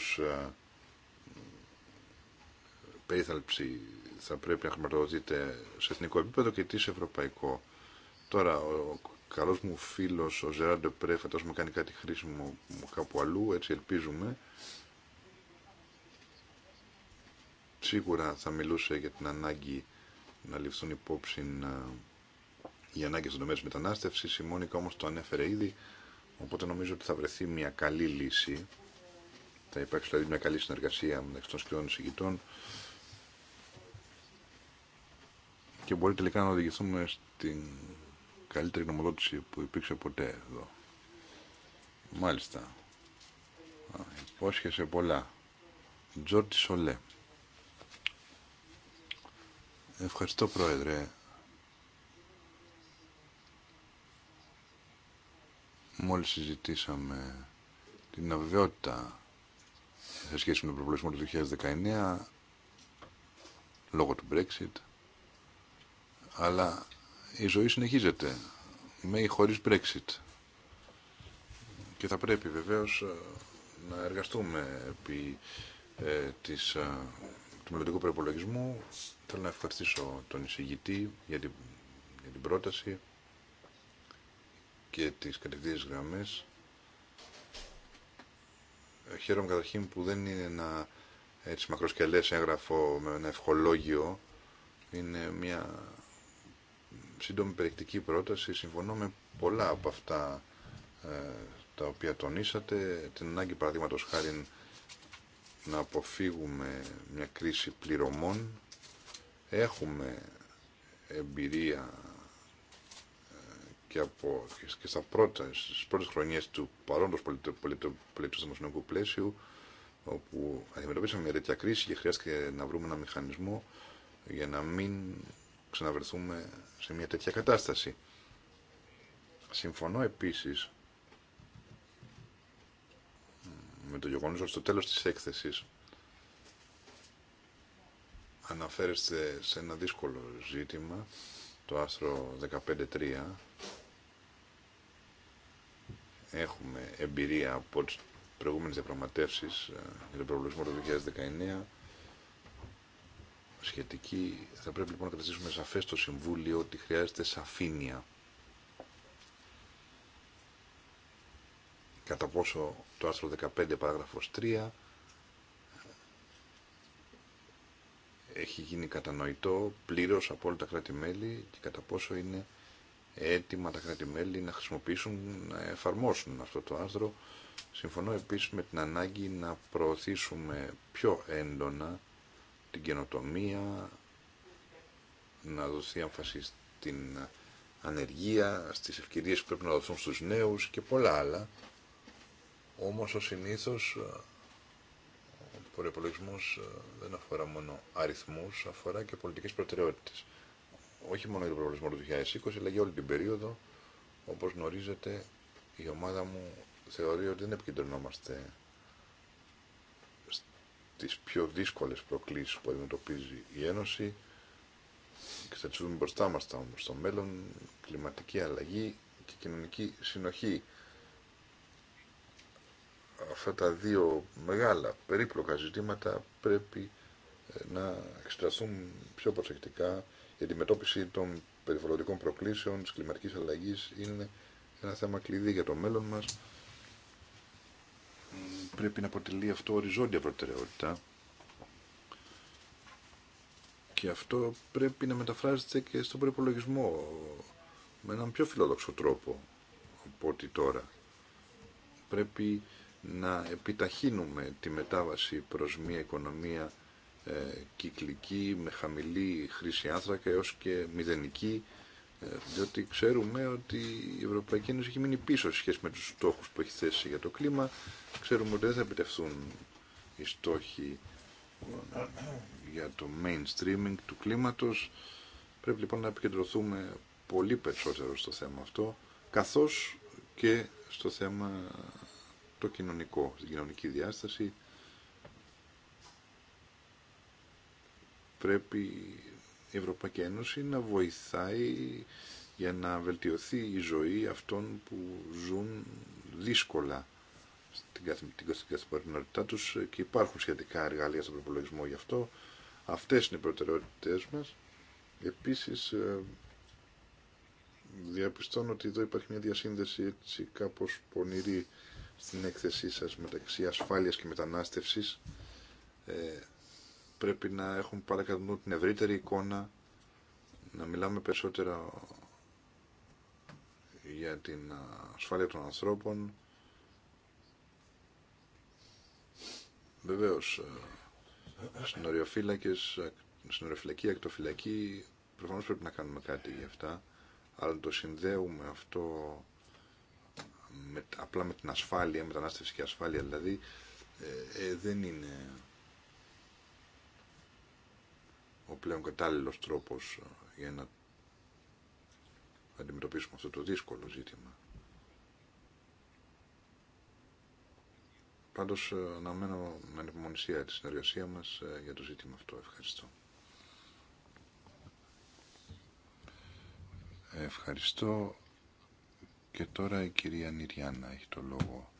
περίθαλψη θα πρέπει να χρηματοδοτείται σε εθνικό επίπεδο και τι σε ευρωπαϊκό. Τώρα, ο καλό μου φίλο ο Ζεράντε πρέπει, μου κάνει κάτι χρήσιμο κάπου αλλού, έτσι ελπίζουμε σίγουρα θα μιλούσε για την ανάγκη να ληφθούν υπόψη οι ανάγκε των τομέα τη μετανάστευση. Η Μόνικα όμω το ανέφερε ήδη, οπότε νομίζω ότι θα βρεθεί μια καλή λύση. Θα υπάρξει δηλαδή μια καλή συνεργασία μεταξύ των σκληρών εισηγητών και μπορεί τελικά να οδηγηθούμε στην καλύτερη γνωμοδότηση που υπήρξε ποτέ εδώ. Μάλιστα. Υπόσχεσαι πολλά. Τζόρτι Σολέ. Ευχαριστώ Πρόεδρε. Μόλις συζητήσαμε την αβεβαιότητα σε σχέση με τον προβλησμό του 2019 λόγω του Brexit αλλά η ζωή συνεχίζεται με ή χωρίς Brexit και θα πρέπει βεβαίως ε, να εργαστούμε επί ε, της, ε, του μελλοντικού προπολογισμού Θέλω να ευχαριστήσω τον εισηγητή για την, πρόταση και τις κατευθύνες γραμμές. Χαίρομαι καταρχήν που δεν είναι ένα έτσι μακροσκελές έγγραφο με ένα ευχολόγιο. Είναι μια σύντομη περιεκτική πρόταση. Συμφωνώ με πολλά από αυτά ε, τα οποία τονίσατε. Την ανάγκη παραδείγματο χάρη να αποφύγουμε μια κρίση πληρωμών Έχουμε εμπειρία ε, και, από, και στα πρώτα, στις πρώτες χρονιές του παρόντος πολιτικού δημοσιονομικού πλαίσιου όπου αντιμετωπίσαμε μια τέτοια κρίση και χρειάστηκε να βρούμε ένα μηχανισμό για να μην ξαναβρεθούμε σε μια τέτοια κατάσταση. Συμφωνώ επίσης με το γεγονός ότι στο τέλος της έκθεσης αναφέρεστε σε ένα δύσκολο ζήτημα, το άστρο 15.3. Έχουμε εμπειρία από τις προηγούμενες διαπραγματεύσεις ε, για τον προβλησμό του 2019 σχετική. Θα πρέπει λοιπόν να κρατήσουμε σαφές το Συμβούλιο ότι χρειάζεται σαφήνεια κατά πόσο το άστρο 15 παράγραφος 3 έχει γίνει κατανοητό πλήρως από όλα τα κράτη-μέλη και κατά πόσο είναι έτοιμα τα κράτη-μέλη να χρησιμοποιήσουν, να εφαρμόσουν αυτό το άρθρο. Συμφωνώ επίσης με την ανάγκη να προωθήσουμε πιο έντονα την καινοτομία, να δοθεί άμφαση στην ανεργία, στις ευκαιρίες που πρέπει να δοθούν στους νέους και πολλά άλλα. Όμως ο συνήθως προπολογισμό ε, δεν αφορά μόνο αριθμού, αφορά και πολιτικέ προτεραιότητε. Όχι μόνο για τον προπολογισμό του 2020, αλλά για όλη την περίοδο. Όπω γνωρίζετε, η ομάδα μου θεωρεί ότι δεν επικεντρωνόμαστε στι πιο δύσκολε προκλήσει που αντιμετωπίζει η Ένωση και θα τι δούμε μπροστά μα στο μέλλον. Κλιματική αλλαγή και κοινωνική συνοχή αυτά τα δύο μεγάλα περίπλοκα ζητήματα πρέπει ε, να εξεταστούν πιο προσεκτικά. Η αντιμετώπιση των περιβαλλοντικών προκλήσεων, της κλιματικής αλλαγής είναι ένα θέμα κλειδί για το μέλλον μας. Πρέπει να αποτελεί αυτό οριζόντια προτεραιότητα και αυτό πρέπει να μεταφράζεται και στον προπολογισμό με έναν πιο φιλόδοξο τρόπο από ό,τι τώρα. Πρέπει να επιταχύνουμε τη μετάβαση προς μια οικονομία ε, κυκλική, με χαμηλή χρήση άνθρακα έως και μηδενική, ε, διότι ξέρουμε ότι η Ευρωπαϊκή Ένωση έχει μείνει πίσω σχέση με τους στόχους που έχει θέσει για το κλίμα. Ξέρουμε ότι δεν θα επιτευθούν οι στόχοι ε, για το mainstreaming του κλίματος. Πρέπει λοιπόν να επικεντρωθούμε πολύ περισσότερο στο θέμα αυτό, καθώς και στο θέμα το κοινωνικό, στην κοινωνική διάσταση. Πρέπει η Ευρωπαϊκή Ένωση να βοηθάει για να βελτιωθεί η ζωή αυτών που ζουν δύσκολα στην καθημερινότητά τους και υπάρχουν σχετικά εργαλεία στον προπολογισμό γι' αυτό. Αυτές είναι οι προτεραιότητες μας. Επίσης, ε, διαπιστώνω ότι εδώ υπάρχει μια διασύνδεση έτσι κάπως πονηρή στην έκθεσή σας μεταξύ ασφάλειας και μετανάστευσης ε, πρέπει να έχουμε παρακαλώ την ευρύτερη εικόνα να μιλάμε περισσότερο για την ασφάλεια των ανθρώπων βεβαίως ε, συνοριοφύλακες συνοριοφυλακή, ακτοφυλακή προφανώς πρέπει να κάνουμε κάτι για αυτά αλλά το συνδέουμε αυτό με, απλά με την ασφάλεια, μετανάστευση και ασφάλεια δηλαδή, ε, ε, δεν είναι ο πλέον κατάλληλο τρόπος ε, για να αντιμετωπίσουμε αυτό το δύσκολο ζήτημα. Πάντως αναμένω με ανεπιμονησία τη συνεργασία μας για το ζήτημα αυτό. Ευχαριστώ. Ευχαριστώ. Και τώρα η κυρία Νιριάννα έχει το λόγο.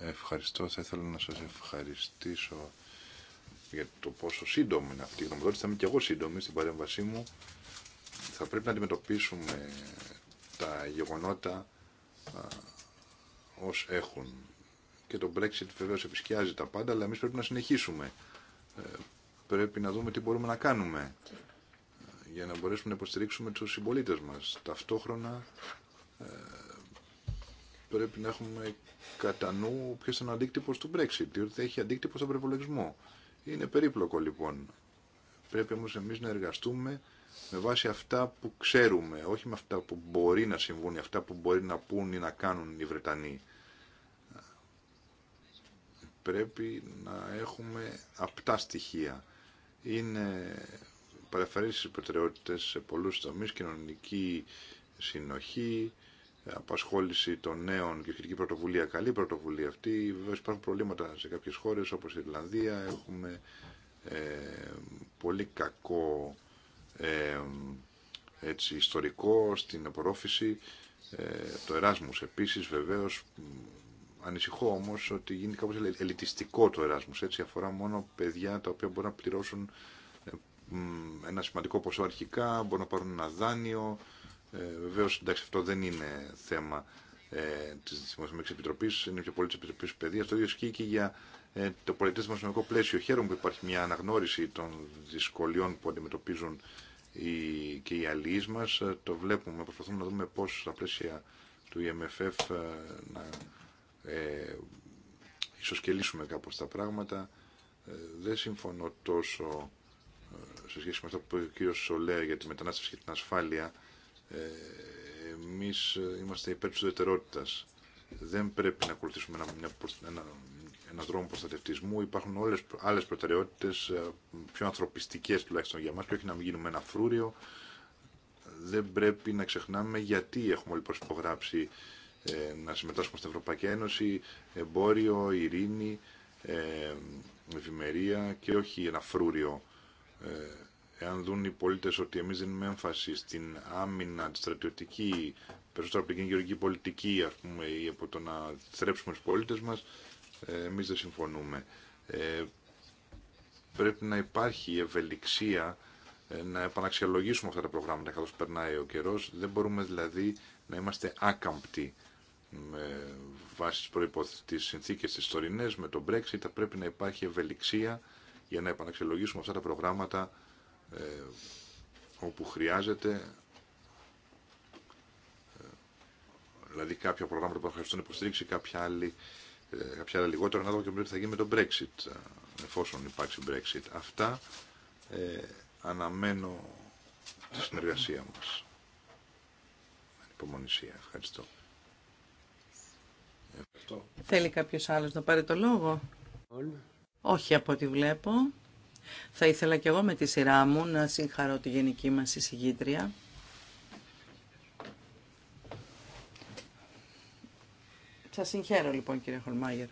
Ευχαριστώ. Θα ήθελα να σας ευχαριστήσω για το πόσο σύντομη είναι αυτή η γνωμοδότηση. Θα είμαι και εγώ σύντομη στην παρέμβασή μου. Θα πρέπει να αντιμετωπίσουμε τα γεγονότα α, έχουν. Και το Brexit βεβαίως επισκιάζει τα πάντα, αλλά εμείς πρέπει να συνεχίσουμε. Ε, πρέπει να δούμε τι μπορούμε να κάνουμε για να μπορέσουμε να υποστηρίξουμε τους συμπολίτε μας. Ταυτόχρονα ε, πρέπει να έχουμε κατά νου ποιος είναι ο αντίκτυπος του Brexit, διότι θα έχει αντίκτυπο στον προπολογισμό. Είναι περίπλοκο λοιπόν. Πρέπει όμως εμείς να εργαστούμε με βάση αυτά που ξέρουμε, όχι με αυτά που μπορεί να συμβούν, αυτά που μπορεί να πούν ή να κάνουν οι Βρετανοί. Πρέπει να έχουμε απτά στοιχεία. Είναι παρεφαρήσεις προτεραιότητες σε πολλούς τομείς, κοινωνική συνοχή, απασχόληση των νέων και σχετική πρωτοβουλία. Καλή πρωτοβουλία αυτή. Βεβαίω υπάρχουν προβλήματα σε κάποιε χώρε όπω η Ιρλανδία. Έχουμε ε, πολύ κακό ε, έτσι, ιστορικό στην απορρόφηση. Ε, το Εράσμους επίση, βεβαίω, Ανησυχώ όμω ότι γίνεται κάπως ελιτιστικό το Εράσμους. Έτσι αφορά μόνο παιδιά τα οποία μπορούν να πληρώσουν ε, ένα σημαντικό ποσό αρχικά, μπορούν να πάρουν ένα δάνειο, ε, Βεβαίω, εντάξει, αυτό δεν είναι θέμα ε, τη Δημοσιονομική Επιτροπή, είναι πιο πολύ τη Επιτροπή Παιδεία. Το ίδιο ισχύει για ε, το πολιτέ δημοσιονομικό πλαίσιο. Χαίρομαι που υπάρχει μια αναγνώριση των δυσκολιών που αντιμετωπίζουν οι, και οι αλληλεί μα. Ε, το βλέπουμε, προσπαθούμε να δούμε πώ στα πλαίσια του e ε, να ε, ισοσκελίσουμε κάπως τα πράγματα. Ε, δεν συμφωνώ τόσο ε, σε σχέση με αυτό που είπε ο κύριος Σολέ για τη μετανάστευση και την ασφάλεια. Ε, εμείς είμαστε υπέρ της ουδετερότητας. Δεν πρέπει να ακολουθήσουμε ένα, μια, ένα, ένα δρόμο προστατευτισμού. Υπάρχουν όλες άλλες προτεραιότητες, ε, πιο ανθρωπιστικές τουλάχιστον για μας και όχι να μην γίνουμε ένα φρούριο. Δεν πρέπει να ξεχνάμε γιατί έχουμε όλοι προσπογράψει ε, να συμμετάσχουμε στην Ευρωπαϊκή Ένωση, εμπόριο, ειρήνη, ε, ευημερία και όχι ένα φρούριο εάν δουν οι πολίτες ότι εμείς δίνουμε έμφαση στην άμυνα, τη στρατιωτική, περισσότερο από την γεωργική πολιτική, ας πούμε, ή από το να θρέψουμε τους πολίτες μας, ε, εμείς δεν συμφωνούμε. Ε, πρέπει να υπάρχει ευελιξία ε, να επαναξιολογήσουμε αυτά τα προγράμματα καθώς περνάει ο καιρός. Δεν μπορούμε δηλαδή να είμαστε άκαμπτοι με βάση τις συνθήκες της τωρινές, με το Brexit, θα πρέπει να υπάρχει ευελιξία για να επαναξιολογήσουμε αυτά τα προγράμματα ε, όπου χρειάζεται ε, δηλαδή κάποια προγράμματα που θα χρειαστούν υποστήριξη, κάποια, άλλη, ε, κάποια άλλα λιγότερα, ανάλογα και θα γίνει με το Brexit, εφόσον υπάρξει Brexit. Αυτά ε, αναμένω τη συνεργασία μας. Υπομονησία. Ευχαριστώ. Θέλει κάποιος άλλος να πάρει το λόγο. Όχι από ό,τι βλέπω. Θα ήθελα και εγώ με τη σειρά μου να συγχαρώ τη γενική μας εισηγήτρια. Σας συγχαίρω λοιπόν κύριε Χολμάγερ.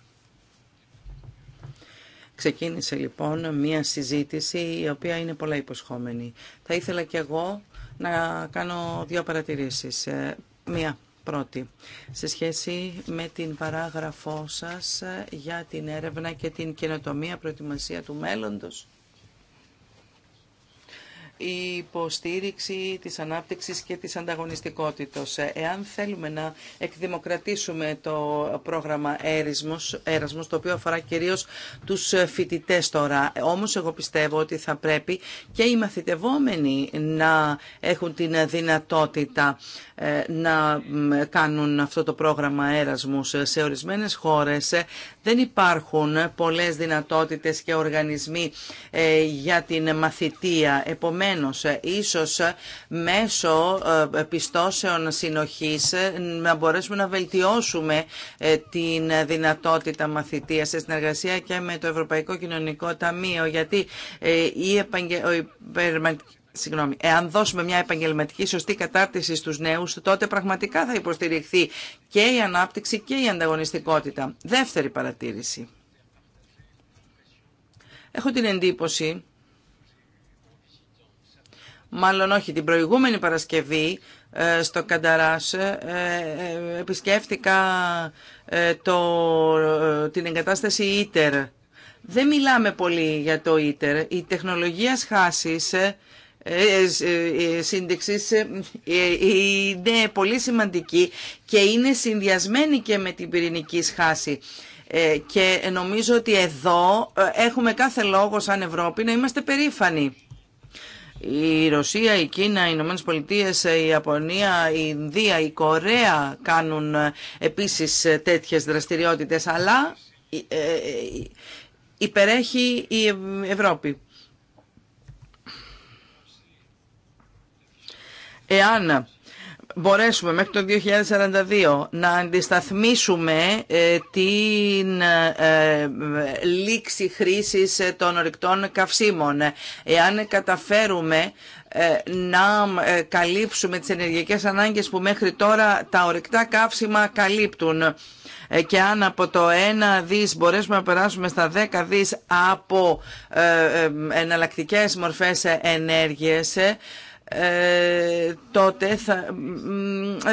Ξεκίνησε λοιπόν μία συζήτηση η οποία είναι πολλά υποσχόμενη. Θα ήθελα και εγώ να κάνω δύο παρατηρήσεις. Ε, μία πρώτη, σε σχέση με την παράγραφό σας για την έρευνα και την καινοτομία προετοιμασία του μέλλοντος η υποστήριξη της ανάπτυξης και της ανταγωνιστικότητας. Ε, εάν θέλουμε να εκδημοκρατήσουμε το πρόγραμμα έρασμο, Έρασμος το οποίο αφορά κυρίως τους φοιτητές τώρα, ε, όμως εγώ πιστεύω ότι θα πρέπει και οι μαθητευόμενοι να έχουν την δυνατότητα ε, να κάνουν αυτό το πρόγραμμα Έρασμους. Σε ορισμένες χώρες δεν υπάρχουν πολλές δυνατότητες και οργανισμοί για την μαθητεία. Επομένως, ενδεχομένως ε, ίσως ε, μέσω ε, πιστώσεων συνοχής να μπορέσουμε να βελτιώσουμε την δυνατότητα μαθητείας σε συνεργασία και με το Ευρωπαϊκό Κοινωνικό Ταμείο, γιατί η επαγγελματική Συγγνώμη, εάν δώσουμε μια επαγγελματική σωστή κατάρτιση στους νέους, τότε πραγματικά θα υποστηριχθεί και η ανάπτυξη και η ανταγωνιστικότητα. Δεύτερη παρατήρηση. Έχω την εντύπωση μάλλον όχι, την προηγούμενη Παρασκευή ε, στο Κανταράς ε, ε, επισκέφτηκα το, την εγκατάσταση ΙΤΕΡ. Δεν μιλάμε πολύ για το ΙΤΕΡ. Η τεχνολογία σχάσης σύνδεξης είναι πολύ σημαντική και είναι συνδυασμένη και με την πυρηνική σχάση. Και νομίζω ότι εδώ έχουμε κάθε λόγο σαν Ευρώπη να είμαστε περήφανοι. Η Ρωσία, η Κίνα, οι Ηνωμένε Πολιτείε, η Ιαπωνία, η Ινδία, η Κορέα κάνουν ε, επίσης ε, τέτοιες δραστηριότητες, αλλά ε, υπερέχει η Ευρώπη. Εάν μπορέσουμε μέχρι το 2042 να αντισταθμίσουμε ε, την ε, ε, λήξη χρήσης των ορυκτών καυσίμων. Εάν καταφέρουμε να καλύψουμε τις ενεργειακές ανάγκες που μέχρι τώρα τα ορυκτά καύσιμα καλύπτουν και αν από το 1 δις μπορέσουμε να περάσουμε στα 10 δις από εναλλακτικές μορφές ενέργειας ε, τότε θα,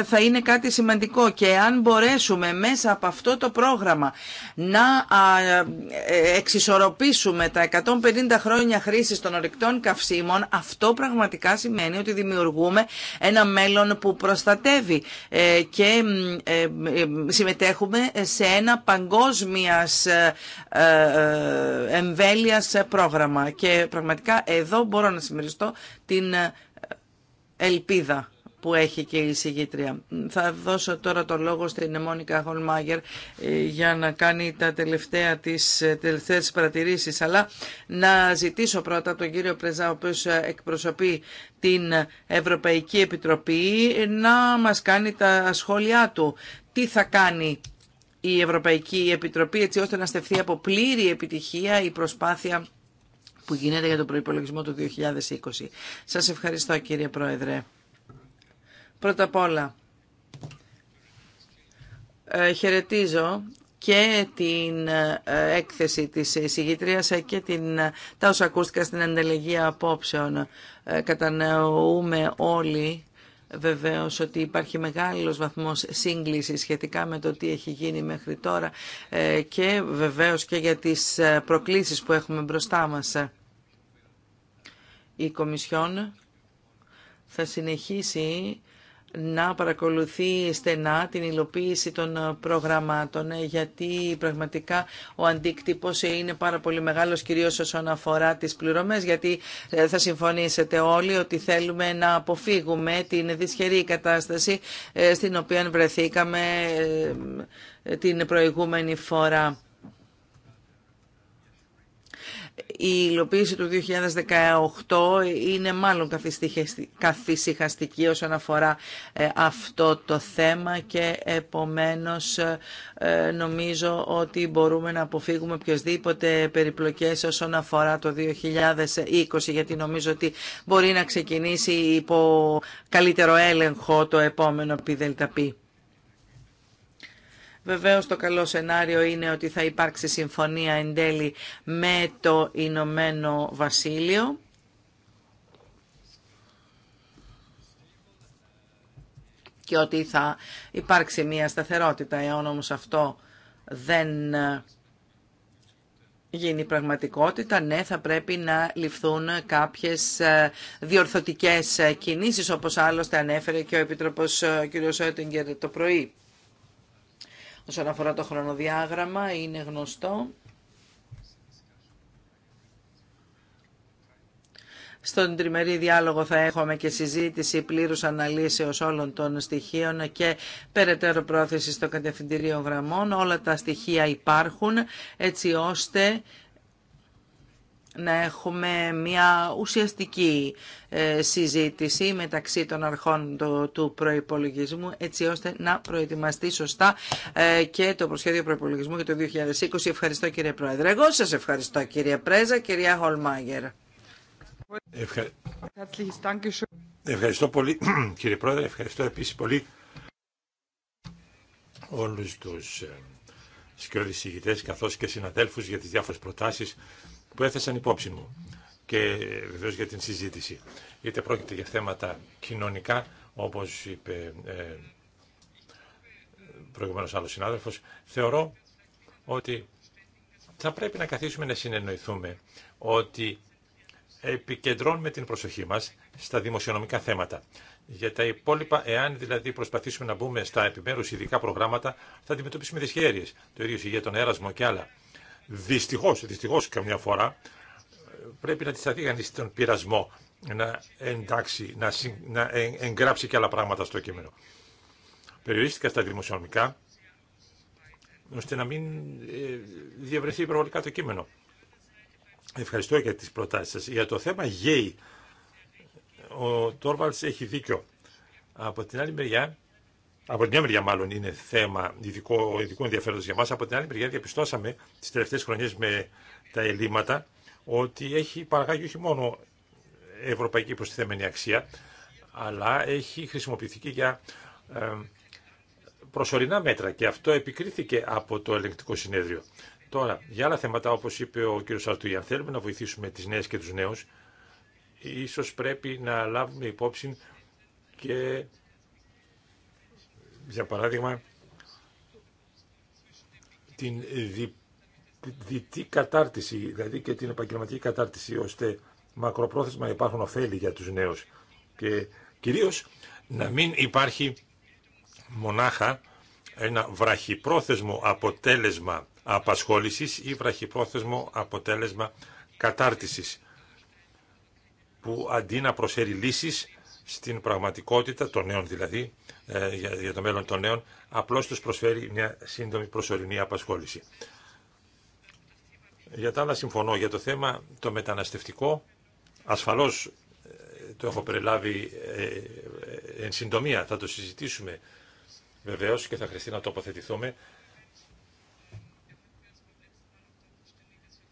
θα είναι κάτι σημαντικό και αν μπορέσουμε μέσα από αυτό το πρόγραμμα να ε, εξισορροπήσουμε τα 150 χρόνια χρήσης των ορυκτών καυσίμων αυτό πραγματικά σημαίνει ότι δημιουργούμε ένα μέλλον που προστατεύει ε, και συμμετέχουμε σε ένα παγκόσμιας εμβέλειας πρόγραμμα και πραγματικά εδώ μπορώ να συμμεριστώ την ελπίδα που έχει και η συγγήτρια. Θα δώσω τώρα το λόγο στην Μόνικα Χολμάγερ ε, για να κάνει τα τελευταία της, ε, τελευταίες παρατηρήσεις, αλλά να ζητήσω πρώτα τον κύριο Πρεζά, ο οποίος ε, εκπροσωπεί την Ευρωπαϊκή Επιτροπή, να μας κάνει τα σχόλιά του. Τι θα κάνει η Ευρωπαϊκή Επιτροπή έτσι ώστε να στεφθεί από πλήρη επιτυχία η προσπάθεια που γίνεται για τον προϋπολογισμό του 2020. Σας ευχαριστώ κύριε Πρόεδρε. Πρώτα απ' όλα, ε, χαιρετίζω και την ε, έκθεση της εισηγήτριας και την, τα όσα ακούστηκα στην ανταλλαγή απόψεων. Ε, κατανοούμε όλοι βεβαίως ότι υπάρχει μεγάλος βαθμός σύγκληση σχετικά με το τι έχει γίνει μέχρι τώρα ε, και βεβαίως και για τις ε, προκλήσεις που έχουμε μπροστά μας. Η Κομισιόν θα συνεχίσει να παρακολουθεί στενά την υλοποίηση των ε, προγραμμάτων ε, γιατί πραγματικά ο αντίκτυπος ε, είναι πάρα πολύ μεγάλος κυρίως όσον αφορά τις πληρωμές γιατί θα συμφωνήσετε όλοι ότι θέλουμε να αποφύγουμε την δυσχερή κατάσταση στην οποία βρεθήκαμε την προηγούμενη φορά. Η υλοποίηση του 2018 είναι μάλλον καθησυχαστική όσον αφορά ε, αυτό το θέμα και επομένως ε, ε, νομίζω ότι μπορούμε να αποφύγουμε οποιασδήποτε περιπλοκές όσον αφορά το 2020 γιατί νομίζω ότι μπορεί να ξεκινήσει υπό καλύτερο έλεγχο το επόμενο ΠΔΠ. Βεβαίως το καλό σενάριο είναι ότι θα υπάρξει συμφωνία εν τέλει με το Ηνωμένο Βασίλειο. και ότι θα υπάρξει μια σταθερότητα. Εάν όμως αυτό δεν ε, γίνει πραγματικότητα, ναι, θα πρέπει να ληφθούν κάποιες ε, διορθωτικές ε, κινήσεις, όπως άλλωστε ανέφερε και ο Επιτροπός κ. Σέτιγκερ το πρωί. Όσον αφορά το χρονοδιάγραμμα, είναι γνωστό. Στον τριμερή διάλογο θα έχουμε και συζήτηση πλήρους αναλύσεως όλων των στοιχείων και περαιτέρω πρόθεση στο κατευθυντηρίο γραμμών. Όλα τα στοιχεία υπάρχουν έτσι ώστε να έχουμε μια ουσιαστική ε, συζήτηση μεταξύ των αρχών του προϋπολογισμού έτσι ώστε να προετοιμαστεί σωστά ε, και το προσχέδιο προϋπολογισμού για το 2020. Ευχαριστώ κύριε Πρόεδρε. Εγώ σας ευχαριστώ κύριε Πρέζα, κυρία Χολμάγερ. Ευχαριστώ πολύ κύριε Πρόεδρε, ευχαριστώ επίσης πολύ όλους τους ε, σκιώδης καθώς και συναδέλφους για τις διάφορες προτάσεις που έθεσαν υπόψη μου και βεβαίω για την συζήτηση. Είτε πρόκειται για θέματα κοινωνικά, όπως είπε ε, προηγουμένως άλλος συνάδελφος, θεωρώ ότι θα πρέπει να καθίσουμε να συνεννοηθούμε ότι επικεντρώνουμε την προσοχή μας στα δημοσιονομικά θέματα. Για τα υπόλοιπα, εάν δηλαδή προσπαθήσουμε να μπούμε στα επιμέρους ειδικά προγράμματα, θα αντιμετωπίσουμε δυσχέρειες. Το ίδιο για τον έρασμο και άλλα δυστυχώ δυστυχώς καμιά φορά πρέπει να σταθεί κανεί στον πειρασμό να εντάξει, να, συ, ε, εγγράψει και άλλα πράγματα στο κείμενο. Περιορίστηκα στα δημοσιονομικά, ώστε να μην ε, διευρυνθεί υπερβολικά το κείμενο. Ευχαριστώ για τις προτάσεις σας. Για το θέμα γέι, ο Τόρβαλς έχει δίκιο. Από την άλλη μεριά, από την μια μεριά μάλλον είναι θέμα ειδικό, ειδικού ενδιαφέροντο για μα. από την άλλη μεριά διαπιστώσαμε τι τελευταίες χρονιές με τα ελλείμματα ότι έχει παραγάγει όχι μόνο ευρωπαϊκή προστιθέμενη αξία, αλλά έχει χρησιμοποιηθεί και για προσωρινά μέτρα και αυτό επικρίθηκε από το ελεγκτικό συνέδριο. Τώρα, για άλλα θέματα, όπω είπε ο κ. Σαρτούγι, αν θέλουμε να βοηθήσουμε τι νέε και του νέου, ίσω πρέπει να λάβουμε υπόψη και για παράδειγμα, την δι, διτή κατάρτιση, δηλαδή και την επαγγελματική κατάρτιση, ώστε μακροπρόθεσμα υπάρχουν ωφέλη για τους νέους και κυρίως να μην υπάρχει μονάχα ένα βραχυπρόθεσμο αποτέλεσμα απασχόλησης ή βραχυπρόθεσμο αποτέλεσμα κατάρτισης που αντί να προσφέρει λύσεις στην πραγματικότητα των νέων δηλαδή, ε, για το μέλλον των νέων, απλώς τους προσφέρει μια σύντομη προσωρινή απασχόληση. Για τα άλλα συμφωνώ. Για το θέμα το μεταναστευτικό, ασφαλώς ε, το έχω περιλάβει ε, εν συντομία, θα το συζητήσουμε βεβαίως και θα χρειαστεί να τοποθετηθούμε.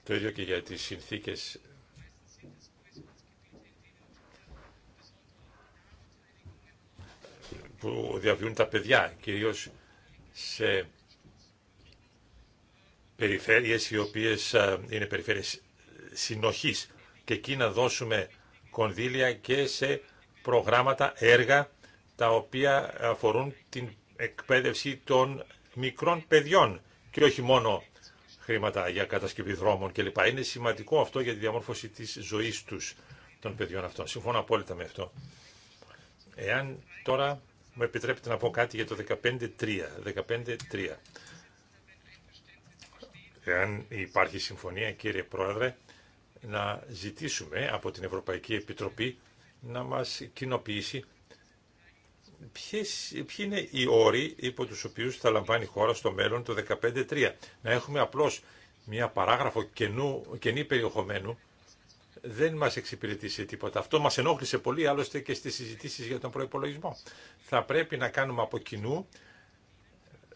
Το ίδιο και για τις συνθήκες που διαβιούν τα παιδιά, κυρίως σε περιφέρειες οι οποίες ε, είναι περιφέρειες συνοχής και εκεί να δώσουμε κονδύλια και σε προγράμματα, έργα τα οποία αφορούν την εκπαίδευση των μικρών παιδιών και όχι μόνο χρήματα για κατασκευή δρόμων κλπ. Είναι σημαντικό αυτό για τη διαμόρφωση της ζωής τους των παιδιών αυτών. Συμφωνώ απόλυτα με αυτό. Εάν τώρα μου επιτρέπετε να πω κάτι για το 15-3. υπάρχει συμφωνία, κύριε Πρόεδρε, να ζητήσουμε από την Ευρωπαϊκή Επιτροπή να μας κοινοποιήσει ποιες, ποιοι είναι οι όροι υπό τους οποίους θα λαμβάνει η χώρα στο μέλλον το 15-3. Να έχουμε απλώς μια παράγραφο καινού, καινή περιεχομένου δεν μας εξυπηρετήσει τίποτα. Αυτό μας ενόχλησε πολύ άλλωστε και στις συζητήσει για τον προπολογισμό. Θα πρέπει να κάνουμε από κοινού,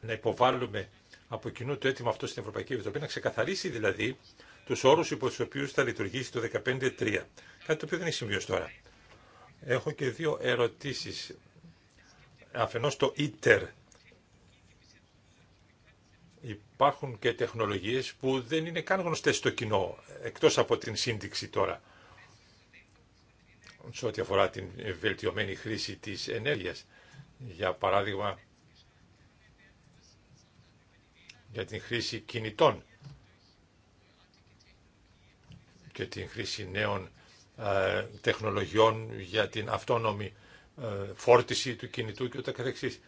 να υποβάλουμε από κοινού το αίτημα αυτό στην Ευρωπαϊκή Επιτροπή, να ξεκαθαρίσει δηλαδή τους όρους υπό του οποίους θα λειτουργήσει το 15-3. Κάτι το οποίο δεν έχει σημειώσει τώρα. Έχω και δύο ερωτήσει Αφενό το ITER, υπάρχουν και τεχνολογίες που δεν είναι καν γνωστές στο κοινό, εκτός από την σύνδεξη τώρα, σε ό,τι αφορά την βελτιωμένη χρήση της ενέργειας. Για παράδειγμα, για την χρήση κινητών και την χρήση νέων ε, τεχνολογιών για την αυτόνομη ε, φόρτιση του κινητού και ούτε καθεξής.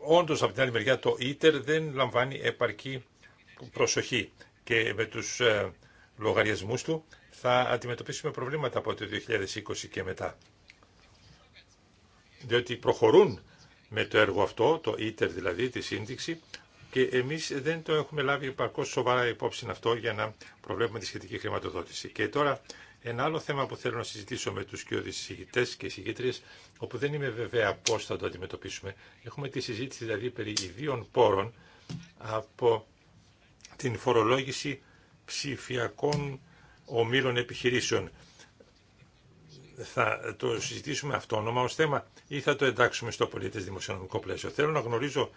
Όντως από την άλλη μεριά το ίτερ δεν λαμβάνει επαρκή προσοχή και με τους ε, λογαριασμούς του θα αντιμετωπίσουμε προβλήματα από το 2020 και μετά. Διότι προχωρούν με το έργο αυτό, το ίτερ δηλαδή, τη σύνδεξη, και εμείς δεν το έχουμε λάβει επαρκώς σοβαρά υπόψη αυτό για να προβλέπουμε τη σχετική χρηματοδότηση. Και τώρα ένα άλλο θέμα που θέλω να συζητήσω με του και οδησυγητές και συγκήτριες, όπου δεν είμαι βεβαία πώ θα το αντιμετωπίσουμε, έχουμε τη συζήτηση δηλαδή περί ιδίων πόρων από την φορολόγηση ψηφιακών ομίλων επιχειρήσεων. Θα το συζητήσουμε αυτόνομα ω θέμα ή θα το εντάξουμε στο πολίτε δημοσιονομικό πλαίσιο. Θέλω να γνωρίζω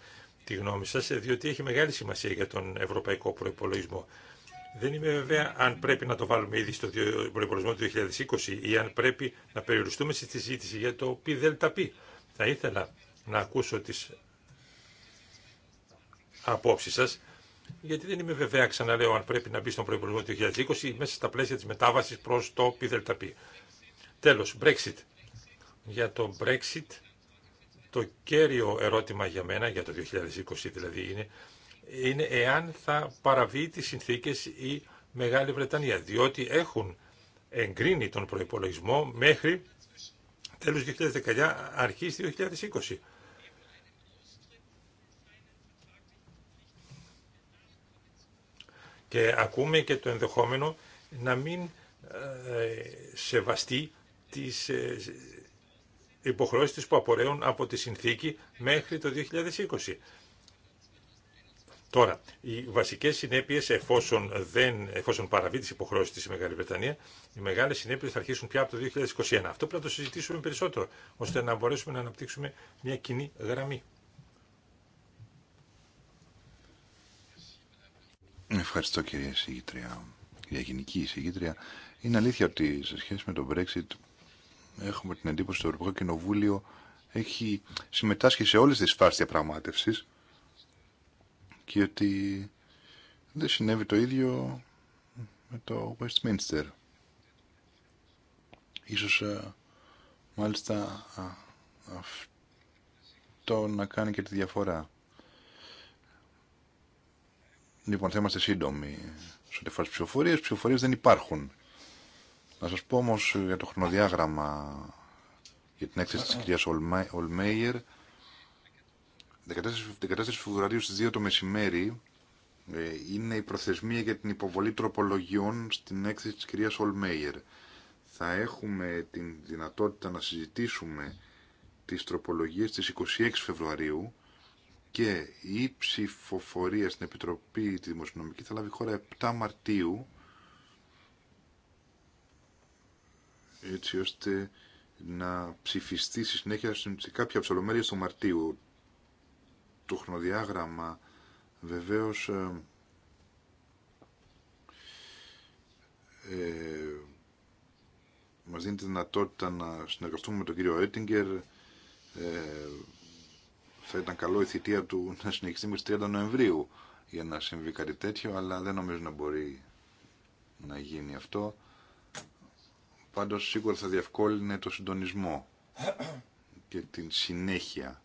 τη γνώμη σα, διότι έχει μεγάλη σημασία για τον ευρωπαϊκό Προπολογισμό. Δεν είμαι βέβαια αν πρέπει να το βάλουμε ήδη στο προπολογισμό του 2020 ή αν πρέπει να περιοριστούμε στη συζήτηση για το ΠΔΠ. Θα ήθελα να ακούσω τις απόψεις σας, γιατί δεν είμαι βέβαια, ξαναλέω, αν πρέπει να μπει στον προπολογισμό του 2020 μέσα στα πλαίσια της μετάβασης προς το ΠΔΠ. Τέλος, Brexit. Για το Brexit, το κέριο ερώτημα για μένα, για το 2020 δηλαδή, είναι είναι εάν θα παραβεί τις συνθήκες η Μεγάλη Βρετανία, διότι έχουν εγκρίνει τον προϋπολογισμό μέχρι τέλος 2019, αρχής 2020. Και ακούμε και το ενδεχόμενο να μην ε, σεβαστεί τις ε, υποχρεώσεις που απορρέουν από τη συνθήκη μέχρι το 2020. Τώρα, οι βασικέ συνέπειε, εφόσον, δεν, εφόσον παραβεί τι υποχρεώσει τη Μεγάλη Βρετανία, οι μεγάλε συνέπειε θα αρχίσουν πια από το 2021. Αυτό πρέπει να το συζητήσουμε περισσότερο, ώστε να μπορέσουμε να αναπτύξουμε μια κοινή γραμμή. Ευχαριστώ κυρία Συγήτρια, κυρία Γενική Συγήτρια. Είναι αλήθεια ότι σε σχέση με το Brexit έχουμε την εντύπωση ότι το Ευρωπαϊκό Κοινοβούλιο έχει συμμετάσχει σε όλες τις φάσεις διαπραγματεύση και ότι δεν συνέβη το ίδιο με το Westminster. Ίσως ε, μάλιστα αυτό να κάνει και τη διαφορά. Λοιπόν, θα είμαστε σύντομοι σε ό,τι αφορά ψηφοφορίες. Ψηφοφορίες δεν υπάρχουν. Να σας πω όμως για το χρονοδιάγραμμα για την έκθεση της κυρίας Ολμέγερ 14 Φεβρουαρίου στις 2 το μεσημέρι ε, είναι η προθεσμία για την υποβολή τροπολογιών στην έκθεση της κυρίας Ολμέιερ. Θα έχουμε την δυνατότητα να συζητήσουμε τις τροπολογίες της 26 Φεβρουαρίου και η ψηφοφορία στην Επιτροπή τη Δημοσιονομική θα λάβει χώρα 7 Μαρτίου έτσι ώστε να ψηφιστεί στη συνέχεια σε κάποια ψολομέρεια στο Μαρτίου το χρονοδιάγραμμα βεβαίως ε, ε, μας δίνει τη δυνατότητα να συνεργαστούμε με τον κύριο Έτιγκερ ε, θα ήταν καλό η θητεία του να συνεχιστεί μέχρι 30 Νοεμβρίου για να συμβεί κάτι τέτοιο αλλά δεν νομίζω να μπορεί να γίνει αυτό πάντως σίγουρα θα διευκόλυνε το συντονισμό και την συνέχεια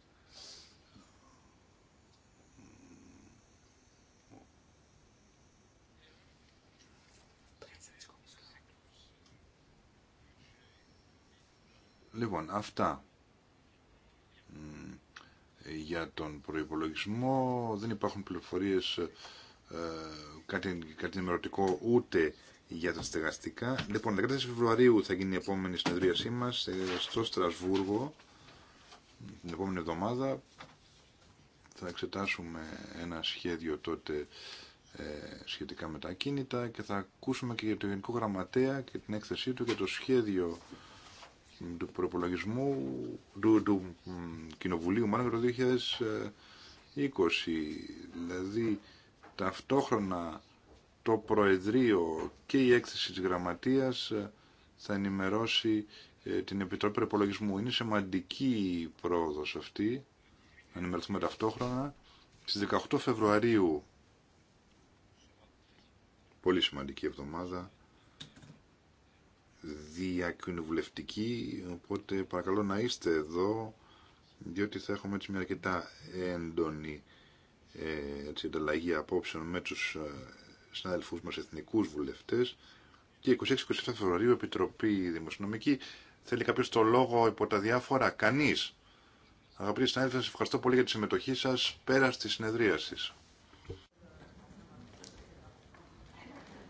Λοιπόν, αυτά για τον προϋπολογισμό. Δεν υπάρχουν πληροφορίες ε, κάτι, κάτι ενημερωτικό ούτε για τα στεγαστικά. Λοιπόν, 14 Φεβρουαρίου θα γίνει η επόμενη συνεδρίασή μας στο Στρασβούργο την επόμενη εβδομάδα. Θα εξετάσουμε ένα σχέδιο τότε ε, σχετικά με τα κίνητα και θα ακούσουμε και για το Γενικό Γραμματέα και την έκθεσή του και το σχέδιο του προπολογισμού του, του Κοινοβουλίου μάλλον το 2020. Δηλαδή ταυτόχρονα το Προεδρείο και η έκθεση της Γραμματείας ε, θα ενημερώσει ε, την Επιτροπή Προπολογισμού. Είναι σημαντική η πρόοδος αυτή, να ενημερωθούμε ταυτόχρονα. Στις 18 Φεβρουαρίου, πολύ σημαντική εβδομάδα, διακοινοβουλευτική, οπότε παρακαλώ να είστε εδώ, διότι θα έχουμε έτσι μια αρκετά έντονη ε, έτσι, ανταλλαγή απόψεων με τους ε, συναδελφούς μας εθνικούς βουλευτές και 26-27 Φεβρουαρίου Επιτροπή Δημοσιονομική θέλει κάποιο το λόγο υπό τα διάφορα, κανείς. Αγαπητοί συνάδελφοι, σας ευχαριστώ πολύ για τη συμμετοχή σας πέρα στη συνεδρίαση.